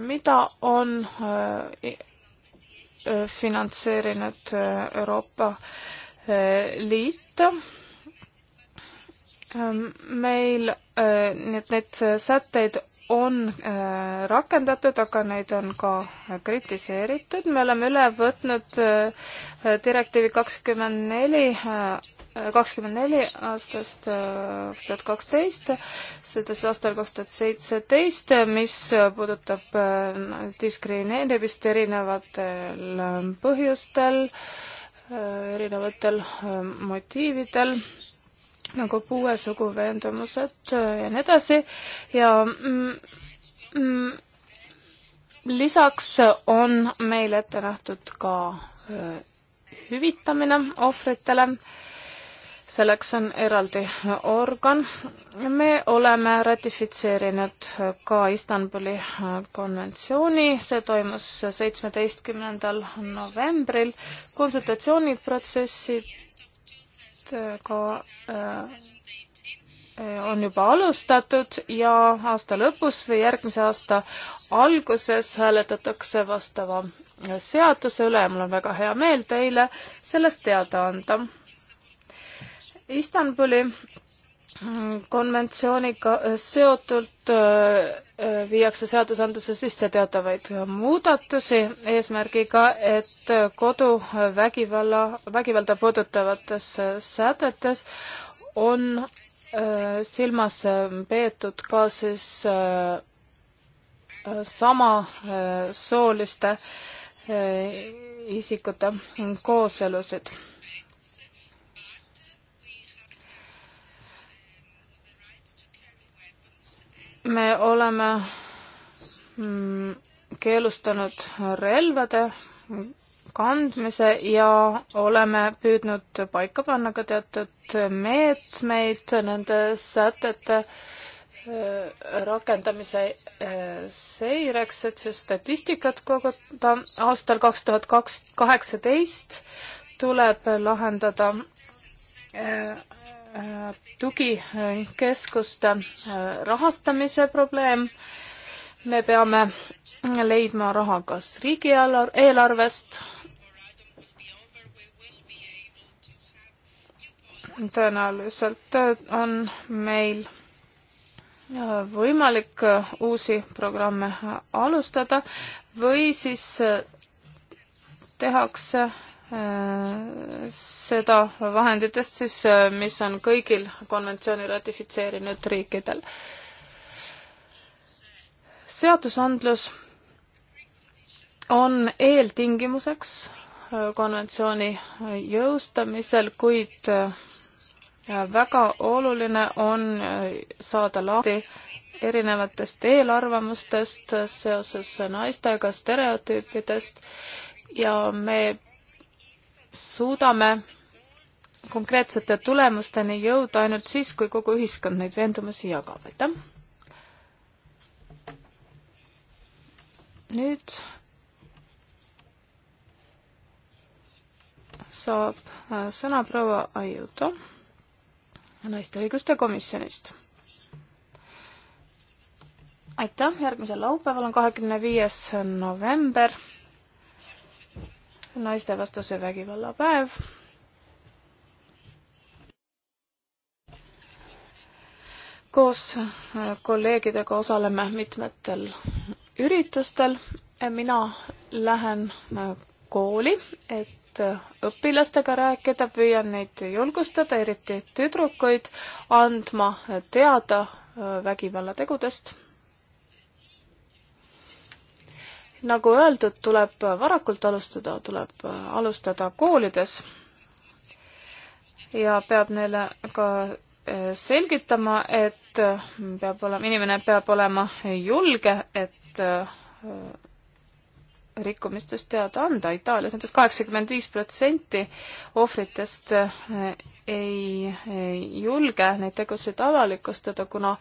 mida on äh, äh, finantseerinud äh, Euroopa Liit Ähm, meil äh, need, need äh, sätteid on äh, rakendatud, aga neid on ka kritiseeritud. me oleme üle võtnud direktiivi kakskümmend neli, kakskümmend neli aastast kaks tuhat kaksteist, selles aastal kaks tuhat seitseteist, mis puudutab diskrimineerimist erinevatel põhjustel, erinevatel motiividel nagu puue, sugu, veendumused äh, ja nii edasi ja mm, mm, lisaks on meil ette nähtud ka äh, hüvitamine ohvritele selleks on eraldi organ. me oleme ratifitseerinud ka Istanbuli äh, konventsiooni, see toimus seitsmeteistkümnendal novembril. konsultatsiooniprotsessid Äh, ka äh, äh, on juba alustatud ja aasta lõpus või järgmise aasta alguses hääletatakse vastava seaduse üle ja mul on väga hea meel teile sellest teada anda. Istanbuli konventsiooniga äh, seotult äh, äh, viiakse seadusandluse sisse teatavaid muudatusi eesmärgiga, et koduvägivalla, vägivalda puudutavates sätetes on silmas peetud ka siis samasooliste isikute kooselusid me oleme mm, keelustanud relvade kandmise ja oleme püüdnud paika panna ka teatud meetmeid nende sätete äh, rakendamise äh, seireks, et see statistikat koguda. aastal kaks tuhat kaks, kaheksateist tuleb lahendada äh, tugikeskuste äh, rahastamise probleem. me peame leidma raha kas riigieelarvest, tõenäoliselt äh, on meil äh, võimalik uusi programme alustada või siis tehakse Äh, seda vahenditest siis, äh, mis on kõigil konventsiooni ratifitseerinud riikidel. seadusandlus on eeltingimuseks äh, konventsiooni jõustamisel, kuid väga oluline on saada lahti erinevatest eelarvamustest seoses naistega, stereotüüpidest ja me suudame konkreetsete tulemusteni jõuda ainult siis, kui kogu ühiskond neid veendumusi jagab, aitäh! nüüd saab äh, sõna proua Aiuto naiste õiguste komisjonist. aitäh, järgmisel laupäeval on kahekümne viies november naistevastase vägivalla päev. koos äh, kolleegidega osaleme mitmetel üritustel. mina lähen äh, kooli, et äh, õpilastega rääkida, püüan neid julgustada, eriti tüdrukuid, andma teada vägivallategudest nagu öeldud, tuleb varakult alustada, tuleb äh, alustada koolides ja peab neile ka äh, selgitama, et äh, peab olema, inimene peab olema julge, et rikkumistest teada anda. Itaalias näiteks kaheksakümmend viis protsenti ohvritest ei, ei julge neid tegusid avalikustada, kuna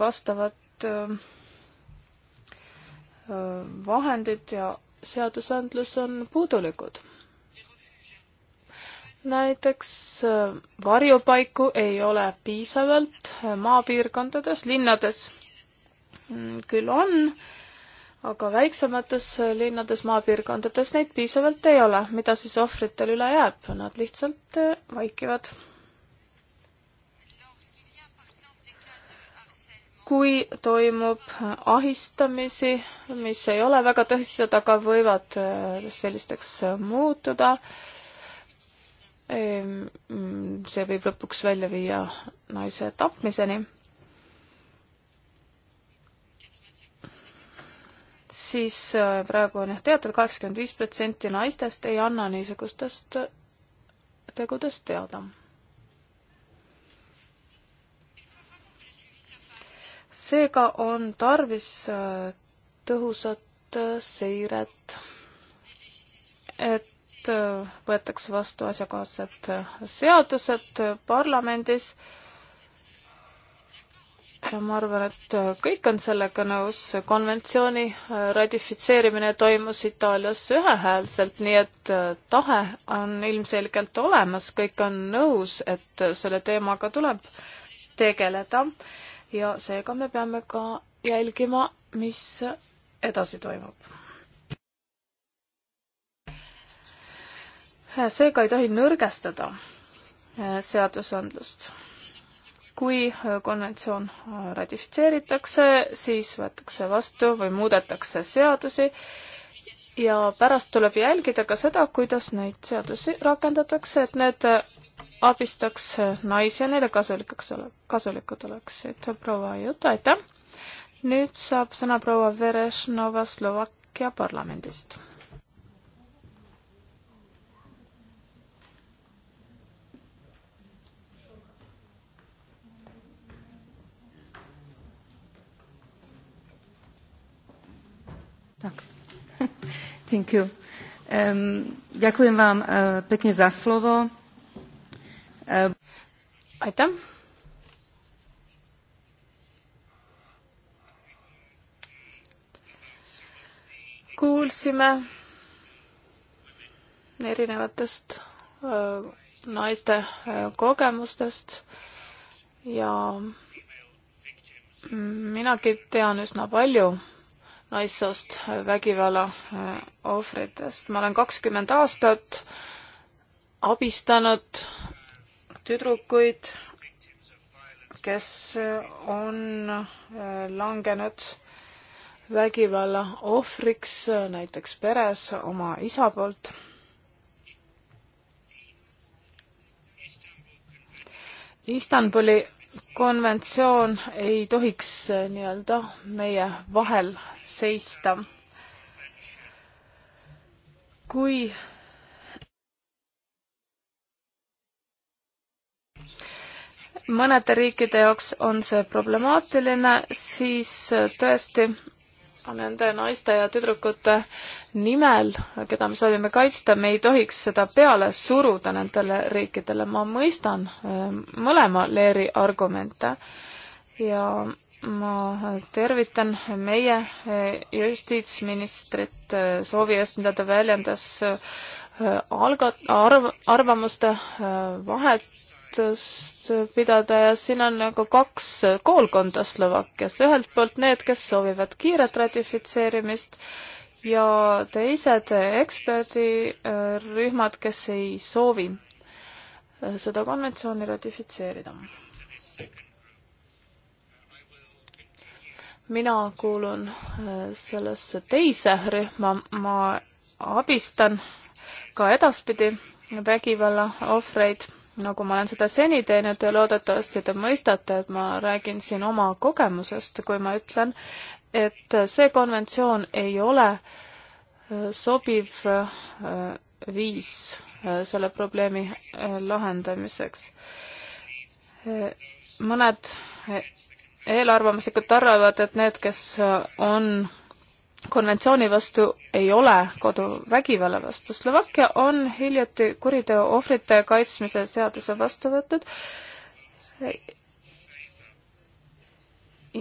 vastavad Äh, vahendid ja seadusandlus on puudulikud. näiteks äh, varjupaiku ei ole piisavalt äh, maapiirkondades, linnades mm, küll on, aga väiksemates linnades, maapiirkondades neid piisavalt ei ole. mida siis ohvritel üle jääb? Nad lihtsalt vaikivad kui toimub ahistamisi, mis ei ole väga tõsised, aga võivad äh, sellisteks äh, muutuda, ehm, see võib lõpuks välja viia naise tapmiseni. siis äh, praegu on jah teatud, kaheksakümmend viis protsenti naistest ei anna niisugustest tegudest teada seega on tarvis äh, tõhusat äh, seiret, et äh, võetakse vastu asjakohased seadused parlamendis ja ma arvan, et kõik on sellega nõus. konventsiooni ratifitseerimine toimus Itaalias ühehäälselt, nii et tahe on ilmselgelt olemas, kõik on nõus, et selle teemaga tuleb tegeleda ja seega me peame ka jälgima, mis edasi toimub. seega ei tohi nõrgestada seadusandlust. kui konventsioon ratifitseeritakse, siis võetakse vastu või muudetakse seadusi ja pärast tuleb jälgida ka seda, kuidas neid seadusi rakendatakse, et need abistaks naisi ja neile kasulikuks ole, kasulikud oleksid. proua Juta, aitäh! nüüd saab sõna proua Verešnova Slovakkia parlamendist. *laughs* Thank you. Um, ďakujem vám uh, pekne za slovo aitäh! kuulsime erinevatest äh, naiste äh, kogemustest ja minagi tean üsna palju naissoost äh, vägivalla ohvritest. ma olen kakskümmend aastat abistanud tüdrukuid, kes on äh, langenud vägivalla ohvriks äh, näiteks peres oma isa poolt. Istanbuli konventsioon ei tohiks äh, nii-öelda meie vahel seista. kui mõnede riikide jaoks on see problemaatiline, siis äh, tõesti nende naiste ja tüdrukute nimel, keda me soovime kaitsta, me ei tohiks seda peale suruda nendele riikidele, ma mõistan äh, mõlema leeri argumente ja ma tervitan meie äh, justiitsministrit soovi eest, mida ta väljendas algat-, arv-, arvamuste vahet toetust pidada ja siin on nagu kaks koolkonda Slovakkias, ühelt poolt need, kes soovivad kiiret ratifitseerimist ja teised eksperdirühmad, kes ei soovi seda konventsiooni ratifitseerida. mina kuulun äh, sellesse teise rühma, ma abistan ka edaspidi vägivalla ohvreid nagu ma olen seda seni teinud ja loodetavasti te mõistate, et ma räägin siin oma kogemusest, kui ma ütlen, et see konventsioon ei ole äh, sobiv äh, viis äh, selle probleemi lahendamiseks. mõned eelarvamuslikult arvavad, et need, kes on konventsiooni vastu ei ole koduvägivalla vastu. Slovakkia on hiljuti kuriteo ohvrite kaitsmise seaduse vastu võtnud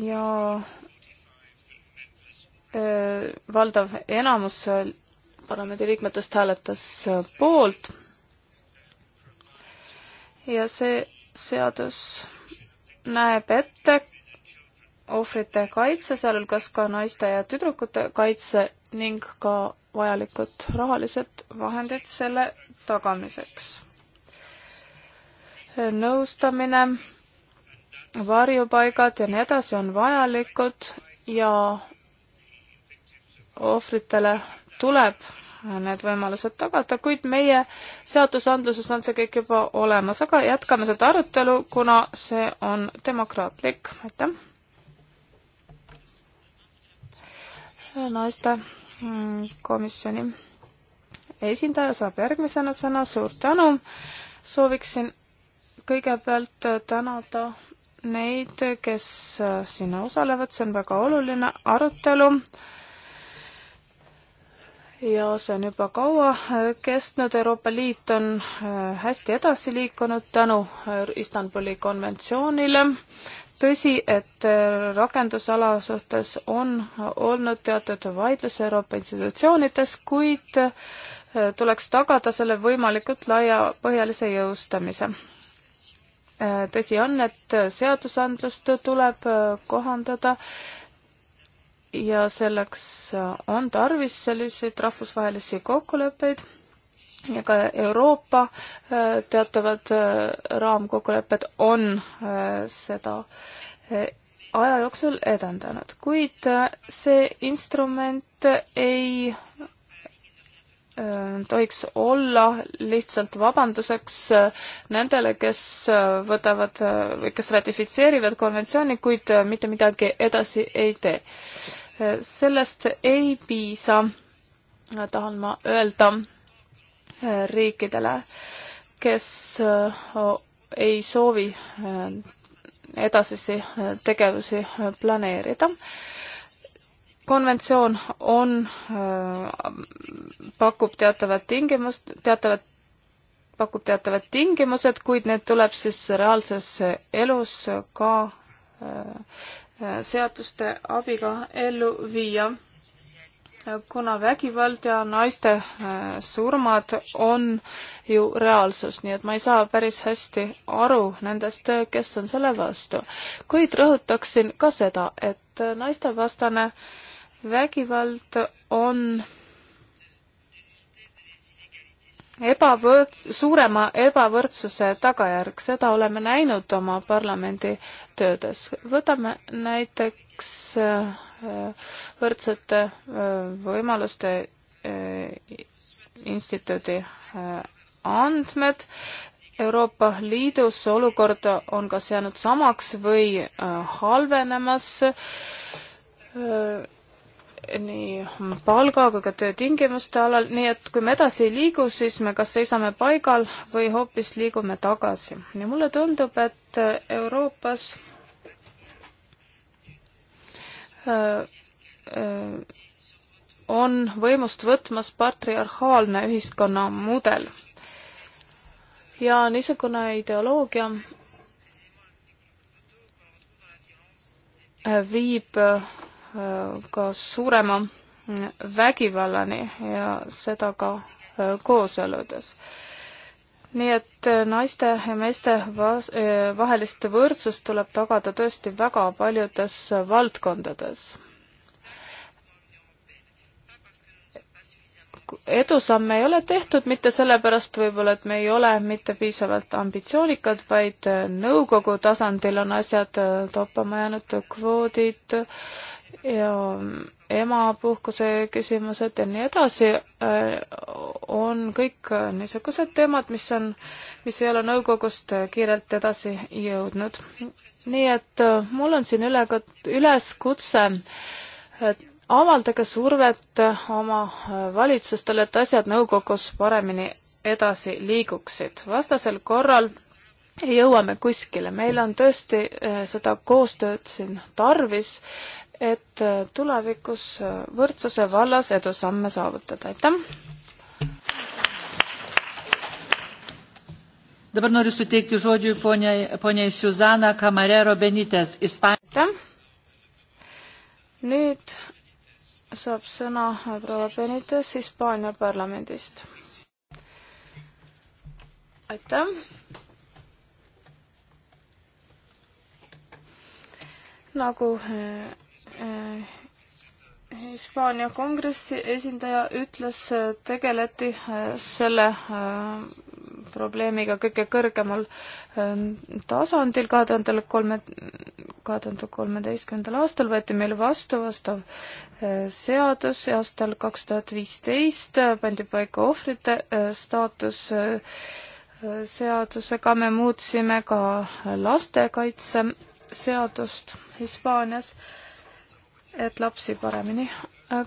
ja öö, valdav enamus parlamendiliikmetest hääletas poolt ja see seadus näeb ette ohvrite kaitse, sealhulgas ka naiste ja tüdrukute kaitse ning ka vajalikud rahalised vahendid selle tagamiseks. nõustamine, varjupaigad ja nii edasi on vajalikud ja ohvritele tuleb need võimalused tagada, kuid meie seadusandluses on see kõik juba olemas, aga jätkame seda arutelu, kuna see on demokraatlik. aitäh! naiste mm, komisjoni esindaja saab järgmisena sõna, suur tänu. sooviksin kõigepealt tänada neid, kes sinna osalevad, see on väga oluline arutelu. ja see on juba kaua kestnud, Euroopa Liit on äh, hästi edasi liikunud tänu Istanbuli konventsioonile tõsi, et äh, rakendusala suhtes on olnud teatud vaidlusi Euroopa institutsioonides, kuid äh, tuleks tagada selle võimalikult laiapõhjalise jõustamise. Äh, tõsi on, et seadusandlust tuleb kohandada ja selleks on tarvis selliseid rahvusvahelisi kokkuleppeid ja ka Euroopa äh, teatavad äh, raamkokkulepped on äh, seda aja jooksul edendanud, kuid see instrument ei tohiks olla lihtsalt vabanduseks nendele, kes võtavad või kes ratifitseerivad konventsiooni, kuid mitte midagi edasi ei tee. sellest ei piisa, tahan ma öelda riikidele, kes äh, ei soovi äh, edasisi äh, tegevusi planeerida. konventsioon on, pakub teatavat tingimust, teatavat pakub teatavad tingimused, kuid need tuleb siis reaalses elus ka seaduste abiga ellu viia kuna vägivald ja naiste äh, surmad on ju reaalsus, nii et ma ei saa päris hästi aru nendest, äh, kes on selle vastu. kuid rõhutaksin ka seda, et äh, naistevastane vägivald on ebavõrd-, suurema ebavõrdsuse tagajärg, seda oleme näinud oma parlamendi töödes. võtame näiteks äh, võrdsete äh, võimaluste äh, instituudi andmed. Euroopa Liidus olukord on kas jäänud samaks või halvenemas nii palga kui ka töötingimuste alal, nii et kui me edasi ei liigu, siis me kas seisame paigal või hoopis liigume tagasi. ja mulle tundub, et äh, Euroopas äh, äh, on võimust võtmas patriarhaalne ühiskonnamudel. ja niisugune ideoloogia viib Äh, ka suurema vägivallani ja seda ka äh, kooseludes nii et äh, naiste ja meeste vas-, vahelist võrdsust tuleb tagada tõesti väga paljudes valdkondades. edusamme ei ole tehtud mitte sellepärast võib-olla, et me ei ole mitte piisavalt ambitsioonikad, vaid nõukogu tasandil on asjad toppama jäänud, kvoodid, ja emapuhkuse küsimused ja nii edasi äh, on kõik äh, niisugused teemad, mis on, mis ei ole nõukogust äh, kiirelt edasi jõudnud. nii et mul on siin üle, üleskutse, et avaldage survet oma valitsustele, et asjad nõukogus paremini edasi liiguksid. vastasel korral jõuame kuskile, meil on tõesti seda koostööd siin tarvis, et äh, tulevikus äh, võrdsuse vallas edusamme saavutada, aitäh! Dabar noriu suteikti žodžiu poniai, poniai Suzana Camarero Benites, Hispaania. nüüd saab sõna proua Benites Hispaania parlamendist. aitäh. nagu äh, Äh, Hispaania kongressi esindaja ütles, äh, tegeleti äh, selle probleemiga kõige kõrgemal ähm, tasandil kahe tuhandel kolme, kahe tuhande kolmeteistkümnendal aastal võeti meil vastu vastav seadus ja aastal kaks tuhat viisteist pandi paika ohvrite staatus seadusega, me muutsime ka lastekaitseseadust Hispaanias et lapsi paremini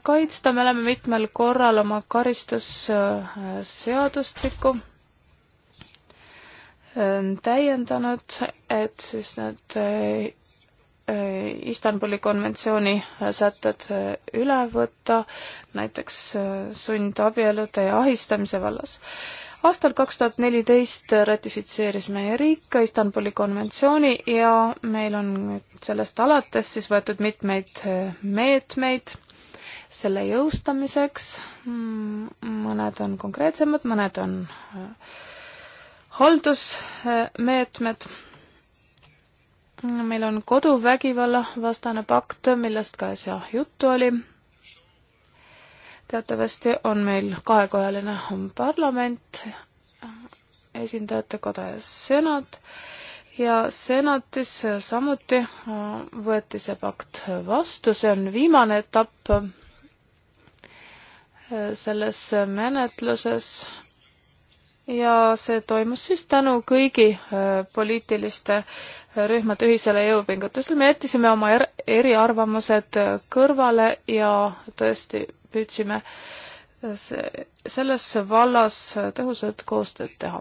kaitsta, me oleme mitmel korral oma karistusseadustikku ähm, täiendanud, et siis need äh, Istanbuli konventsiooni sätted äh, üle võtta, näiteks äh, sundabielude ja ahistamise vallas aastal kaks tuhat neliteist ratifitseeris meie riik ka Istanbuli konventsiooni ja meil on nüüd sellest alates siis võetud mitmeid äh, meetmeid selle jõustamiseks. Mm, mõned on konkreetsemad, mõned on äh, haldusmeetmed meil on koduvägivalla vastane pakt, millest ka äsja juttu oli teatavasti on meil kahekojaline parlament, esindajate koda ja senat ja senatis samuti äh, võeti see pakt vastu, see on viimane etapp äh, selles menetluses ja see toimus siis tänu kõigi äh, poliitiliste rühmade ühisele jõupingutusele, me jättisime oma er eriarvamused kõrvale ja tõesti püüdsime selles vallas tõhusat koostööd teha.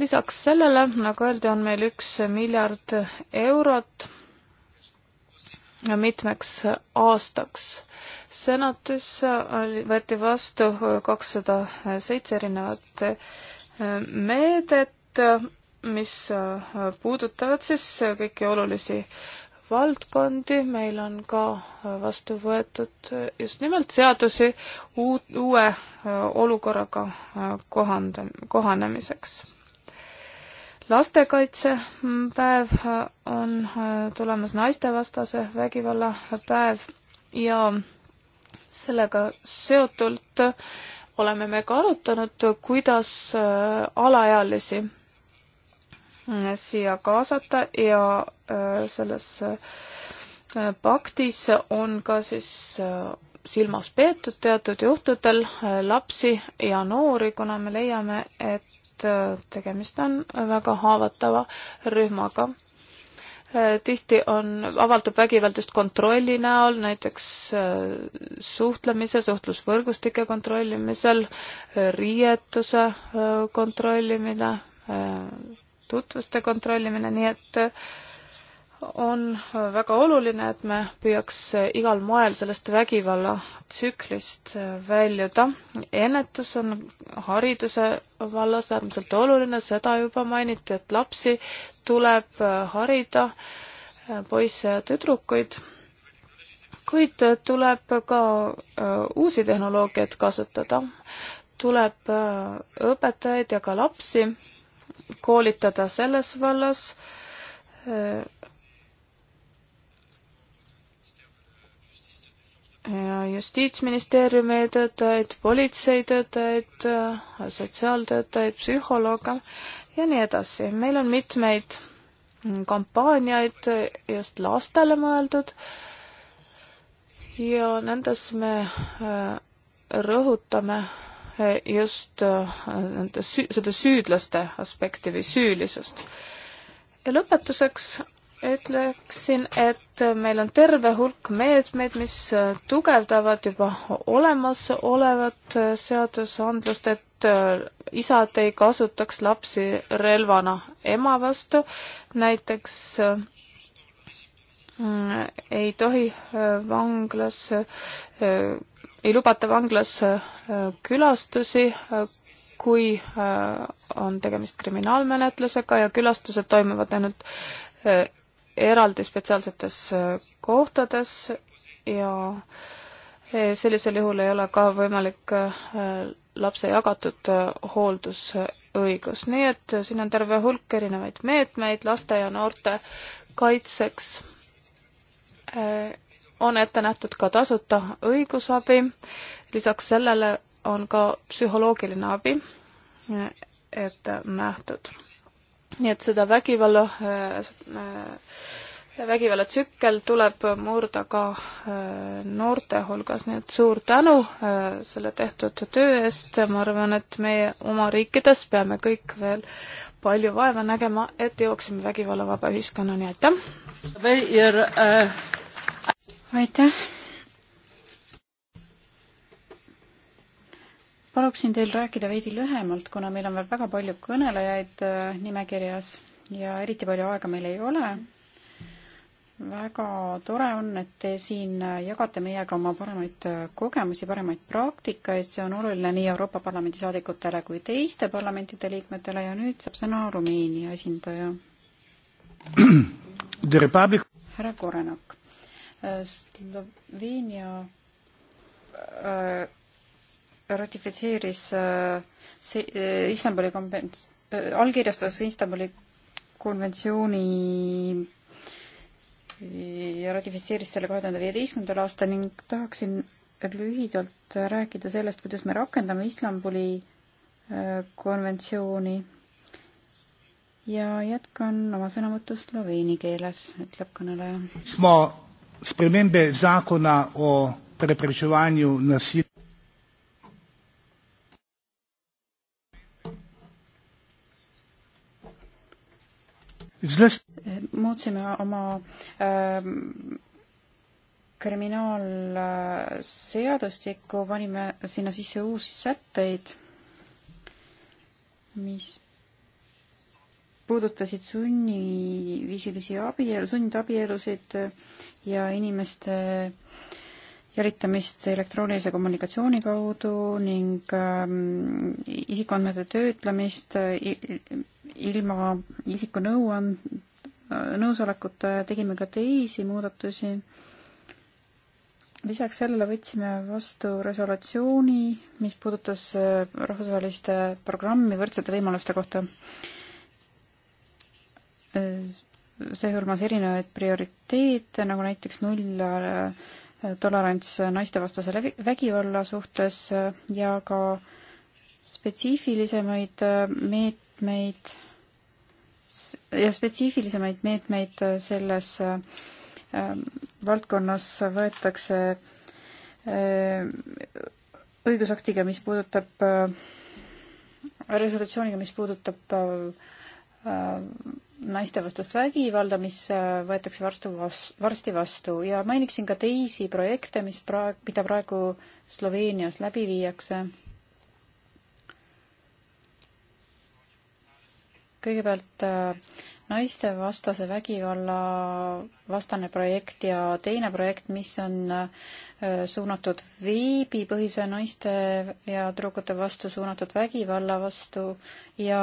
lisaks sellele, nagu öeldi, on meil üks miljard eurot mitmeks aastaks. senatis oli, võeti vastu kakssada seitse erinevat eh, meedet, mis eh, puudutavad siis kõiki olulisi valdkondi, meil on ka vastu võetud just nimelt seadusi uut, uue olukorraga kohanda-, kohanemiseks. lastekaitsepäev mm, on tulemas naistevastase vägivalla päev ja sellega seotult oleme me ka arutanud, kuidas alaealisi mm, siia kaasata ja Äh, selles äh, paktis on ka siis äh, silmas peetud teatud juhtudel lapsi ja noori, kuna me leiame, et tegemist on väga haavatava rühmaga. tihti on, avaldub vägivald just kontrolli näol, näiteks suhtlemise, suhtlusvõrgustike kontrollimisel, riietuse kontrollimine, tutvuste kontrollimine, nii et äh, on väga oluline, et me püüaks igal moel sellest vägivallatsüklist väljuda. ennetus on hariduse vallas äärmiselt oluline, seda juba mainiti, et lapsi tuleb harida, poisse ja tüdrukuid, kuid tuleb ka äh, uusi tehnoloogiaid kasutada, tuleb äh, õpetajaid ja ka lapsi koolitada selles vallas, äh, justiitsministeeriumi töötajaid, politseitöötajaid, sotsiaaltöötajaid, psühholooge ja nii edasi. meil on mitmeid kampaaniaid just lastele mõeldud ja nendes me äh, rõhutame äh, just äh, nende süü-, seda süüdlaste aspekti või süülisust. ja lõpetuseks ütleksin, et meil on terve hulk meetmeid, mis tugevdavad juba olemasolevat seadusandlust, et äh, isad ei kasutaks lapsi relvana ema vastu, näiteks äh, ei tohi äh, vanglas, ei lubata vanglas külastusi, kui on tegemist kriminaalmenetlusega ja külastused toimuvad ainult eraldi spetsiaalsetes äh, kohtades ja e, sellisel juhul ei ole ka võimalik äh, lapse jagatud äh, hooldusõigus. nii et siin on terve hulk erinevaid meetmeid laste ja noorte kaitseks. on ette nähtud ka tasuta õigusabi, lisaks sellele on ka psühholoogiline abi ette nähtud nii et seda vägivalla, äh, äh, vägivallatsükkel tuleb murda ka äh, noorte hulgas, nii et suur tänu selle tehtud töö eest, ma arvan, et meie oma riikides peame kõik veel palju vaeva nägema, et jõuaksime vägivallavaba ühiskonnani, aitäh! aitäh! paluksin teil rääkida veidi lühemalt, kuna meil on veel väga palju kõnelejaid äh, nimekirjas ja eriti palju aega meil ei ole. väga tore on, et te siin äh, jagate meiega oma paremaid äh, kogemusi, paremaid praktikaid, see on oluline nii Euroopa Parlamendi saadikutele kui teiste parlamentide liikmetele ja nüüd saab sõna Rumeenia esindaja. *clears throat* härra Korenak, Sloveenia äh, ratifitseeris äh, see äh, Istanbuli konvents-, äh, allkirjastas Istanbuli konventsiooni ja ratifitseeris selle kahe tuhande viieteistkümnendal aastal ning tahaksin lühidalt rääkida sellest, kuidas me rakendame Istanbuli konventsiooni. ja jätkan oma sõnavõtust sloveeni keeles, ütleb kõneleja. smo spremembe zakona o preprečevanju nasilja muutsime oma äh, kriminaalseadustikku, panime sinna sisse uusi sätteid, mis puudutasid sunniviisilisi abielu, sundabielusid ja inimeste jälitamist elektroonilise kommunikatsiooni kaudu ning äh, isikuandmete töötlemist ilma isiku nõuand-, nõusolekuta ja tegime ka teisi muudatusi. lisaks sellele võtsime vastu resolutsiooni, mis puudutas äh, rahvusvaheliste programmi võrdsete võimaluste kohta. see hõlmas erinevaid prioriteete, nagu näiteks null äh, tolerants naistevastase vägivalla suhtes äh, ja ka spetsiifilisemaid meetmeid meet, ja spetsiifilisemaid meetmeid selles ähm, valdkonnas võetakse äh, õigusaktiga, mis puudutab, äh, resolutsiooniga, mis puudutab äh, naistevastast vägivalda, mis võetakse varstu vas-, varsti vastu ja mainiksin ka teisi projekte, mis praegu, mida praegu Sloveenias läbi viiakse kõigepealt äh, naistevastase vägivalla vastane projekt ja teine projekt, mis on äh, suunatud veebipõhise naiste ja tüdrukute vastu suunatud vägivalla vastu ja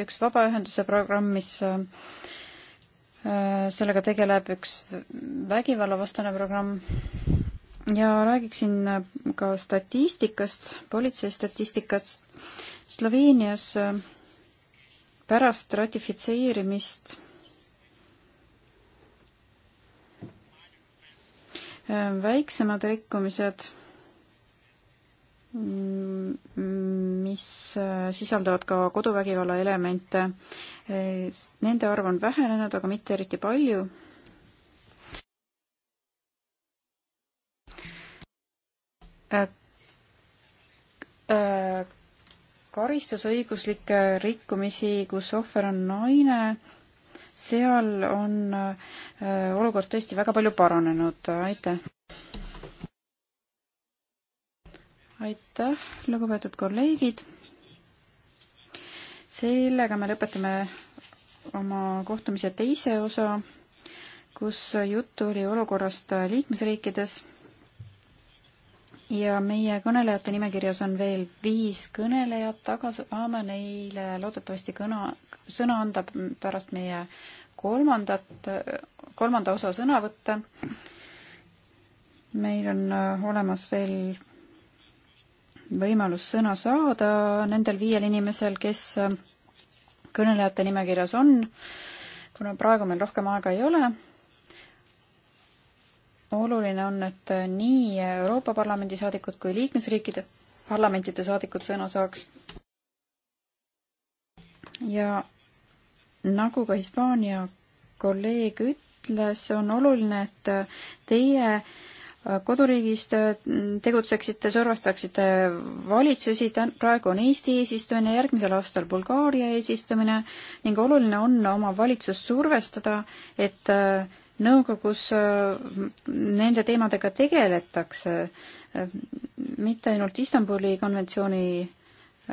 üks vabaühenduse programm, mis äh, sellega tegeleb, üks vägivallavastane programm ja räägiksin ka statistikast, politsei statistikast. Sloveenias pärast ratifitseerimist väiksemad rikkumised, mis sisaldavad ka koduvägivalla elemente, nende arv on vähenenud, aga mitte eriti palju äh, äh, karistusõiguslikke rikkumisi, kus ohver on naine, seal on äh, olukord tõesti väga palju paranenud, aitäh! aitäh, lugupeetud kolleegid! sellega me lõpetame oma kohtumise teise osa, kus juttu oli olukorrast liikmesriikides ja meie kõnelejate nimekirjas on veel viis kõnelejat, aga saame neile loodetavasti kõna, sõna anda pärast meie kolmandat, kolmanda osa sõnavõtte. meil on äh, olemas veel võimalus sõna saada nendel viiel inimesel, kes äh, kõnelejate nimekirjas on. kuna praegu meil rohkem aega ei ole, oluline on, et nii Euroopa Parlamendi saadikud kui liikmesriikide parlamentide saadikud sõna saaks. ja nagu ka Hispaania kolleeg ütles, on oluline, et teie koduriigist tegutseksite, survestaksite valitsusi, praegu on Eesti eesistumine, järgmisel aastal Bulgaaria eesistumine ning oluline on oma valitsust survestada, et äh, nõukogus äh, nende teemadega tegeletakse, äh, mitte ainult Istanbuli konventsiooni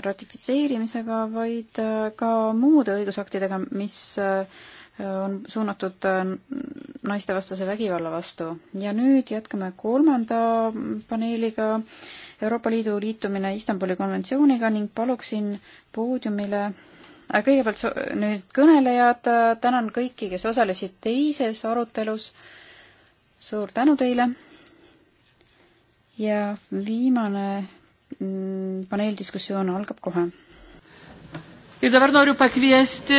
ratifitseerimisega, vaid äh, ka muude õigusaktidega, mis on suunatud naistevastase vägivalla vastu. ja nüüd jätkame kolmanda paneeliga, Euroopa Liidu liitumine Istanbuli konventsiooniga ning paluksin poodiumile kõigepealt nüüd kõnelejad, tänan kõiki, kes osalesid teises arutelus. suur tänu teile. ja viimane mm, paneeldiskussioon algab kohe. Ir dabar noriu pakviesti,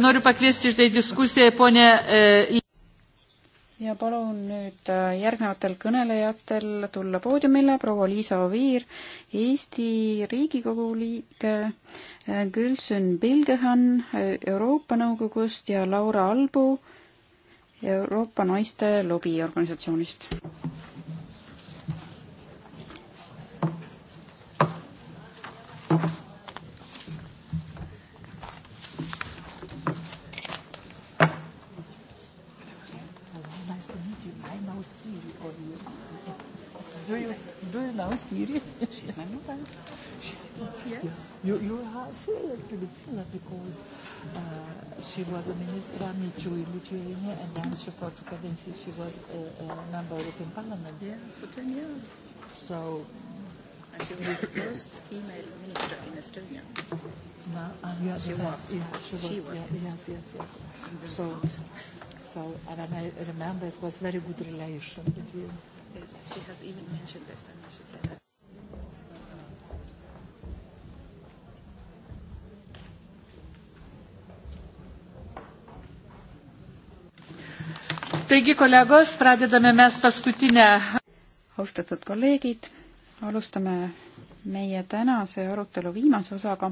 noriu pakviesti šitai diskusijai ponę e, ja palun nüüd äh, järgnevatel kõnelejatel tulla poodiumile, proua Liisa Oviir, Eesti Riigikogu liige, äh, Gülsün Bilgehan äh, Euroopa Nõukogust ja Laura Albu Euroopa Naiste Lobiorganisatsioonist. Thank you. do you do you know Syria? She's my mother. She's, yes. You you are Syria to be Syria because uh, she was a minister in Lithuania and then she for two cadences she was a, a member of European Parliament. Yes, for ten years. So. And she was the first female minister in Estonia. No, uh, ah, yeah, she, was. Yeah, she was. She was. Yeah, yes, yes, yes. yes. So, so, and I remember it was very good relation between. Mm-hmm is she has even mentioned this. I mean, she said that. Taigi, kolegos, pradedame mes paskutinę. Austatud kolleegid, alustame meie tänase arutelu viimase osaga.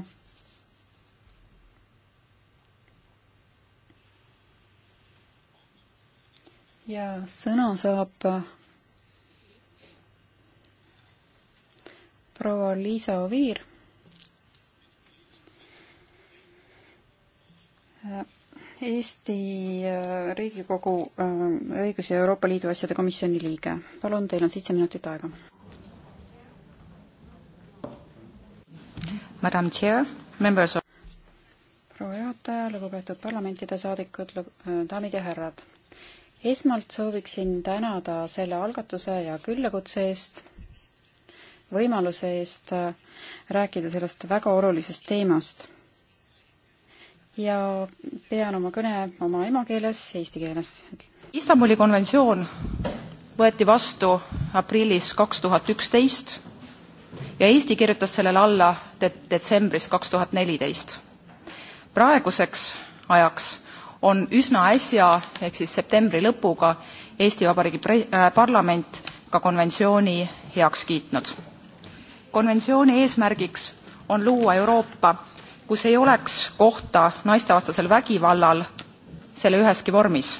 ja sõna saab proua Liisa Oviir. Eesti äh, Riigikogu äh, õigus- ja Euroopa Liidu asjade komisjoni liige. palun, teil on seitse minutit aega. Madam Chair, members of proua juhataja, lugupeetud parlamentide saadikud, äh, daamid ja härrad. esmalt sooviksin tänada selle algatuse ja küllakutse eest võimaluse eest äh, rääkida sellest väga olulisest teemast. ja pean oma kõne oma emakeeles, eesti keeles. Istanbuli konventsioon võeti vastu aprillis kaks tuhat üksteist ja Eesti kirjutas sellele alla de detsembris kaks tuhat neliteist. praeguseks ajaks on üsna äsja ehk siis septembri lõpuga Eesti Vabariigi pre- äh,, parlament ka konventsiooni heaks kiitnud konventsiooni eesmärgiks on luua euroopa kus ei oleks kohta naistevastasel vägivallal selle üheski vormis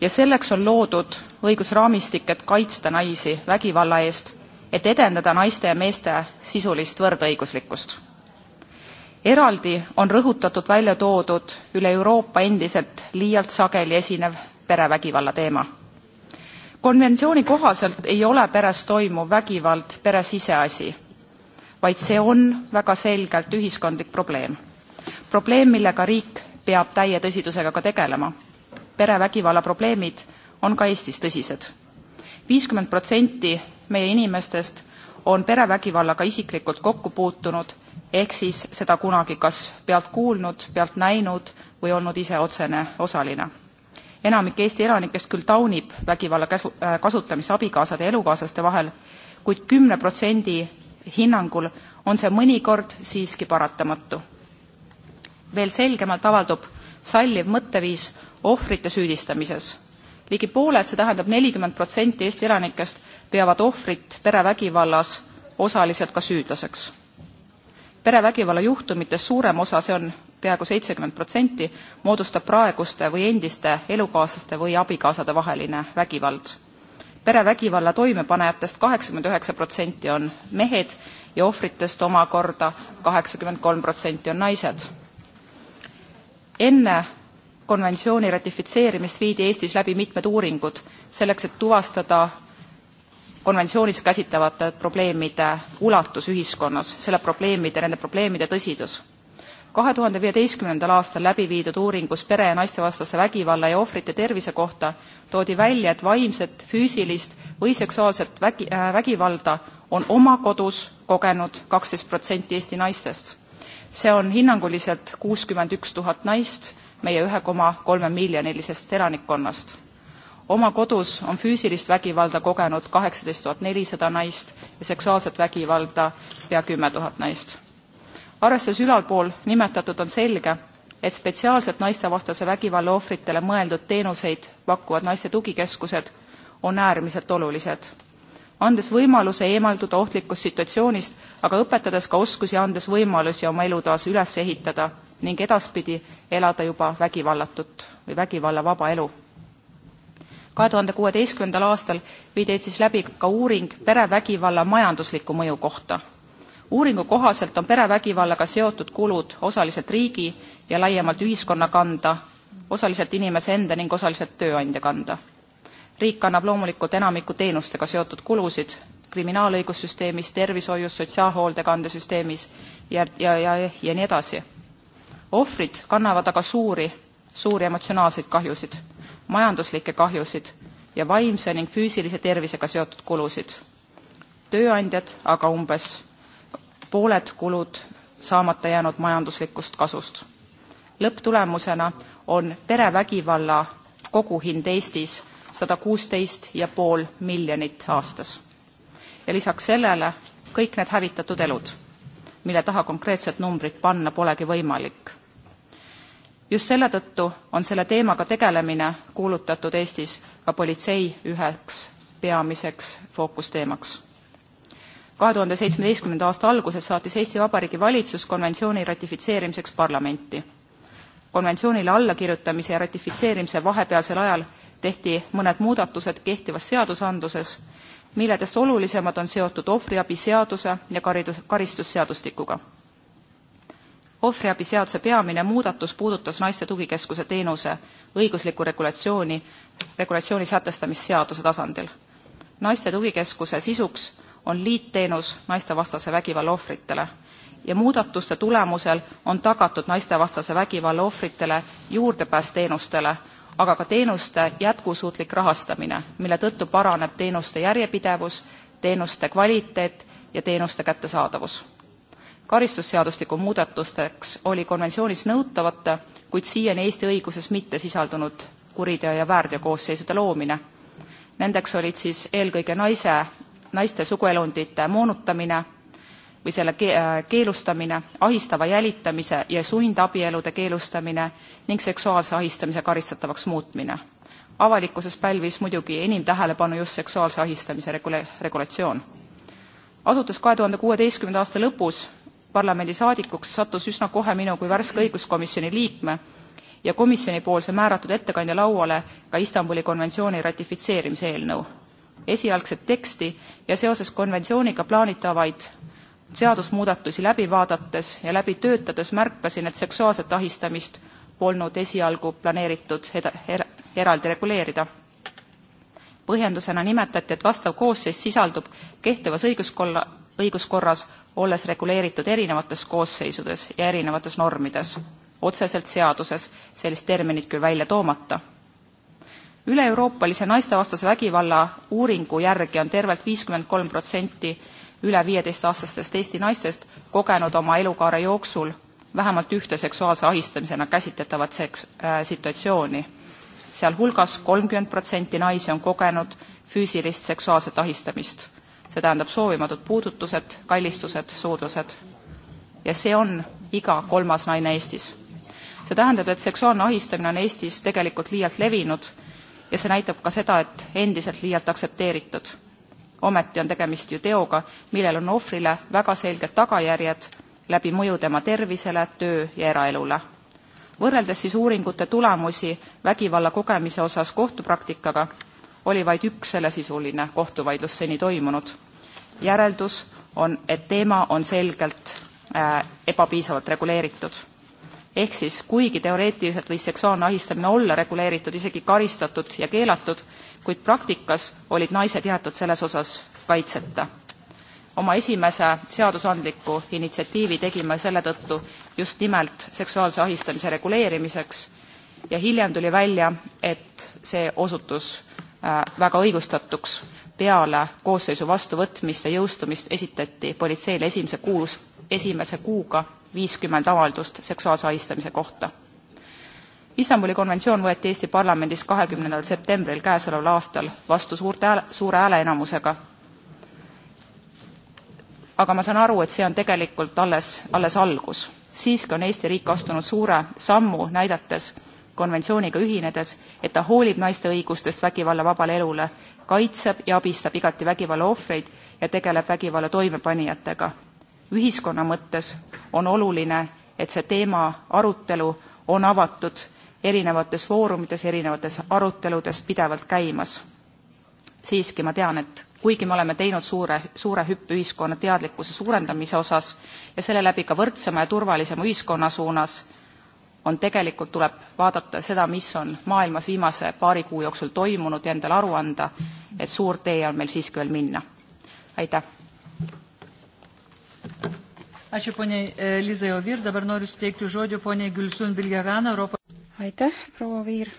ja selleks on loodud õigusraamistik et kaitsta naisi vägivalla eest et edendada naiste ja meeste sisulist võrdõiguslikkust. eraldi on rõhutatult välja toodud üle euroopa endiselt liialt sageli esinev perevägivalla teema konventsiooni kohaselt ei ole peres toimuv vägivald pere siseasi vaid see on väga selgelt ühiskondlik probleem probleem millega riik peab täie tõsidusega ka tegelema perevägivalla probleemid on ka eestis tõsised viiskümmend protsenti meie inimestest on perevägivallaga isiklikult kokku puutunud ehk siis seda kunagi kas pealt kuulnud pealt näinud või olnud ise otsene osaline enamik Eesti elanikest küll taunib vägivalla käsu, äh, kasutamist abikaasade ja elukaaslaste vahel kuid, kuid kümne protsendi hinnangul on see mõnikord siiski paratamatu. veel selgemalt avaldub salliv mõtteviis ohvrite süüdistamises. ligi pooled, see tähendab nelikümmend protsenti Eesti elanikest peavad ohvrit perevägivallas osaliselt ka süüdlaseks. perevägivalla juhtumitest suurem osa, see on peaaegu seitsekümmend protsenti moodustab praeguste või endiste elukaaslaste või abikaasade vaheline vägivald perevägivalla toimepanejatest kaheksakümmend üheksa protsenti on mehed ja ohvritest omakorda kaheksakümmend kolm protsenti on naised enne konventsiooni ratifitseerimist viidi eestis läbi mitmed uuringud selleks et tuvastada konventsioonis käsitletavate probleemide ulatus ühiskonnas selle probleemide nende probleemide tõsidus kahe tuhande viieteistkümnendal aastal läbi viidud uuringus pere ja naistevastase vägivalla ja ohvrite tervise kohta toodi välja et vaimset füüsilist või seksuaalset vägi- äh, vägivalda on oma kodus kogenud kaksteist protsenti eesti naistest see on hinnanguliselt kuuskümmend üks tuhat naist meie ühe koma kolme miljonilisest elanikkonnast oma kodus on füüsilist vägivalda kogenud kaheksateist tuhat nelisada naist ja seksuaalset vägivalda pea kümme tuhat naist arvestades ülalpool nimetatut on selge et spetsiaalselt naistevastase vägivalla ohvritele mõeldud teenuseid pakkuvad naiste tugikeskused on äärmiselt olulised andes võimaluse eemalduda ohtlikust situatsioonist aga õpetades ka oskusi andes võimalusi oma elutoas üles ehitada ning edaspidi elada juba vägivallatut või vägivallavaba elu 2016 aastal viidi eestis läbi ka uuring perevägivalla majandusliku mõju kohta uuringu kohaselt on perevägivallaga seotud kulud osaliselt riigi ja laiemalt ühiskonna kanda osaliselt inimese enda ning osaliselt tööandja kanda riik kannab loomulikult enamiku teenustega seotud kulusid kriminaalõigussüsteemis tervishoius sotsiaalhoolekandesüsteemis ja ja ja ja nii edasi ohvrid kannavad aga suuri suuri emotsionaalseid kahjusid majanduslikke kahjusid ja vaimse ning füüsilise tervisega seotud kulusid tööandjad aga umbes pooled kulud saamata jäänud majanduslikust kasust. lõpptulemusena on perevägivalla koguhind eestis sada kuusteist ja pool miljonit aastas ja lisaks sellele kõik need hävitatud elud mille taha konkreetset numbrit panna polegi võimalik just selle tõttu on selle teemaga tegelemine kuulutatud eestis ka politsei üheks peamiseks fookusteemaks kahe tuhande seitsmeteistkümnenda aasta alguses saatis Eesti Vabariigi valitsus konventsiooni ratifitseerimiseks parlamenti. konventsioonile allakirjutamise ja ratifitseerimise vahepealsel ajal tehti mõned muudatused kehtivas seadusandluses, milledest olulisemad on seotud ohvriabi seaduse ja karidus, karistusseadustikuga. ohvriabi seaduse peamine muudatus puudutas naiste tugikeskuse teenuse õiguslikku regulatsiooni, regulatsiooni sätestamist seaduse tasandil. naiste tugikeskuse sisuks on liitteenus naistevastase vägivalla ohvritele ja muudatuste tulemusel on tagatud naistevastase vägivalla ohvritele juurdepääs teenustele aga ka teenuste jätkusuutlik rahastamine mille tõttu paraneb teenuste järjepidevus teenuste kvaliteet ja teenuste kättesaadavus. karistusseadustiku muudatusteks oli konventsioonis nõutavate kuid siiani eesti õiguses mitte sisaldunud kuriteo ja väärteokoosseisude loomine nendeks olid siis eelkõige naise naiste suguelundite moonutamine või selle äh, keelustamine, ahistava jälitamise ja sundabielude keelustamine ning seksuaalse ahistamise karistatavaks muutmine. avalikkuses pälvis muidugi enim tähelepanu just seksuaalse ahistamise regula-, regulatsioon. asudes kahe tuhande kuueteistkümnenda aasta lõpus parlamendisaadikuks, sattus üsna kohe minu kui värske õiguskomisjoni liikme ja komisjonipoolse määratud ettekandja lauale ka Istanbuli konventsiooni ratifitseerimise eelnõu esialgset teksti ja seoses konventsiooniga plaanitavaid seadusmuudatusi läbi vaadates ja läbi töötades märkasin et seksuaalset ahistamist polnud esialgu planeeritud er-, eraldi reguleerida. põhjendusena nimetati et vastav koosseis sisaldub kehtivas õiguskorra, õiguskorras olles reguleeritud erinevates koosseisudes ja erinevates normides otseselt seaduses sellist terminit küll välja toomata üle-euroopalise naistevastase vägivalla uuringu järgi on tervelt viiskümmend kolm protsenti üle viieteistaastastest Eesti naistest kogenud oma elukaare jooksul vähemalt ühte seksuaalse ahistamisena käsitletavat seks- äh,, situatsiooni. sealhulgas kolmkümmend protsenti naisi on kogenud füüsilist seksuaalset ahistamist, see tähendab soovimatud puudutused, kallistused, suudlused. ja see on iga kolmas naine Eestis. see tähendab, et seksuaalne ahistamine on Eestis tegelikult liialt levinud ja see näitab ka seda et endiselt liialt aktsepteeritud ometi on tegemist ju teoga millel on ohvrile väga selged tagajärjed läbi mõju tema tervisele töö ja eraelule võrreldes siis uuringute tulemusi vägivalla kogemise osas kohtupraktikaga oli vaid üks sellesisuline kohtuvaidlus seni toimunud järeldus on et teema on selgelt äh, ebapiisavalt reguleeritud ehk siis kuigi teoreetiliselt võis seksuaalne ahistamine olla reguleeritud isegi karistatud ja keelatud kuid praktikas olid naised jäetud selles osas kaitseta. oma esimese seadusandliku initsiatiivi tegime selle tõttu just nimelt seksuaalse ahistamise reguleerimiseks ja hiljem tuli välja et see osutus äh, väga õigustatuks peale koosseisu vastuvõtmist ja jõustumist esitati politseile esimese kuus esimese kuuga viiskümmend avaldust seksuaalse ahistamise kohta. Istanbuli konventsioon võeti Eesti parlamendis kahekümnendal septembril käesoleval aastal vastu suurte hääle, suure hääleenamusega. aga ma saan aru, et see on tegelikult alles, alles algus. siiski on Eesti riik astunud suure sammu, näidates konventsiooniga ühinedes, et ta hoolib naiste õigustest vägivalla vabale elule, kaitseb ja abistab igati vägivalla ohvreid ja tegeleb vägivalla toimepanijatega ühiskonna mõttes on oluline et see teema arutelu on avatud erinevates foorumites erinevates aruteludes pidevalt käimas siiski ma tean et kuigi me oleme teinud suure suure hüppe ühiskonna teadlikkuse suurendamise osas ja selle läbi ka võrdsema ja turvalisema ühiskonna suunas on tegelikult tuleb vaadata seda mis on maailmas viimase paari kuu jooksul toimunud ja endale aru anda et suur tee on meil siiski veel minna aitäh Ačiū poniai e, Lizai Ovir, dabar noriu suteikti žodžiu poniai Gülsun Bilgegan, Euroopa. aitäh, proua Oviir.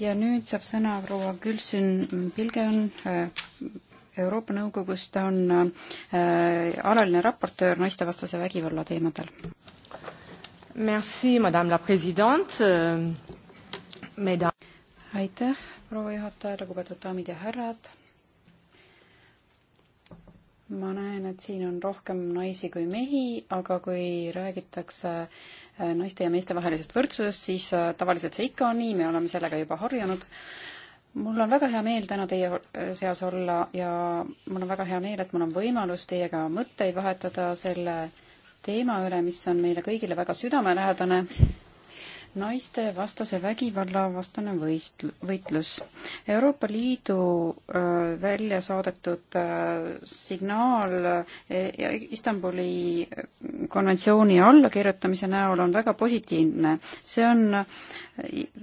ja nüüd saab sõna proua Gülsun Bilgegan e, Euroopa Nõukogust, ta on äh, alaline raportöör naistevastase vägivalla teemadel. Merci, madame la president äh,, mesdames. aitäh, proua juhataja, lugupeetud daamid ja härrad ma näen, et siin on rohkem naisi kui mehi, aga kui räägitakse äh, naiste ja meeste vahelisest võrdsusest, siis äh, tavaliselt see ikka on nii, me oleme sellega juba harjunud. mul on väga hea meel täna teie äh, seas olla ja mul on väga hea meel, et mul on võimalus teiega mõtteid vahetada selle teema üle, mis on meile kõigile väga südamelähedane naiste vastase vägivalla vastane võist-, võitlus. Euroopa Liidu äh, välja saadetud äh, signaal äh, Istanbuli konventsiooni allakirjutamise näol on väga positiivne. see on äh,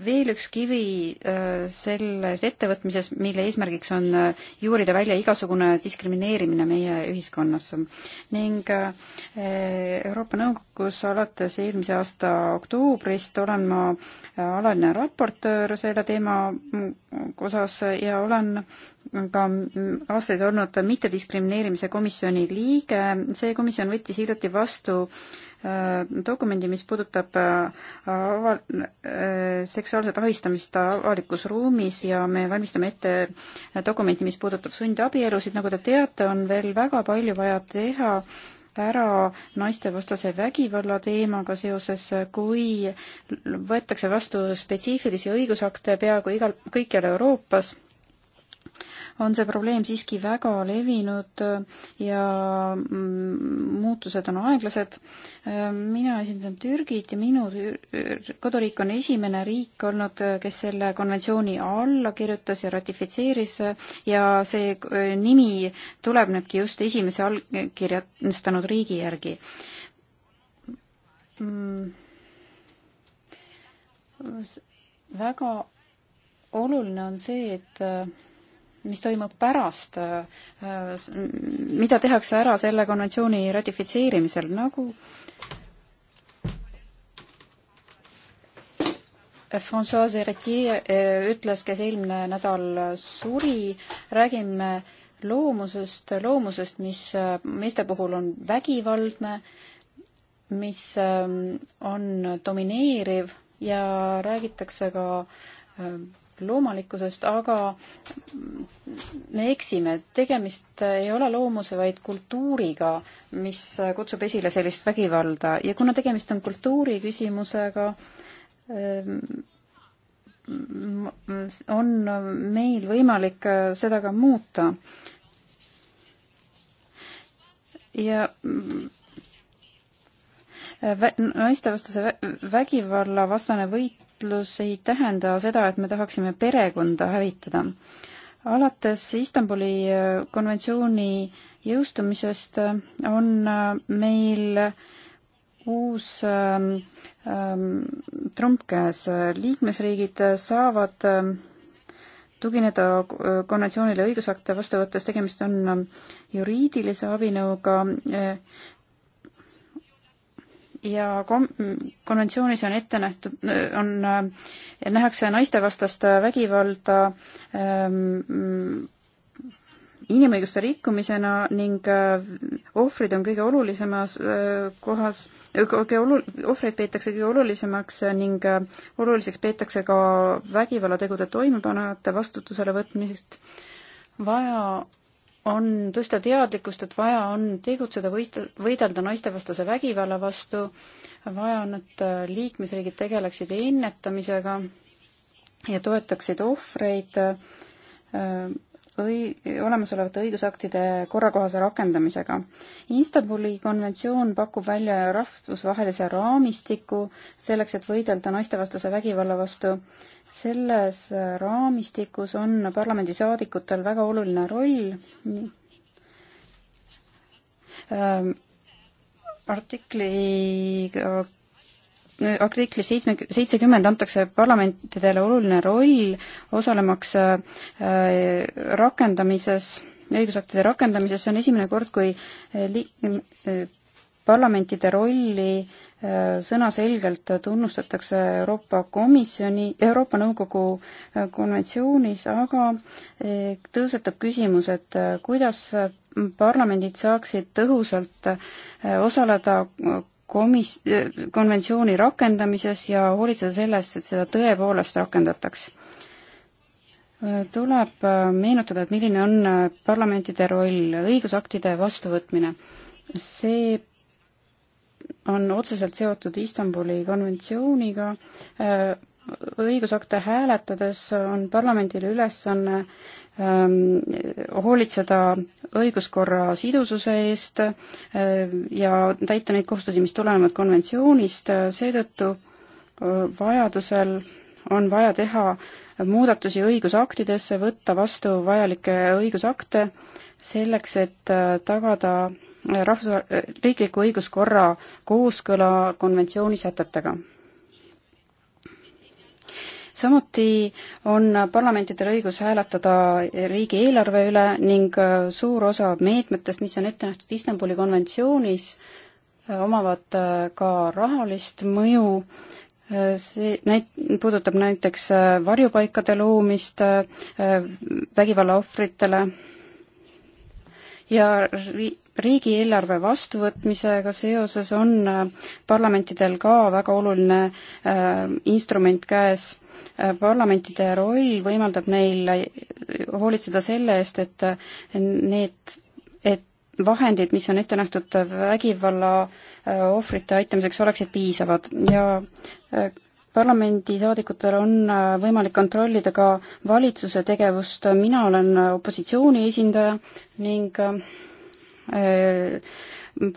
veel üks kivi äh, selles ettevõtmises, mille eesmärgiks on äh, juurida välja igasugune diskrimineerimine meie ühiskonnas. ning äh, Euroopa Nõukogus alates eelmise aasta oktoobrist olen ma alaline raportöör selle teema mm, osas ja olen ka mm, aastaid olnud mittediskrimineerimise komisjoni liige. see komisjon võttis hiljuti vastu Äh, dokumendi, mis puudutab äh, aval-, äh, seksuaalset ahistamist avalikus ruumis ja me valmistame ette dokumenti, mis puudutab sundabielusid, nagu te teate, on veel väga palju vaja teha ära naistevastase vägivalla teemaga seoses, kui võetakse vastu spetsiifilisi õigusakte peaaegu igal, kõikjal Euroopas on see probleem siiski väga levinud ja mm, muutused on aeglased. mina esindan Türgit ja minu koduriik on esimene riik olnud, kes selle konventsiooni alla kirjutas ja ratifitseeris ja see nimi tulenebki just esimese allkirjastanud riigi järgi mm. väga oluline on see, et mis toimub pärast, mida tehakse ära selle konventsiooni ratifitseerimisel, nagu Françoise Héritier eh, ütles, kes eelmine nädal suri, räägime loomusest, loomusest, mis meeste puhul on vägivaldne, mis eh, on domineeriv ja räägitakse ka eh, loomalikkusest, aga me eksime, tegemist ei ole loomuse, vaid kultuuriga, mis kutsub esile sellist vägivalda ja kuna tegemist on kultuuri küsimusega, on meil võimalik seda ka muuta. ja naistevastase vägivalla vastane võit taotlus ei tähenda seda, et me tahaksime perekonda hävitada. alates Istanbuli äh, konventsiooni jõustumisest äh, on äh, meil uus ähm, ähm, trump käes, liikmesriigid saavad ähm, tugineda konventsioonile õigusakte vastu võttes, tegemist on juriidilise abinõuga, ja kom-, konventsioonis on ette nähtud, on, nähakse naistevastast vägivalda ähm, inimõiguste rikkumisena ning äh, ohvrid on kõige olulisemas äh, kohas, äh, kõige olu-, ohvreid peetakse kõige olulisemaks ning oluliseks peetakse ka vägivallategude toimepanejate vastutusele võtmist. vaja on tõsta teadlikkust, et vaja on tegutseda, võidelda naistevastase vägivalla vastu, vaja on, et äh, liikmesriigid tegeleksid ennetamisega ja toetaksid ohvreid äh, õi-, olemasolevate õigusaktide korrakohase rakendamisega. Istanbuli konventsioon pakub välja rahvusvahelise raamistiku selleks, et võidelda naistevastase vägivalla vastu. selles raamistikus on parlamendisaadikutel väga oluline roll ähm, artikli artiklis seitsme, seitsekümmend antakse parlamentidele oluline roll osalemaks äh, rakendamises, õigusaktide rakendamises, see on esimene kord, kui äh, li-, äh, parlamentide rolli sõnaselgelt tunnustatakse Euroopa Komisjoni, Euroopa Nõukogu konventsioonis, aga tõusetub küsimus, et kuidas parlamendid saaksid tõhusalt osaleda komis-, konventsiooni rakendamises ja hoolitseda sellest, et seda tõepoolest rakendataks. tuleb äh, meenutada, et milline on äh, parlamentide roll, õigusaktide vastuvõtmine. see on otseselt seotud Istanbuli konventsiooniga, äh, õigusakte hääletades on parlamendile ülesanne ähm, hoolitseda õiguskorra sidususe eest äh, ja täita neid kohustusi, mis tulenevad konventsioonist, seetõttu äh, vajadusel on vaja teha muudatusi õigusaktidesse, võtta vastu vajalikke õigusakte selleks, et äh, tagada rahvus-, riikliku õiguskorra kooskõla konventsiooni sätetega samuti on parlamentidel õigus hääletada riigieelarve üle ning äh, suur osa meetmetest, mis on ette nähtud Istanbuli konventsioonis, äh, omavad äh, ka rahalist mõju see näit-, puudutab näiteks varjupaikade loomist vägivalla ohvritele ja ri-, riigieelarve vastuvõtmisega seoses on parlamentidel ka väga oluline instrument käes parlamentide roll võimaldab neil hoolitseda selle eest, et need, et vahendid, mis on ette nähtud vägivalla äh, ohvrite aitamiseks, oleksid piisavad ja äh, parlamendisaadikutel on äh, võimalik kontrollida ka valitsuse tegevust, mina olen opositsiooni esindaja ning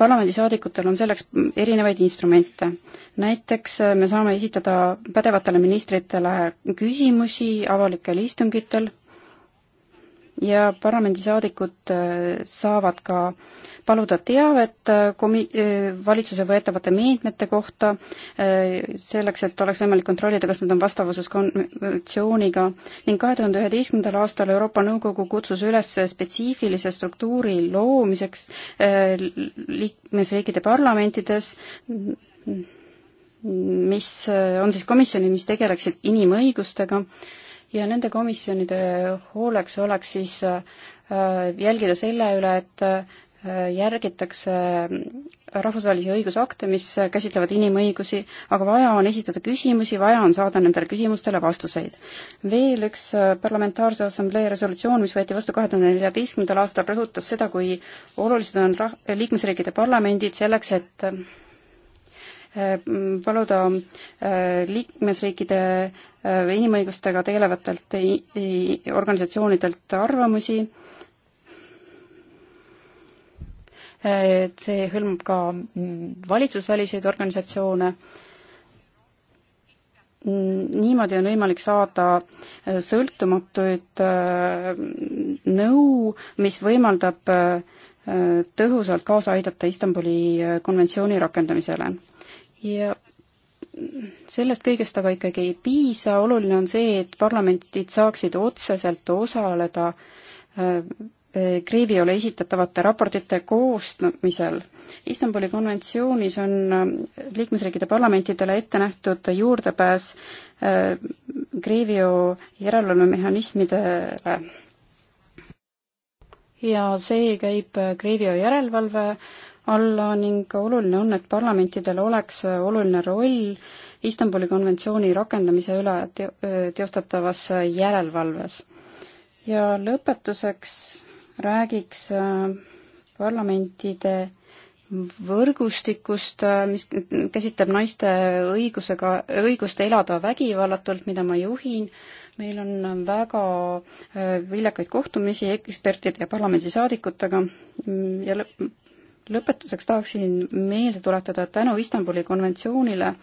parlamendisaadikutel on selleks erinevaid instrumente. näiteks äh, me saame esitada pädevatele ministritele küsimusi avalikel istungitel ja parlamendisaadikud äh, saavad ka paluda teavet äh, komi-, äh, valitsuse võetavate meetmete kohta, selleks, et oleks võimalik kontrollida, kas nad on vastavuses konventsiooniga ning kahe tuhande üheteistkümnendal aastal Euroopa Nõukogu kutsus üles spetsiifilise struktuuri loomiseks liikmesriikide parlamentides, mis on siis komisjonid, mis tegeleksid inimõigustega, ja nende komisjonide hooleks oleks siis äh, jälgida selle üle, et äh, järgitakse äh, rahvusvahelisi õigusakte, mis käsitlevad inimõigusi, aga vaja on esitada küsimusi, vaja on saada nendele küsimustele vastuseid. veel üks Parlamentaarse Assamblee resolutsioon, mis võeti vastu kahe tuhande neljateistkümnendal aastal, rõhutas seda, kui olulised on rah-, liikmesriikide parlamendid selleks, et paluda äh, liikmesriikide äh, inimõigustega tegelevatelt organisatsioonidelt arvamusi. et see hõlmab ka mm, valitsusväliseid organisatsioone. Mm, niimoodi on võimalik saada äh, sõltumatuid nõu, mis võimaldab tõhusalt kaasa aidata Istanbuli konventsiooni rakendamisele ja sellest kõigest aga ikkagi ei piisa, oluline on see, et parlamendid saaksid otseselt osaleda äh, äh, Kriiviole esitatavate raportite koostamisel. Istanbuli konventsioonis on äh, liikmesriikide parlamentidele ette nähtud juurdepääs Kriivio järelevalvemehhanismidele. ja see käib Kriivio järelevalve alla ning oluline on, et parlamentidel oleks oluline roll Istanbuli konventsiooni rakendamise üle teostatavas järelevalves. ja lõpetuseks räägiks äh, parlamentide võrgustikust, äh, mis käsitleb naiste õigusega, õigust elada vägivallatult, mida ma juhin. meil on väga äh, viljakaid kohtumisi ekspertide ja parlamendisaadikutega mm, ja lõpp, lõpetuseks tahaksin meelde tuletada, et tänu Istanbuli konventsioonile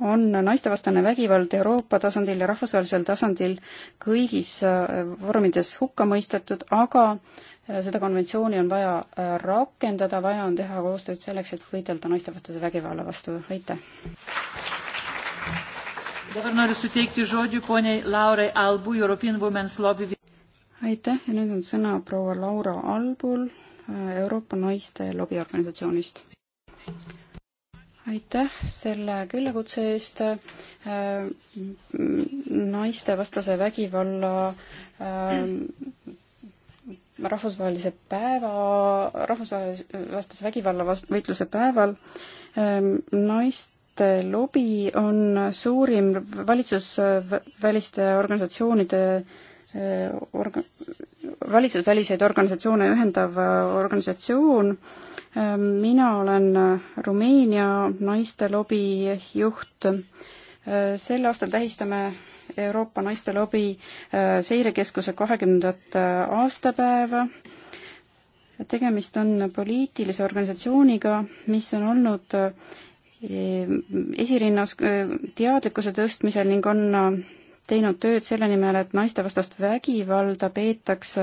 on naistevastane vägivald Euroopa tasandil ja rahvusvahelisel tasandil kõigis äh, vormides hukka mõistetud, aga äh, seda konventsiooni on vaja äh, rakendada, vaja on teha koostööd selleks, et võidelda naistevastase vägivalla vastu, aitäh! aitäh ja nüüd on sõna proua Laura Albul Euroopa Naiste Lobiorganisatsioonist. aitäh selle küllakutse eest naistevastase vägivalla äh, rahvusvahelise päeva, rahvusvastase vägivalla vast-, võitluse päeval ähm, naist et lobi on suurim valitsusväliste äh, organisatsioonide Äh, orga-, valitsusväliseid organisatsioone ühendav äh, organisatsioon. Ähm, mina olen äh, Rumeenia naiste lobi juht. sel aastal tähistame Euroopa naiste lobi seirekeskuse kahekümnendat aastapäeva. tegemist on poliitilise organisatsiooniga, mis on olnud esirinnas teadlikkuse tõstmisel ning on teinud tööd selle nimel, et naistevastast vägivalda peetaks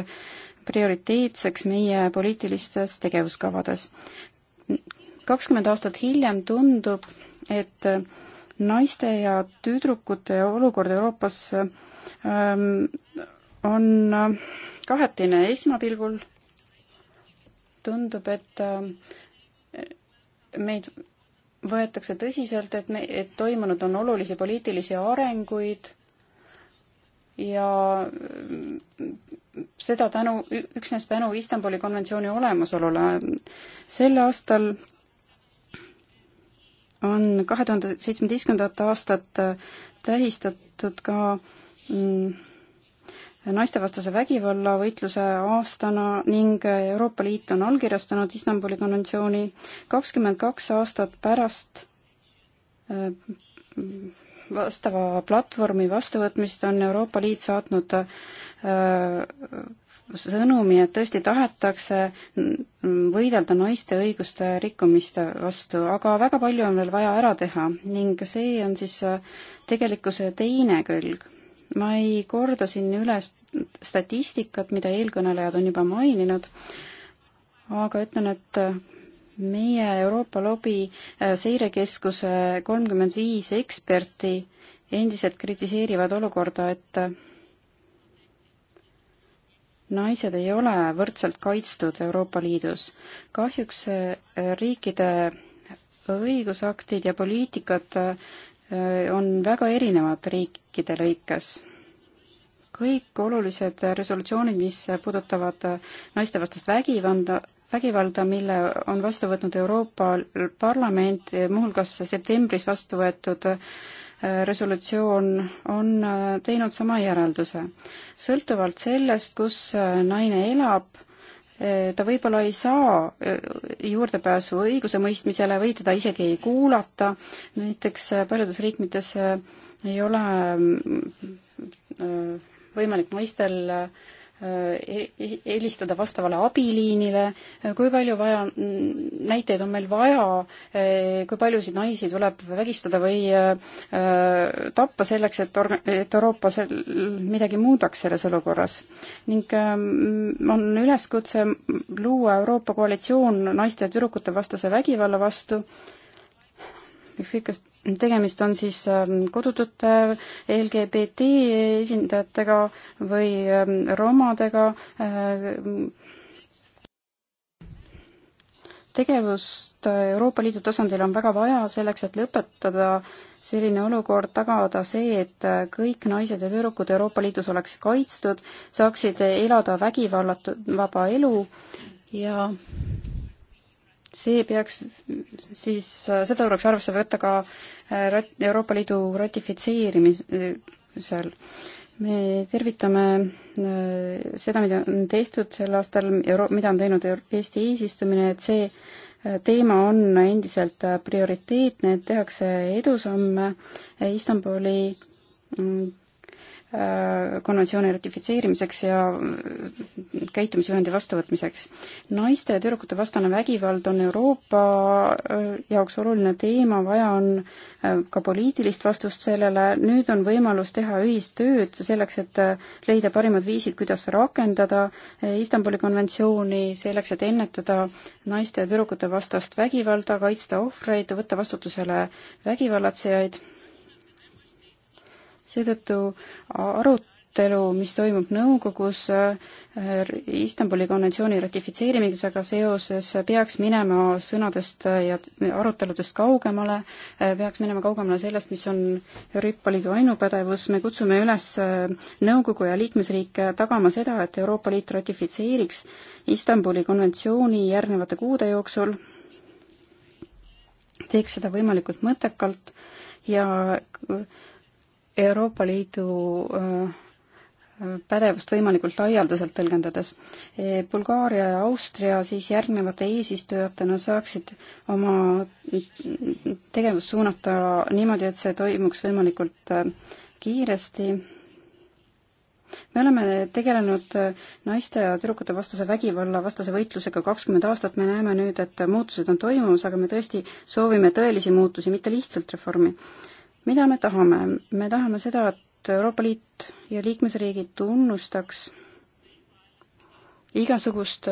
prioriteetseks meie poliitilistes tegevuskavades. kakskümmend aastat hiljem tundub, et naiste ja tüdrukute olukord Euroopas ähm, on äh, kahetine, esmapilgul tundub, et äh, meid võetakse tõsiselt, et me, et toimunud on olulisi poliitilisi arenguid ja mm, seda tänu, üksnes tänu Istanbuli konventsiooni olemasolule. sel aastal on kahe tuhande seitsmeteistkümnendat aastat äh, tähistatud ka mm, naistevastase vägivalla võitluse aastana ning Euroopa Liit on allkirjastanud Istanbuli konventsiooni kakskümmend kaks aastat pärast äh, vastava platvormi vastuvõtmist on Euroopa Liit saatnud äh, sõnumi, et tõesti tahetakse võidelda naiste õiguste rikkumiste vastu, aga väga palju on veel vaja ära teha ning see on siis äh, tegelikkuse teine külg. ma ei korda siin üle statistikat, mida eelkõnelejad on juba maininud, aga ütlen, et meie Euroopa lobi äh, seirekeskuse kolmkümmend viis eksperti endiselt kritiseerivad olukorda, et äh, naised ei ole võrdselt kaitstud Euroopa Liidus. kahjuks äh, riikide õigusaktid ja poliitikad on väga erinevad riikide lõikes kõik olulised resolutsioonid, mis puudutavad naistevastast vägivalda, vägivalda, mille on vastu võtnud Euroopa Parlament, muuhulgas septembris vastu võetud äh, resolutsioon on äh, teinud sama järelduse. sõltuvalt sellest, kus äh, naine elab, ta võib-olla ei saa juurdepääsu õigusemõistmisele või teda isegi ei kuulata, näiteks paljudes riikides ei ole mm, võimalik naistel äh, Äh, e-, e-, helistada vastavale abiliinile, äh, kui palju vaja, näiteid on meil vaja, äh, kui paljusid naisi tuleb vägistada või tappa selleks, et orga-, et Euroopa sel-, midagi muudaks selles olukorras. ning ähm, on üleskutse luua Euroopa koalitsioon naiste ja tüdrukute vastase vägivalla vastu, ükskõik, kas tegemist on siis ähm, kodutute LGBT esindajatega või ähm, romadega. Äh, tegevust Euroopa Liidu tasandil on väga vaja selleks, et lõpetada selline olukord, tagada see, et äh, kõik naised ja tüdrukud Euroopa Liidus oleks kaitstud, saaksid elada vägivallatut-, vaba elu ja see peaks siis, seda tuleks arvesse võtta ka äh, Euroopa Liidu ratifitseerimisel. me tervitame äh, seda, mida on tehtud sel aastal, euro-, mida on teinud Eesti eesistumine, et see äh, teema on endiselt prioriteetne, et tehakse edusamme Istanbuli mm, Äh, konventsiooni ratifitseerimiseks ja käitumisjuhendi vastuvõtmiseks. naiste ja tüdrukute vastane vägivald on Euroopa äh, jaoks oluline teema, vaja on äh, ka poliitilist vastust sellele, nüüd on võimalus teha ühistööd selleks, et leida parimad viisid, kuidas rakendada Istanbuli konventsiooni, selleks, et ennetada naiste ja tüdrukute vastast vägivalda, kaitsta ohvreid, võtta vastutusele vägivallatsejaid seetõttu arutelu, mis toimub nõukogus äh, Istanbuli konventsiooni ratifitseerimisega seoses, peaks minema sõnadest ja aruteludest kaugemale, äh, peaks minema kaugemale sellest, mis on Euroopa Liidu ainupädevus, me kutsume üles äh, nõukogu ja liikmesriike tagama seda, et Euroopa Liit ratifitseeriks Istanbuli konventsiooni järgnevate kuude jooksul, teeks seda võimalikult mõttekalt ja Euroopa Liidu äh, äh, pädevust võimalikult laialdaselt tõlgendades. E, Bulgaaria ja Austria siis järgnevate eesistujatena saaksid oma tegevust suunata niimoodi, et see toimuks võimalikult äh, kiiresti. me oleme tegelenud naiste ja tüdrukute vastase vägivalla vastase võitlusega kakskümmend aastat, me näeme nüüd, et muutused on toimumas, aga me tõesti soovime tõelisi muutusi, mitte lihtsalt reformi mida me tahame? me tahame seda, et Euroopa Liit ja liikmesriigid tunnustaks igasugust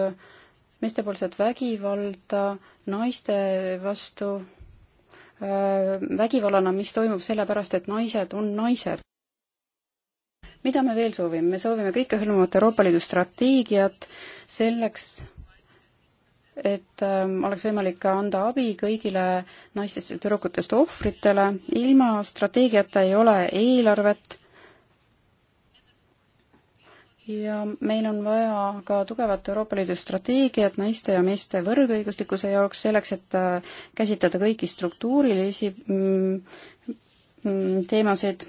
meestepoolset vägivalda naiste vastu äh, vägivallana, mis toimub sellepärast, et naised on naised. mida me veel soovime? me soovime kõikehõlmavat Euroopa Liidu strateegiat selleks, et ähm, oleks võimalik anda abi kõigile naistest ja tüdrukutest ohvritele. ilma strateegiata ei ole eelarvet. ja meil on vaja ka tugevat Euroopa Liidu strateegiat naiste ja meeste võrdõiguslikkuse jaoks, selleks et äh, käsitleda kõiki struktuurilisi mm, mm, teemasid.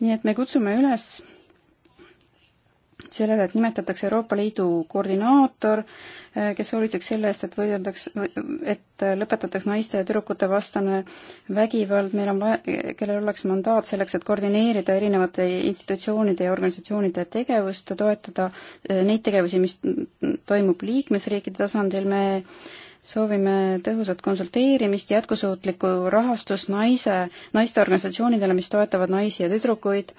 nii et me kutsume üles sellele, et nimetatakse Euroopa Liidu koordinaator, eh, kes hoolitseks selle eest, et võideldaks, et lõpetataks naiste ja tüdrukute vastane vägivald, meil on vaja, kellel oleks mandaat selleks, et koordineerida erinevate institutsioonide ja organisatsioonide tegevust, toetada eh, neid tegevusi, mis toimub liikmesriikide tasandil, me soovime tõhusat konsulteerimist, jätkusuutlikku rahastust naise, naisteorganisatsioonidele, mis toetavad naisi ja tüdrukuid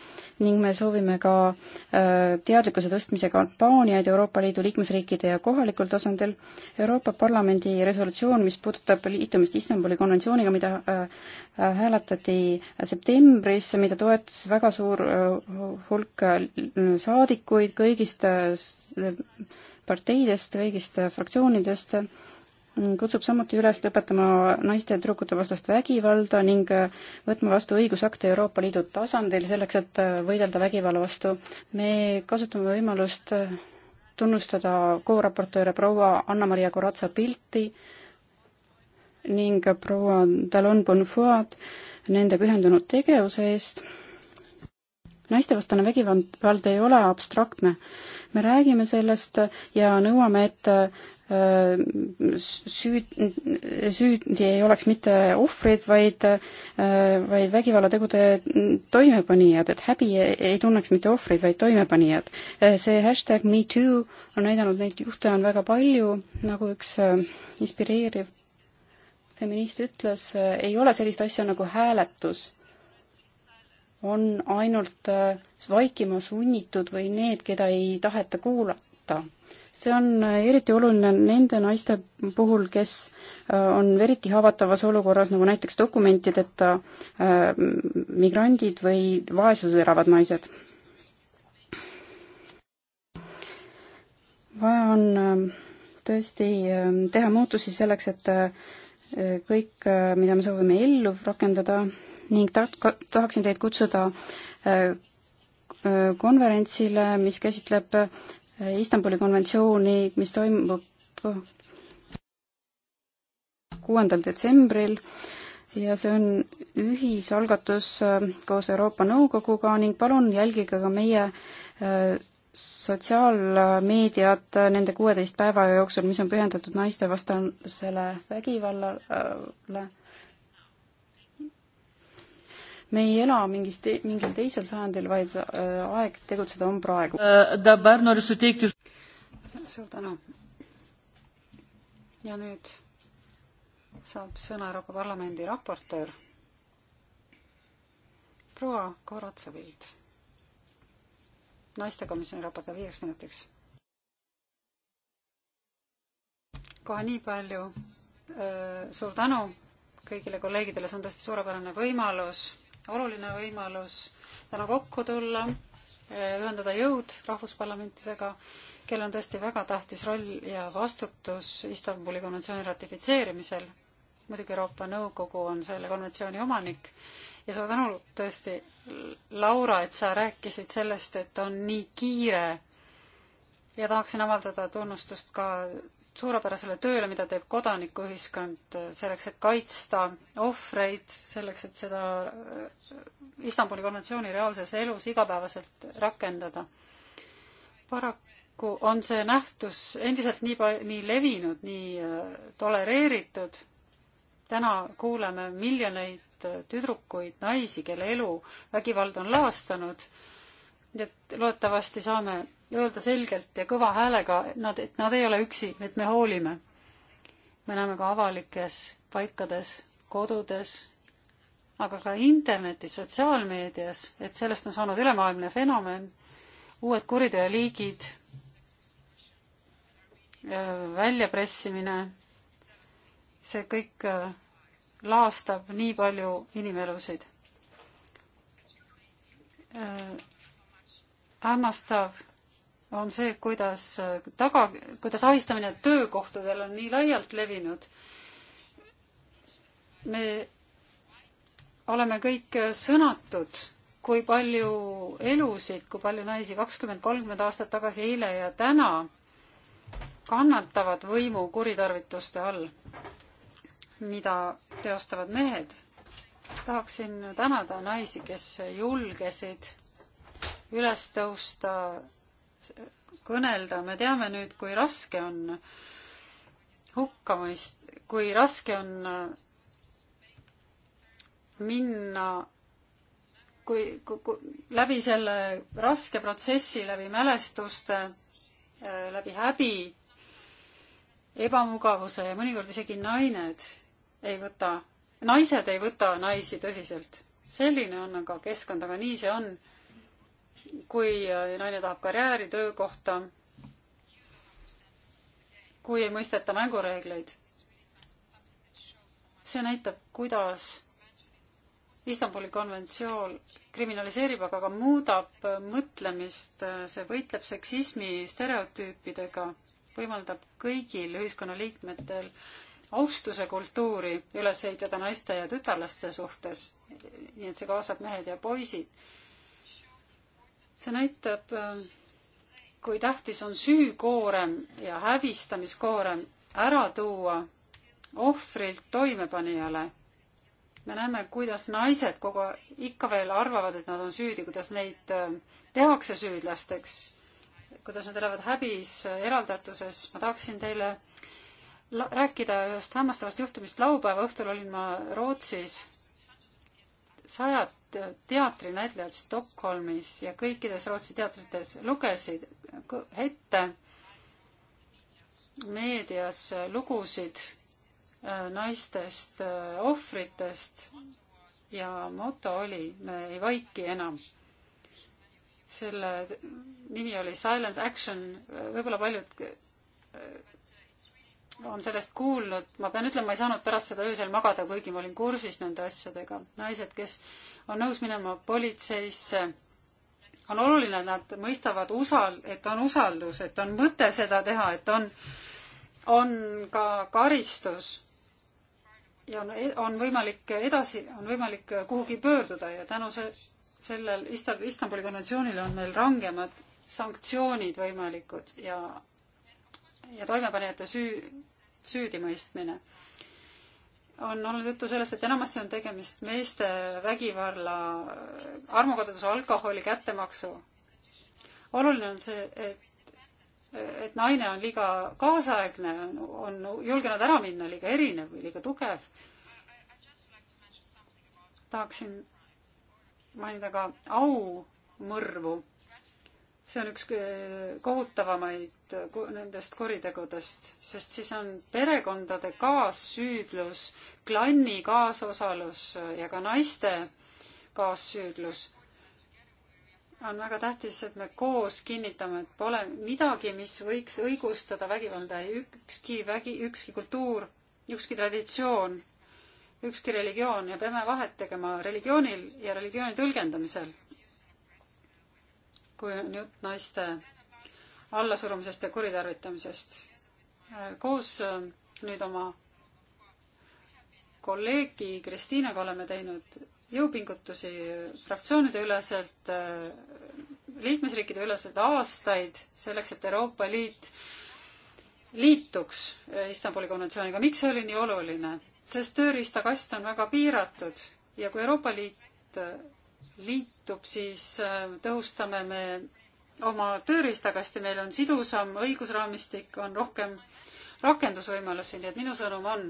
ning me soovime ka äh, teadlikkuse tõstmise kampaaniaid Euroopa Liidu liikmesriikide ja kohalikul tasandil. Euroopa Parlamendi resolutsioon, mis puudutab liitumist Istanbuli konventsiooniga, mida äh, äh hääletati septembris, mida toetas väga suur äh, hulk äh, saadikuid kõigist äh, parteidest, kõigist fraktsioonidest äh, Mm, kutsub samuti üles lõpetama naiste ja tüdrukute vastast vägivalda ning äh, võtma vastu õigusakte Euroopa Liidu tasandil selleks, et äh, võidelda vägivalla vastu. me kasutame võimalust äh, tunnustada kooraportööre proua Anna-Maria Corazza Pilti ning proua Talon Bonfoid nende pühendunud tegevuse eest. naistevastane vägivald ei ole abstraktne me räägime sellest ja nõuame, et Äh, süüd, süüdi ei oleks mitte ohvrid, vaid, äh, vaid vägivallategude toimepanijad, et häbi ei tunneks mitte ohvrid, vaid toimepanijad. Äh, see hashtag MeToo on näidanud, neid juhte on väga palju, nagu üks inspireeriv feminist ütles, ei ole sellist asja nagu hääletus on ainult vaikima sunnitud või need, keda ei taheta kuulata see on äh, eriti oluline nende naiste puhul, kes äh, on eriti haavatavas olukorras, nagu näiteks dokumentideta äh, migrandid või vaesuses elavad naised. vaja on tõesti teha muutusi selleks, et kõik, mida me soovime ellu rakendada ning ta-, tahaksin teid kutsuda konverentsile, mis käsitleb Istanbuli konventsiooni, mis toimub kuuendal detsembril ja see on ühisalgatus äh, koos Euroopa Nõukoguga ning palun jälgige ka meie äh, sotsiaalmeediat äh, nende kuueteist päeva jooksul, mis on pühendatud naistevastasele vägivallale me ei ela mingis te-, mingil teisel sajandil, vaid äh, aeg tegutseda on praegu. Äh, suur tänu. ja nüüd saab sõna Euroopa Parlamendi raportöör proua Koratsevild, naistekomisjoni raportöör viieks minutiks. kohe nii palju. Äh, suur tänu kõigile kolleegidele, see on tõesti suurepärane võimalus oluline võimalus täna kokku tulla, ühendada jõud rahvusparlamentidega, kellel on tõesti väga tähtis roll ja vastutus Istanbuli konventsiooni ratifitseerimisel. muidugi Euroopa Nõukogu on selle konventsiooni omanik ja suur tänu tõesti, Laura, et sa rääkisid sellest, et on nii kiire ja tahaksin avaldada tunnustust ka suurepärasele tööle, mida teeb kodanikuühiskond äh, selleks, et kaitsta ohvreid, selleks, et seda äh, Istanbuli konventsiooni reaalses elus igapäevaselt rakendada. paraku on see nähtus endiselt nii palju, nii levinud, nii äh, tolereeritud. täna kuuleme miljoneid tüdrukuid, naisi, kelle elu vägivald on laastanud. nii et loodetavasti saame öelda selgelt ja kõva häälega, nad, et nad ei ole üksi, et me hoolime. me näeme ka avalikes paikades, kodudes, aga ka internetis, sotsiaalmeedias, et sellest on saanud ülemaailmne fenomen, uued kuriteoliigid, äh, väljapressimine, see kõik äh, laastab nii palju inimelusid äh, hämmastav on see, kuidas äh, taga, kuidas ahistamine töökohtadel on nii laialt levinud. me oleme kõik äh, sõnatud, kui palju elusid, kui palju naisi kakskümmend, kolmkümmend aastat tagasi, eile ja täna kannatavad võimu kuritarvituste all, mida teostavad mehed. tahaksin tänada naisi, kes julgesid üles tõusta kõnelda, me teame nüüd, kui raske on hukkamõist, kui raske on minna kui, kui, kui läbi selle raske protsessi, läbi mälestuste, läbi häbi, ebamugavuse ja mõnikord isegi nained ei võta, naised ei võta naisi tõsiselt. selline on aga keskkond, aga nii see on kui äh, naine tahab karjääri, töökohta, kui ei mõisteta mängureegleid. see näitab, kuidas Istanbuli konventsioon kriminaliseerib, aga ka muudab mõtlemist, see võitleb seksismi stereotüüpidega, võimaldab kõigil ühiskonnaliikmetel austuse kultuuri üles ehitada naiste ja tütarlaste suhtes, nii et see kaasab mehed ja poisid see näitab, kui tähtis on süükoorem ja häbistamiskoorem ära tuua ohvrilt toimepanijale. me näeme, kuidas naised kogu, ikka veel arvavad, et nad on süüdi, kuidas neid äh, tehakse süüdlasteks, kuidas nad elavad häbis, äh, eraldatuses. ma tahaksin teile rääkida ühest hämmastavast juhtumist. laupäeva õhtul olin ma Rootsis. sajad teatrinäitlejad Stockholmis ja kõikides Rootsi teatrites lugesid ette meedias lugusid äh, naistest äh, ohvritest ja moto oli Me ei vaiki enam. selle nimi oli Silence Action, võib-olla paljud äh, on sellest kuulnud, ma pean ütlema, ma ei saanud pärast seda öösel magada, kuigi ma olin kursis nende asjadega. naised, kes on nõus minema politseisse, on oluline, et nad mõistavad usal-, et on usaldus, et on mõte seda teha, et on, on ka karistus ja on, e-, on võimalik edasi, on võimalik kuhugi pöörduda ja tänu se-, sellel Istanbuli konventsioonile on meil rangemad sanktsioonid võimalikud ja ja toimepanijate süü, süüdimõistmine on olnud juttu sellest, et enamasti on tegemist meeste vägivalla, armukadeduse, alkoholi, kättemaksu. oluline on see, et, et naine on liiga kaasaegne, on julgenud ära minna, liiga erinev või liiga tugev. tahaksin mainida ka aumõrvu see on üks kohutavamaid nendest kuritegudest, sest siis on perekondade kaassüüdlus, klanni kaasosalus ja ka naiste kaassüüdlus. on väga tähtis, et me koos kinnitame, et pole midagi, mis võiks õigustada vägivalda, ükski vägi, ükski kultuur, ükski traditsioon, ükski religioon ja peame vahet tegema religioonil ja religiooni tõlgendamisel kui on jutt naiste allasurumisest ja kuritarvitamisest. koos äh, nüüd oma kolleegi Kristiinaga oleme teinud jõupingutusi fraktsioonide üleselt, äh, liikmesriikide üleselt aastaid selleks, et Euroopa Liit liituks Istanbuli konventsiooniga. miks see oli nii oluline? sest tööriistakast on väga piiratud ja kui Euroopa Liit äh, liitub, siis äh, tõhustame me oma tööriistakasti, meil on sidusam õigusraamistik, on rohkem rakendusvõimalusi, nii et minu sõnum on,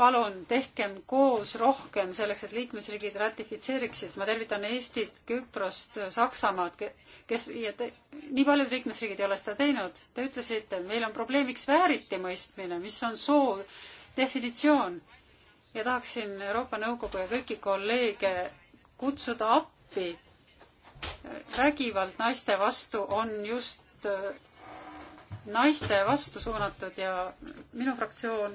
palun tehkem koos rohkem selleks, et liikmesriigid ratifitseeriksid, ma tervitan Eestit, Küprost, Saksamaad, kes, nii paljud liikmesriigid ei ole seda teinud. Te ütlesite, meil on probleemiks vääritimõistmine, mis on soo definitsioon ja tahaksin Euroopa Nõukogu ja kõiki kolleege kutsuda appi. vägivald naiste vastu on just äh, naiste vastu suunatud ja minu fraktsioon,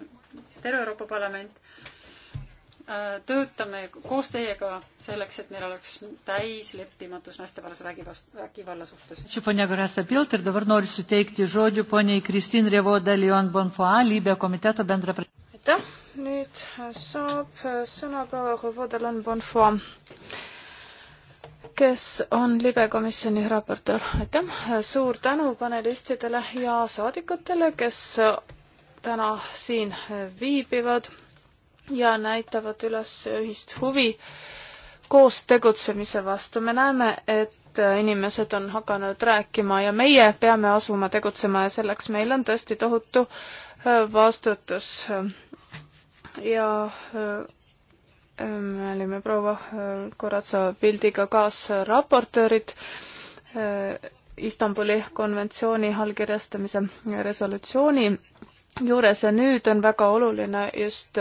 terve Euroopa Parlament, äh, töötame koos teiega selleks, et meil oleks täis leppimatus naistevallase vägivast-, vägivalla suhtes. ačiū, ponia Grasa-Pilt ir dabar noriu suteikti žodžiu poniai Kristin Revo Dalion Bonfoa, Liibüa komiteto bendra. aitäh nüüd saab sõna proua Hovodelan Bonfoy, kes on libe komisjoni raportöör. aitäh, suur tänu panelistidele ja saadikutele, kes täna siin viibivad ja näitavad üles ühist huvi koos tegutsemise vastu. me näeme, et inimesed on hakanud rääkima ja meie peame asuma tegutsema ja selleks meil on tõesti tohutu vastutus ja äh, ähm, me olime proua Koratsa äh, pildiga kaasraportöörid äh, Istanbuli konventsiooni allkirjastamise resolutsiooni juures ja nüüd on väga oluline just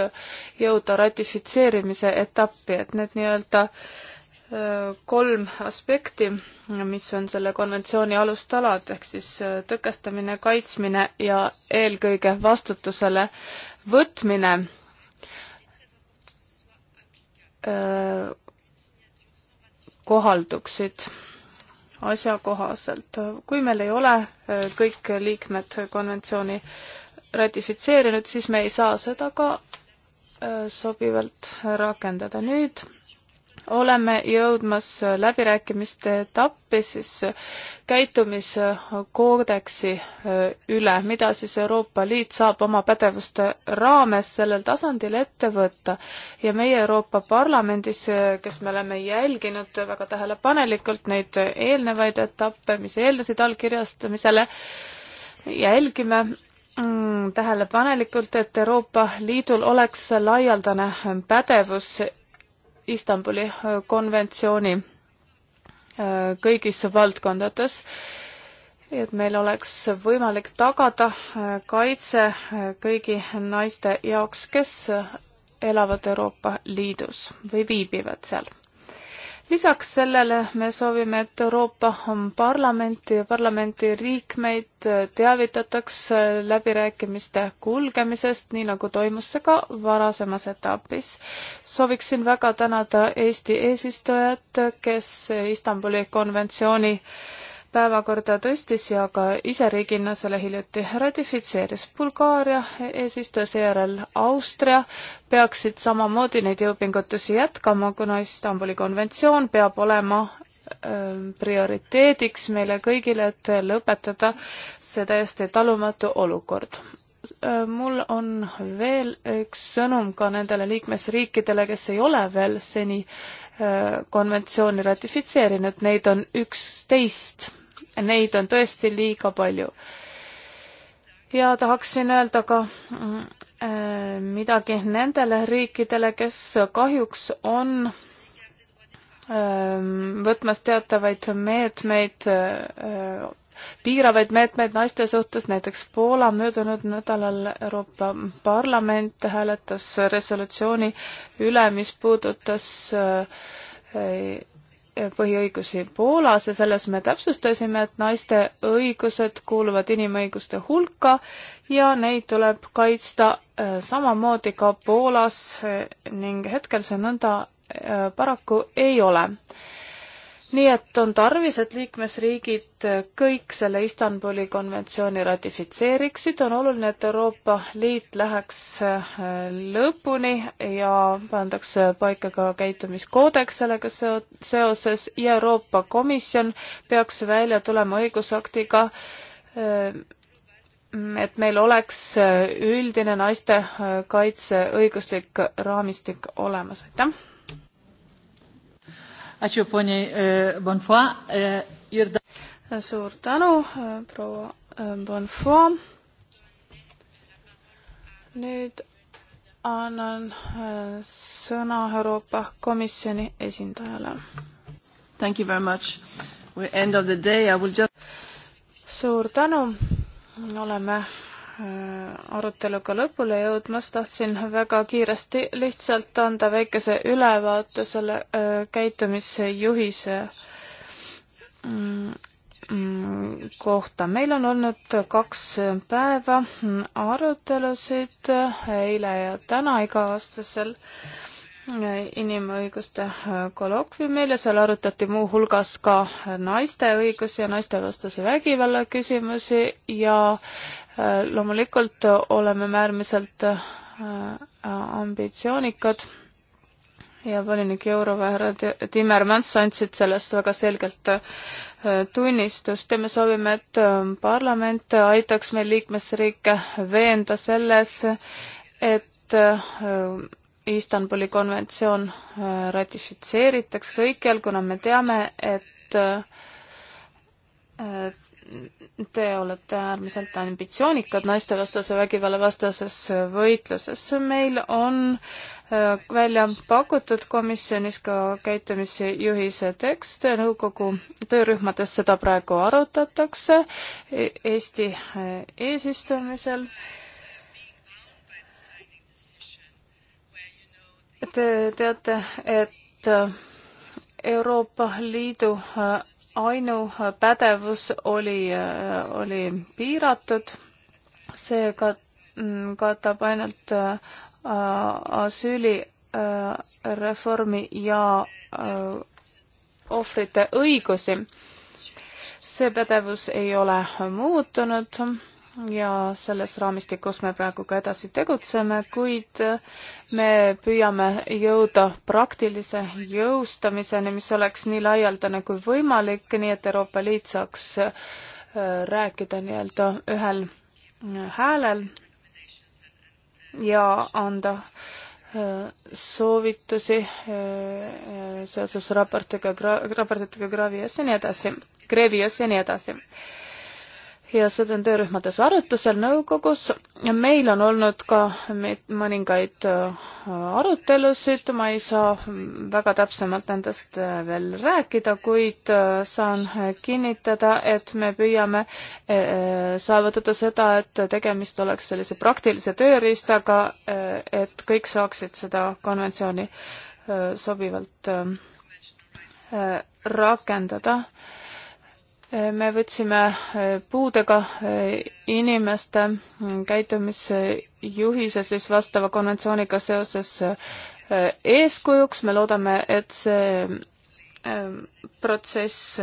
jõuda ratifitseerimise etappi, et need nii-öelda kolm aspekti, mis on selle konventsiooni alustalad, ehk siis tõkestamine, kaitsmine ja eelkõige vastutusele võtmine kohalduksid asjakohaselt. kui meil ei ole äh, kõik liikmed konventsiooni ratifitseerinud, siis me ei saa seda ka äh, sobivalt rakendada. nüüd oleme jõudmas läbirääkimiste etappi siis käitumiskoodeksi äh, üle, mida siis Euroopa Liit saab oma pädevuste raames sellel tasandil ette võtta. ja meie Euroopa Parlamendis, äh, kes me oleme jälginud väga tähelepanelikult neid eelnevaid etappe, mis eelnesid allkirjastamisele, jälgime mm, tähelepanelikult, et Euroopa Liidul oleks laialdane pädevus Istanbuli äh, konventsiooni äh, kõigis valdkondades, et meil oleks võimalik tagada äh, kaitse kõigi naiste jaoks, kes elavad Euroopa Liidus või viibivad seal lisaks sellele me soovime, et Euroopa Parlamenti ja parlamendi liikmeid teavitataks läbirääkimiste kulgemisest, nii nagu toimus see ka varasemas etapis. sooviksin väga tänada Eesti eesistujat, kes Istanbuli konventsiooni äh, päevakorda tõstis ja ka ise riigina selle hiljuti ratifitseeris. Bulgaaria eesistuja seejärel Austria peaksid samamoodi neid jõupingutusi jätkama, kuna Istanbuli konventsioon peab olema prioriteediks meile kõigile, et lõpetada see täiesti talumatu olukord. mul on veel üks sõnum ka nendele liikmesriikidele, kes ei ole veel seni konventsiooni ratifitseerinud, neid on üksteist neid on tõesti liiga palju. ja tahaksin öelda ka mm, äh, midagi nendele riikidele, kes kahjuks on ähm, võtmas teatavaid meetmeid, äh, piiravaid meetmeid naiste suhtes, näiteks Poola möödunud nädalal Euroopa Parlament hääletas resolutsiooni üle, mis puudutas äh, põhiõigusi Poolas ja selles me täpsustasime, et naiste õigused kuuluvad inimõiguste hulka ja neid tuleb kaitsta äh, samamoodi ka Poolas äh, ning hetkel see nõnda äh, paraku ei ole nii et on tarvis, et liikmesriigid kõik selle Istanbuli konventsiooni ratifitseeriksid, on oluline, et Euroopa Liit läheks äh, lõpuni ja pandaks paika ka käitumiskoodeks sellega seoses ja Euroopa Komisjon peaks välja tulema õigusaktiga, äh, et meil oleks äh, üldine naiste kaitse õiguslik raamistik olemas, aitäh! E, e, suur tänu, e, proua Bonfoy. nüüd annan sõna Euroopa Komisjoni esindajale. Thank you very much. We end of the day, I will just suur tänu, oleme Äh, aruteluga lõpule jõudmas, tahtsin väga kiiresti lihtsalt anda väikese ülevaate selle äh, käitumisjuhise mm, mm, kohta. meil on olnud kaks päeva arutelusid eile ja täna iga-aastasel äh, inimõiguste kolokviumil ja seal arutati muuhulgas ka naiste õigusi ja naistevastase vägivalla küsimusi ja Äh, loomulikult oleme me äärmiselt äh, ambitsioonikad ja volinik Jourova härra Timmermans andsid sellest väga selgelt äh, tunnistust ja me soovime, et parlament aitaks meil liikmesriike veenda selles, et Istanbuli konventsioon ratifitseeritaks kõikjal, kuna me teame, et Te olete äärmiselt ambitsioonikad naistevastase vägivalla vastases võitluses. meil on äh, välja pakutud komisjonis ka käitumisjuhise tekst, nõukogu töörühmades seda praegu arutatakse e-, Eesti äh, eesistumisel te teate, et Euroopa Liidu äh, ainupädevus oli, oli piiratud, see kat-, mm, katab ainult äh, asüülireformi äh, ja äh, ohvrite õigusi. see pädevus ei ole muutunud ja selles raamistikus me praegu ka edasi tegutseme, kuid äh, me püüame jõuda praktilise jõustamiseni, mis oleks nii laialdane kui võimalik, nii et Euroopa Liit saaks äh, rääkida nii-öelda ühel äh, häälel ja anda soovitusi seoses raportiga, raportitega Gravios ja nii edasi, Grevios ja nii edasi ja see on töörühmades arutusel nõukogus. meil on olnud ka mõningaid äh, arutelusid, ma ei saa väga täpsemalt endast äh, veel rääkida, kuid äh, saan kinnitada, et me püüame saavutada seda, et tegemist oleks sellise praktilise tööriistaga, et kõik saaksid seda konventsiooni sobivalt rakendada me võtsime e, puudega e, inimeste käitumisjuhise siis vastava konventsiooniga seoses e, eeskujuks, me loodame, et see protsess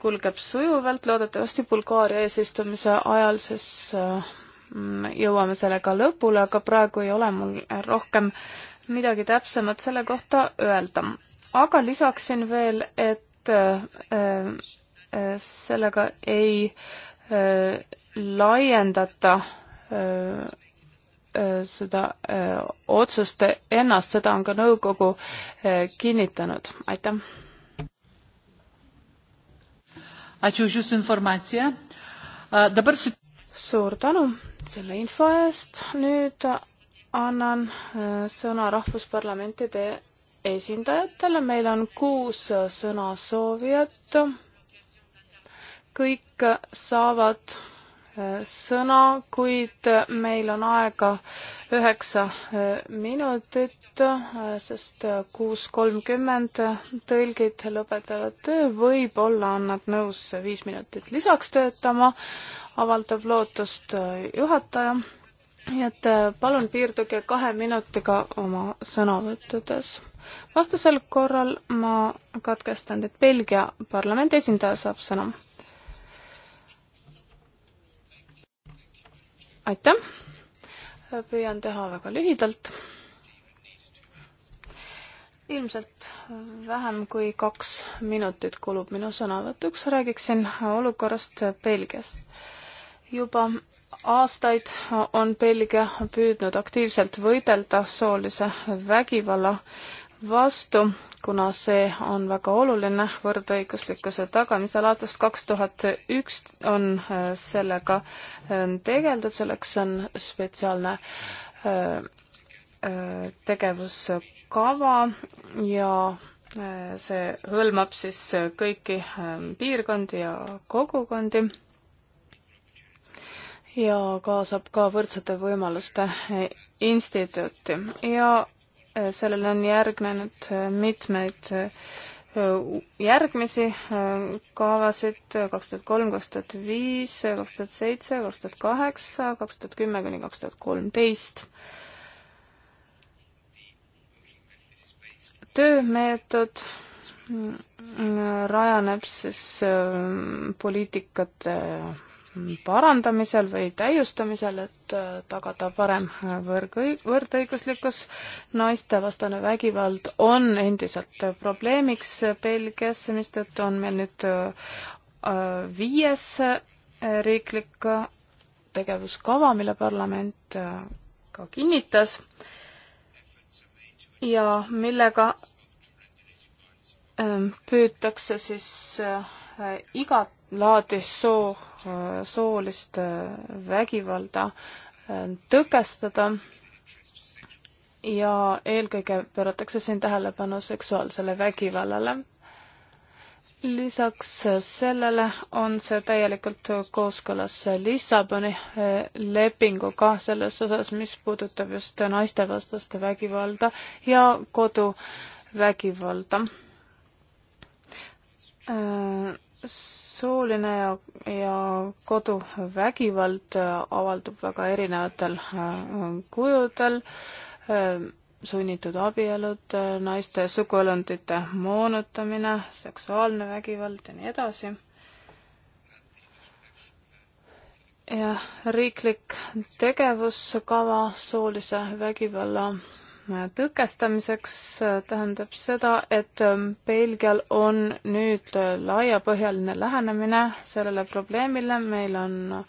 kulgeb sujuvalt, loodetavasti Bulgaaria eesistumise ajal siis jõuame sellega lõpule, aga praegu ei ole mul rohkem midagi täpsemat selle kohta öelda. aga lisaksin veel, et Äh, äh, sellega ei äh, laiendata seda otsust ennast, seda on ka nõukogu kinnitanud, aitäh. suur tänu selle info eest, nüüd annan sõna rahvusparlamentide esindajatele, meil on kuus sõnasoovijat. kõik saavad äh, sõna, kuid meil on aega üheksa äh, minutit, äh, sest kuus kolmkümmend tõlgid lõpetavad töö, võib-olla on nad nõus viis minutit lisaks töötama, avaldab lootust juhataja. nii et palun piirduge kahe minutiga oma sõnavõttudes vastasel korral ma katkestan teid, Belgia parlamendi esindaja saab sõna. aitäh, püüan teha väga lühidalt. ilmselt vähem kui kaks minutit kulub minu sõnavõtuks, räägiksin olukorrast Belgias. juba aastaid on Belgia püüdnud aktiivselt võidelda soolise vägivalla vastu, kuna see on väga oluline võrdõiguslikkuse tagamisel. aastast kaks tuhat üks on äh, sellega äh, tegeldud, selleks on spetsiaalne äh, tegevuskava ja see hõlmab siis kõiki piirkondi ja kogukondi ja kaasab ka võrdsete võimaluste instituuti ja Äh, sellele on järgnenud äh, mitmeid äh, järgmisi kavasid kaks tuhat kolm, kaks tuhat viis, kaks tuhat seitse, kaks tuhat kaheksa, kaks tuhat kümme kuni kaks tuhat kolmteist. töömeetod mm, mm, rajaneb siis poliitikate parandamisel või täiustamisel, et äh, tagada parem äh, võrgõi-, võrdõiguslikkus. naistevastane vägivald on endiselt äh, probleemiks Belgias, mistõttu on meil nüüd viies riiklik tegevuskava, mille parlament ka kinnitas ja millega ähm, püütakse siis igat laadis soo, soolist äh, vägivalda äh, tõkestada ja eelkõige pööratakse siin tähelepanu seksuaalsele vägivallale. lisaks sellele on see täielikult kooskõlas Lissaboni äh, lepinguga selles osas, mis puudutab just naistevastast vägivalda ja koduvägivalda sooline ja, ja koduvägivald äh, avaldub väga erinevatel äh, kujudel, äh, sunnitud abielud, naiste suguelundite moonutamine, seksuaalne vägivald ja nii edasi. ja riiklik tegevuskava soolise vägivalla tõkestamiseks äh, tähendab seda, et ähm, Belgial on nüüd äh, laiapõhjaline lähenemine sellele probleemile, meil on äh,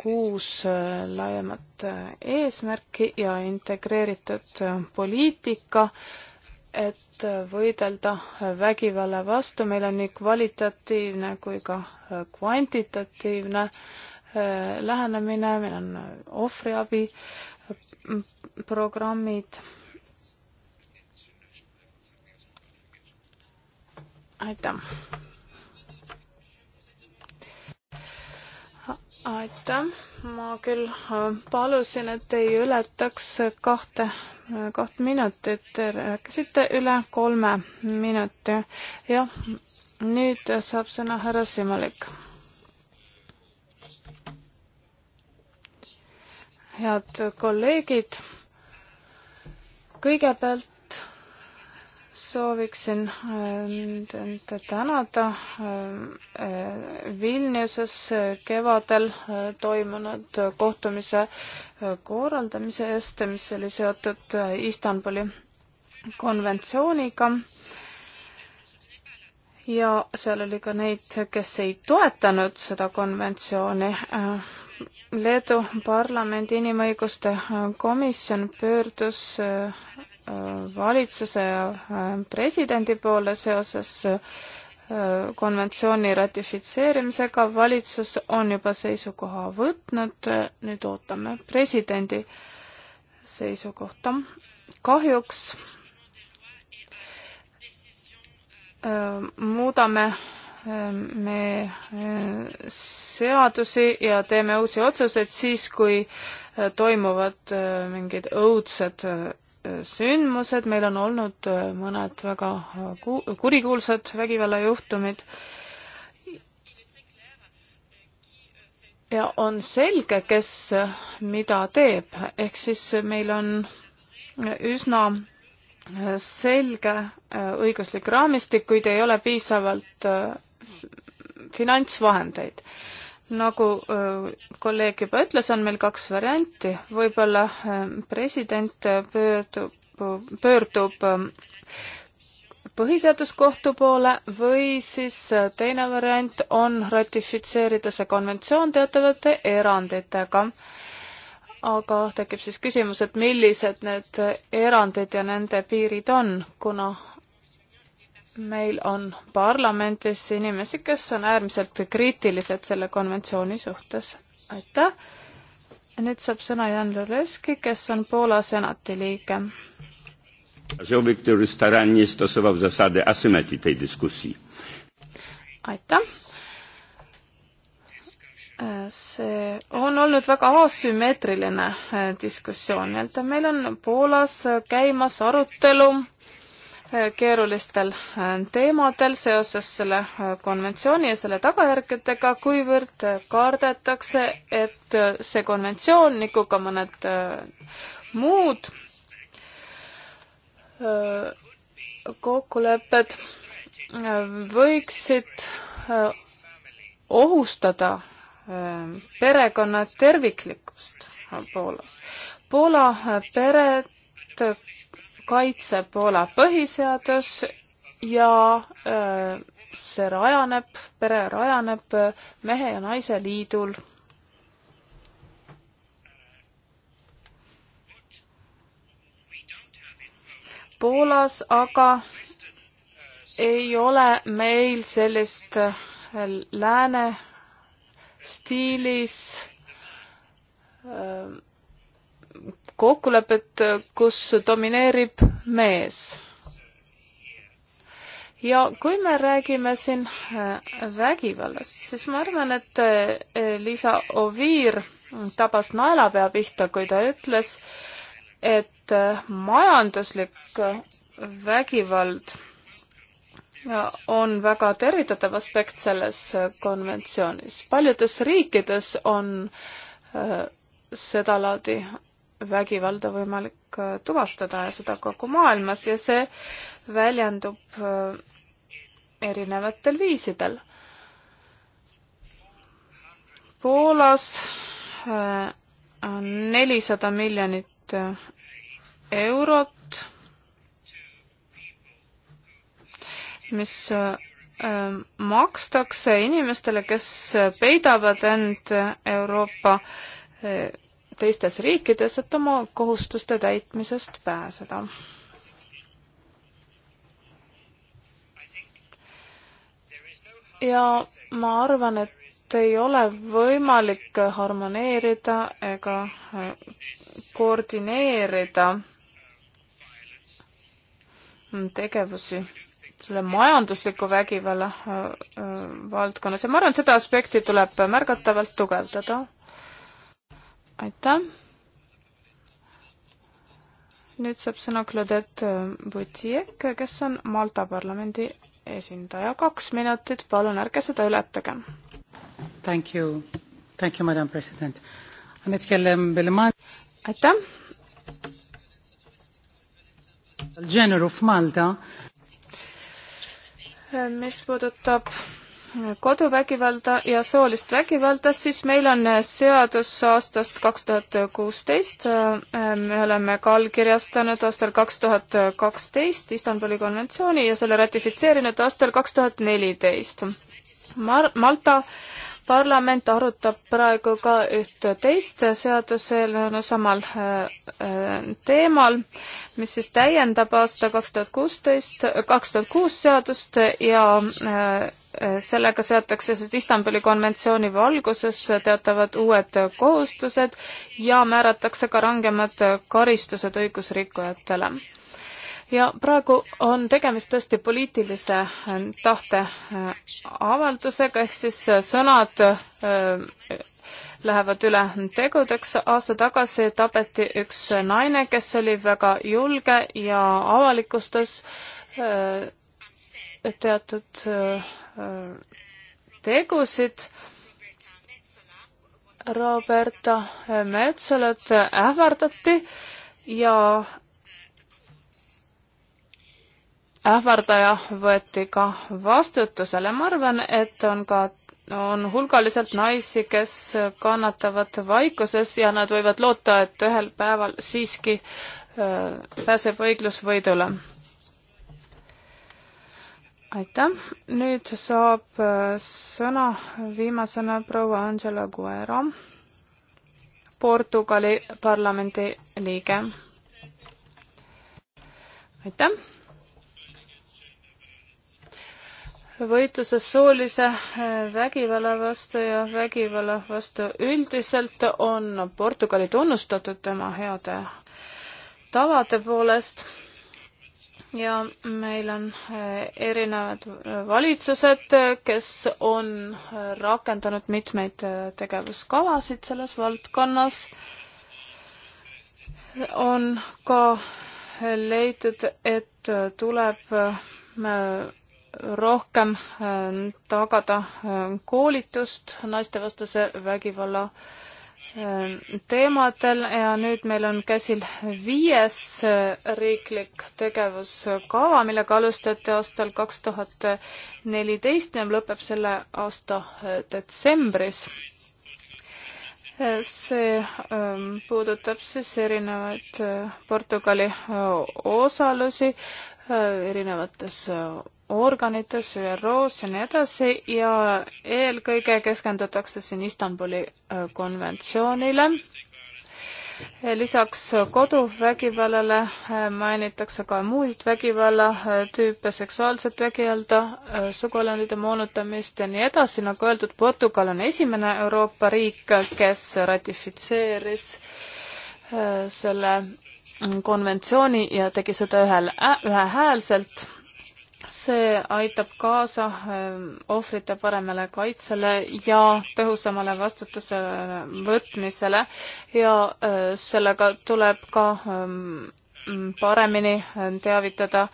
kuus laiemat eesmärki ja integreeritud poliitika, et võidelda vägivalla vastu, meil on nii kvalitatiivne kui ka kvantitatiivne lähenemine, meil on ohvriabi programmid. aitäh. aitäh, ma küll äh, palusin, et ei ületaks kahte äh, kaht minutit, rääkisite üle kolme minuti. jah, nüüd saab sõna härra Simalik head kolleegid. kõigepealt sooviksin äh, teid tänada äh, Vilniuses kevadel äh, toimunud kohtumise korraldamise eest, mis oli seotud Istanbuli konventsiooniga ja seal oli ka neid, kes ei toetanud seda konventsiooni Leedu parlamendi inimõiguste äh, komisjon pöördus äh, valitsuse ja äh, presidendi poole seoses konventsiooni ratifitseerimisega. valitsus on juba seisukoha võtnud, nüüd ootame presidendi seisukohta. kahjuks muudame me äh, seadusi ja teeme uusi otsuseid siis, kui äh, toimuvad äh, mingid õudsed sündmused, meil on olnud mõned väga ku-, kurikuulsad vägivallajuhtumid ja on selge, kes mida teeb, ehk siis meil on üsna selge õiguslik raamistik, kuid ei ole piisavalt finantsvahendeid. nagu kolleeg juba ütles, on meil kaks varianti, võib-olla president pöördub, pöördub põhiseaduskohtu poole või siis teine variant on ratifitseerida see konventsioon teatavate eranditega. aga tekib siis küsimus, et millised need erandid ja nende piirid on, kuna meil on parlamendis inimesi, kes on äärmiselt kriitilised selle konventsiooni suhtes. aitäh! ja nüüd saab sõna Jan Luleski, kes on Poola senati liige. aitäh! see on olnud väga asümmeetriline eh, diskussioon, nii-öelda meil on Poolas käimas arutelu keerulistel äh, teemadel seoses selle äh, konventsiooni ja selle tagajärgedega, kuivõrd äh, kardetakse, et see konventsioon, nagu ka mõned muud kokkulepped, võiksid ohustada perekonna terviklikkust Poolas. Poola pered kaitseb Poola põhiseadus ja äh, see rajaneb, pere rajaneb mehe ja naise liidul. Poolas aga ei ole meil sellist äh, lääne stiilis äh, kokkulepet, kus domineerib mees ja kui me räägime siin äh, vägivallast, siis ma arvan, et äh, Liisa Oviir tabas naelapea pihta, kui ta ütles, et äh, majanduslik vägivald on väga tervitatav aspekt selles konventsioonis. paljudes riikides on sedalaadi vägivalda võimalik äh, tuvastada ja seda kogu maailmas ja see väljendub äh, erinevatel viisidel. Poolas äh, on nelisada miljonit eurot, mis makstakse inimestele, kes peidavad end Euroopa teistes riikides, et oma kohustuste täitmisest pääseda. ja ma arvan, et ei ole võimalik harmoneerida ega äh, koordineerida tegevusi selle majandusliku vägivalla äh, äh, valdkonnas ja ma arvan, et seda aspekti tuleb märgatavalt tugevdada aitäh. nüüd saab sõna Claudette Butiek, kes on Malta parlamendi esindaja. kaks minutit, palun ärge seda ületage. Thank you, thank you, madam president. aitäh. mis puudutab koduvägivalda ja soolist vägivalda, siis meil on seadus aastast kaks tuhat kuusteist, me oleme ka allkirjastanud aastal kaks tuhat kaksteist Istanbuli konventsiooni ja selle ratifitseerinud aastal kaks tuhat neliteist. Mar-, Malta parlament arutab praegu ka ühte teist seaduseelnõu samal äh, teemal, mis siis täiendab aasta kaks tuhat kuusteist, kaks tuhat kuus seadust ja äh, sellega seatakse siis Istanbuli konventsiooni valguses teatavad uued kohustused ja määratakse ka rangemad karistused õigusrikkujatele. ja praegu on tegemist tõesti poliitilise tahte äh, avaldusega, ehk siis äh, sõnad äh, lähevad üle tegudeks. aasta tagasi tapeti üks naine, kes oli väga julge ja avalikustas teatud äh, tegusid. Roberta Metsalat ähvardati ja ähvardaja võeti ka vastutusele. ma arvan, et on ka, on hulgaliselt naisi, kes kannatavad vaikuses ja nad võivad loota, et ühel päeval siiski äh, pääseb õiglus võidule aitäh, nüüd saab äh, sõna viimasena proua Angela Guerra, Portugali parlamendi liige. aitäh võitluses soolise äh, vägivalla vastu ja vägivalla vastu üldiselt on Portugali tunnustatud tema heade tavade poolest ja meil on äh, erinevad äh, valitsused, äh, kes on rakendanud mitmeid tegevuskavasid selles valdkonnas. on ka leitud, et tuleb rohkem tagada koolitust naistevastase vägivalla Äh, teemadel ja nüüd meil on käsil viies äh, riiklik tegevuskava, millega alustati aastal kaks tuhat neliteist ja lõpeb selle aasta äh, detsembris. see ähm, puudutab siis erinevaid Portugali osalusi erinevates organites, ÜRO-s ja nii edasi ja eelkõige keskendutakse siin Istanbuli äh, konventsioonile. lisaks koduvägivallale äh, mainitakse ka muid vägivallatüüpe, äh, seksuaalset vägivalda, suguelundide moonutamist ja nii edasi, nagu öeldud, Portugal on esimene Euroopa riik, kes ratifitseeris selle konventsiooni ja tegi seda ühel, ühehäälselt see aitab kaasa ähm, ohvrite paremale kaitsele ja tõhusamale vastutusele äh, võtmisele ja äh, sellega tuleb ka ähm, paremini äh, teavitada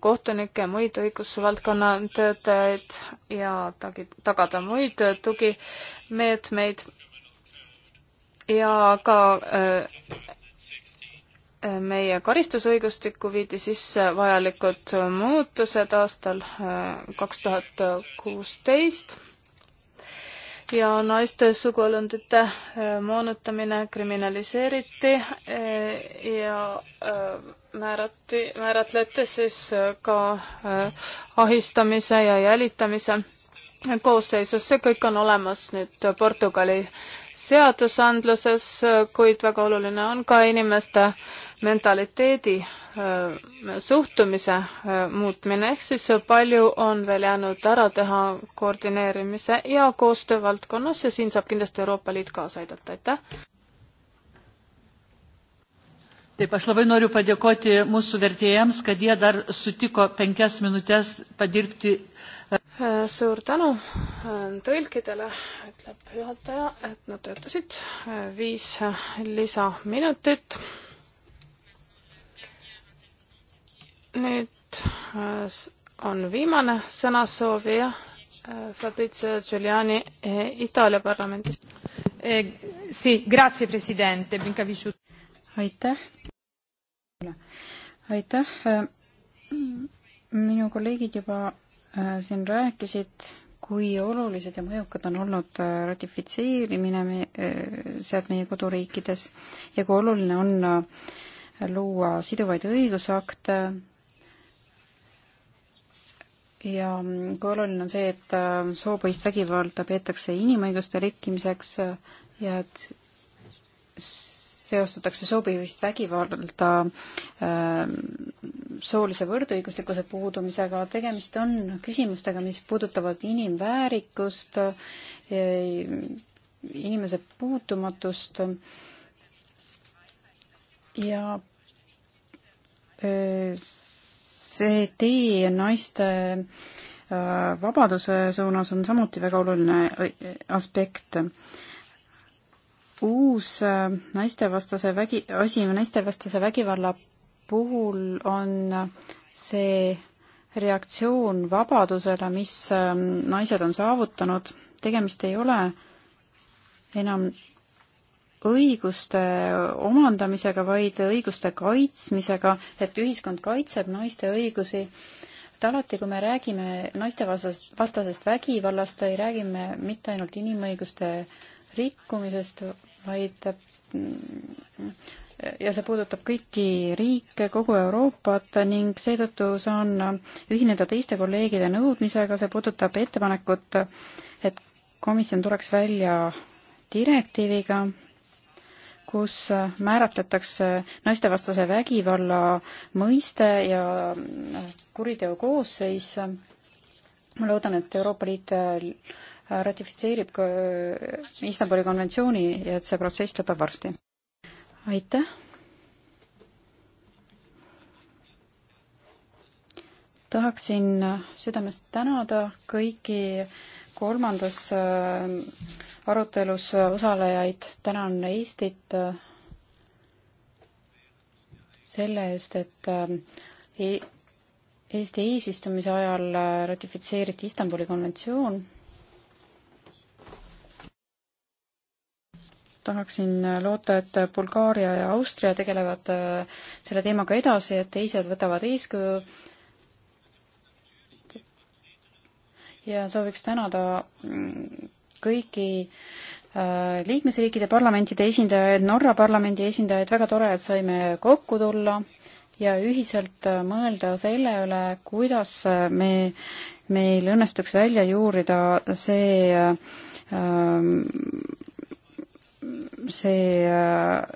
kohtunikke ja muid õigusvaldkonna töötajaid ja tagi, tagada muid tugimeetmeid ja ka meie karistusõigustikku viidi sisse vajalikud muutused aastal äh, kaks tuhat kuusteist ja naiste suguelundite äh, moonutamine kriminaliseeriti äh, ja määrati, määratleti siis ka ahistamise ja jälitamise koosseisus, see kõik on olemas nüüd Portugali seadusandluses, kuid väga oluline on ka inimeste mentaliteedi, äh, suhtumise äh, muutmine, ehk siis palju on veel jäänud ära teha koordineerimise ja koostöö valdkonnas ja siin saab kindlasti Euroopa Liit kaasa aidata, aitäh! Taip, aš labai noriu padėkoti mūsų vertėjams, kad jie dar sutiko penkias minutės padirbti Äh, suur tänu äh, tõlkidele, ütleb juhataja, et nad töötasid äh, viis lisaminutit. nüüd on viimane sõnasoovija Fabrizio Giuliani Itaalia parlamendist. Eh, sì, grazie presidente Brincavisciut. aitäh. aitäh. minu kolleegid juba Äh, siin rääkisid, kui olulised ja mõjukad on olnud äh, ratifitseerimine me, äh, sealt meie koduriikides ja kui oluline on luua siduvaid õigusakte ja mm, kui oluline on see, et soopõhist vägivalda peetakse inimõiguste rikkimiseks ja et seostatakse soovivist vägivalda ähm, soolise võrdõiguslikkuse puudumisega, tegemist on küsimustega, mis puudutavad inimväärikust, äh, inimese puutumatust ja äh, see tee naiste äh, vabaduse suunas on samuti väga oluline aspekt uus äh, naistevastase vägi, asi naistevastase vägivalla puhul on äh, see reaktsioon vabadusele, mis ähm, naised on saavutanud, tegemist ei ole enam õiguste omandamisega, vaid õiguste kaitsmisega, et ühiskond kaitseb naiste õigusi. et alati, kui me räägime naistevastasest, vastasest vägivallast, ei räägi me mitte ainult inimõiguste rikkumisest, vaid mm, ja see puudutab kõiki riike, kogu Euroopat ning seetõttu saan ühineda teiste kolleegide nõudmisega, see puudutab ettepanekut, et komisjon tuleks välja direktiiviga, kus määratletakse naistevastase vägivalla mõiste ja kuriteo koosseis. ma loodan, et Euroopa Liit ratifitseerib ka äh, Istanbuli konventsiooni ja et see protsess lõpeb varsti. aitäh! tahaksin südamest tänada kõiki kolmandas äh, arutelus osalejaid, tänan Eestit äh, selle eest, et e-, Eesti eesistumise ajal ratifitseeriti Istanbuli konventsioon tahaksin loota, et Bulgaaria ja Austria tegelevad äh, selle teemaga edasi, et teised võtavad eeskuju. ja sooviks tänada mm, kõiki äh, liikmesriikide parlamentide esindajaid, Norra parlamendi esindajaid, väga tore, et saime kokku tulla ja ühiselt äh, mõelda selle üle, kuidas me, meil õnnestuks välja juurida see ähm, see äh,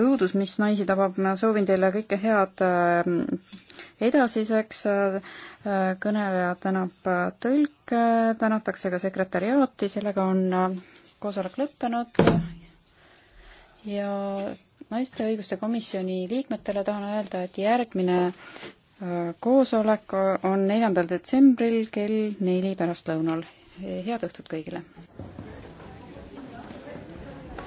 õudus, mis naisi tabab, ma soovin teile kõike head äh, edasiseks. Äh, kõneleja tänab tõlke, tänatakse ka sekretäriaati, sellega on koosolek lõppenud ja naiste õiguste komisjoni liikmetele tahan öelda, et järgmine koosolek on neljandal detsembril kell neli pärastlõunal. head õhtut kõigile!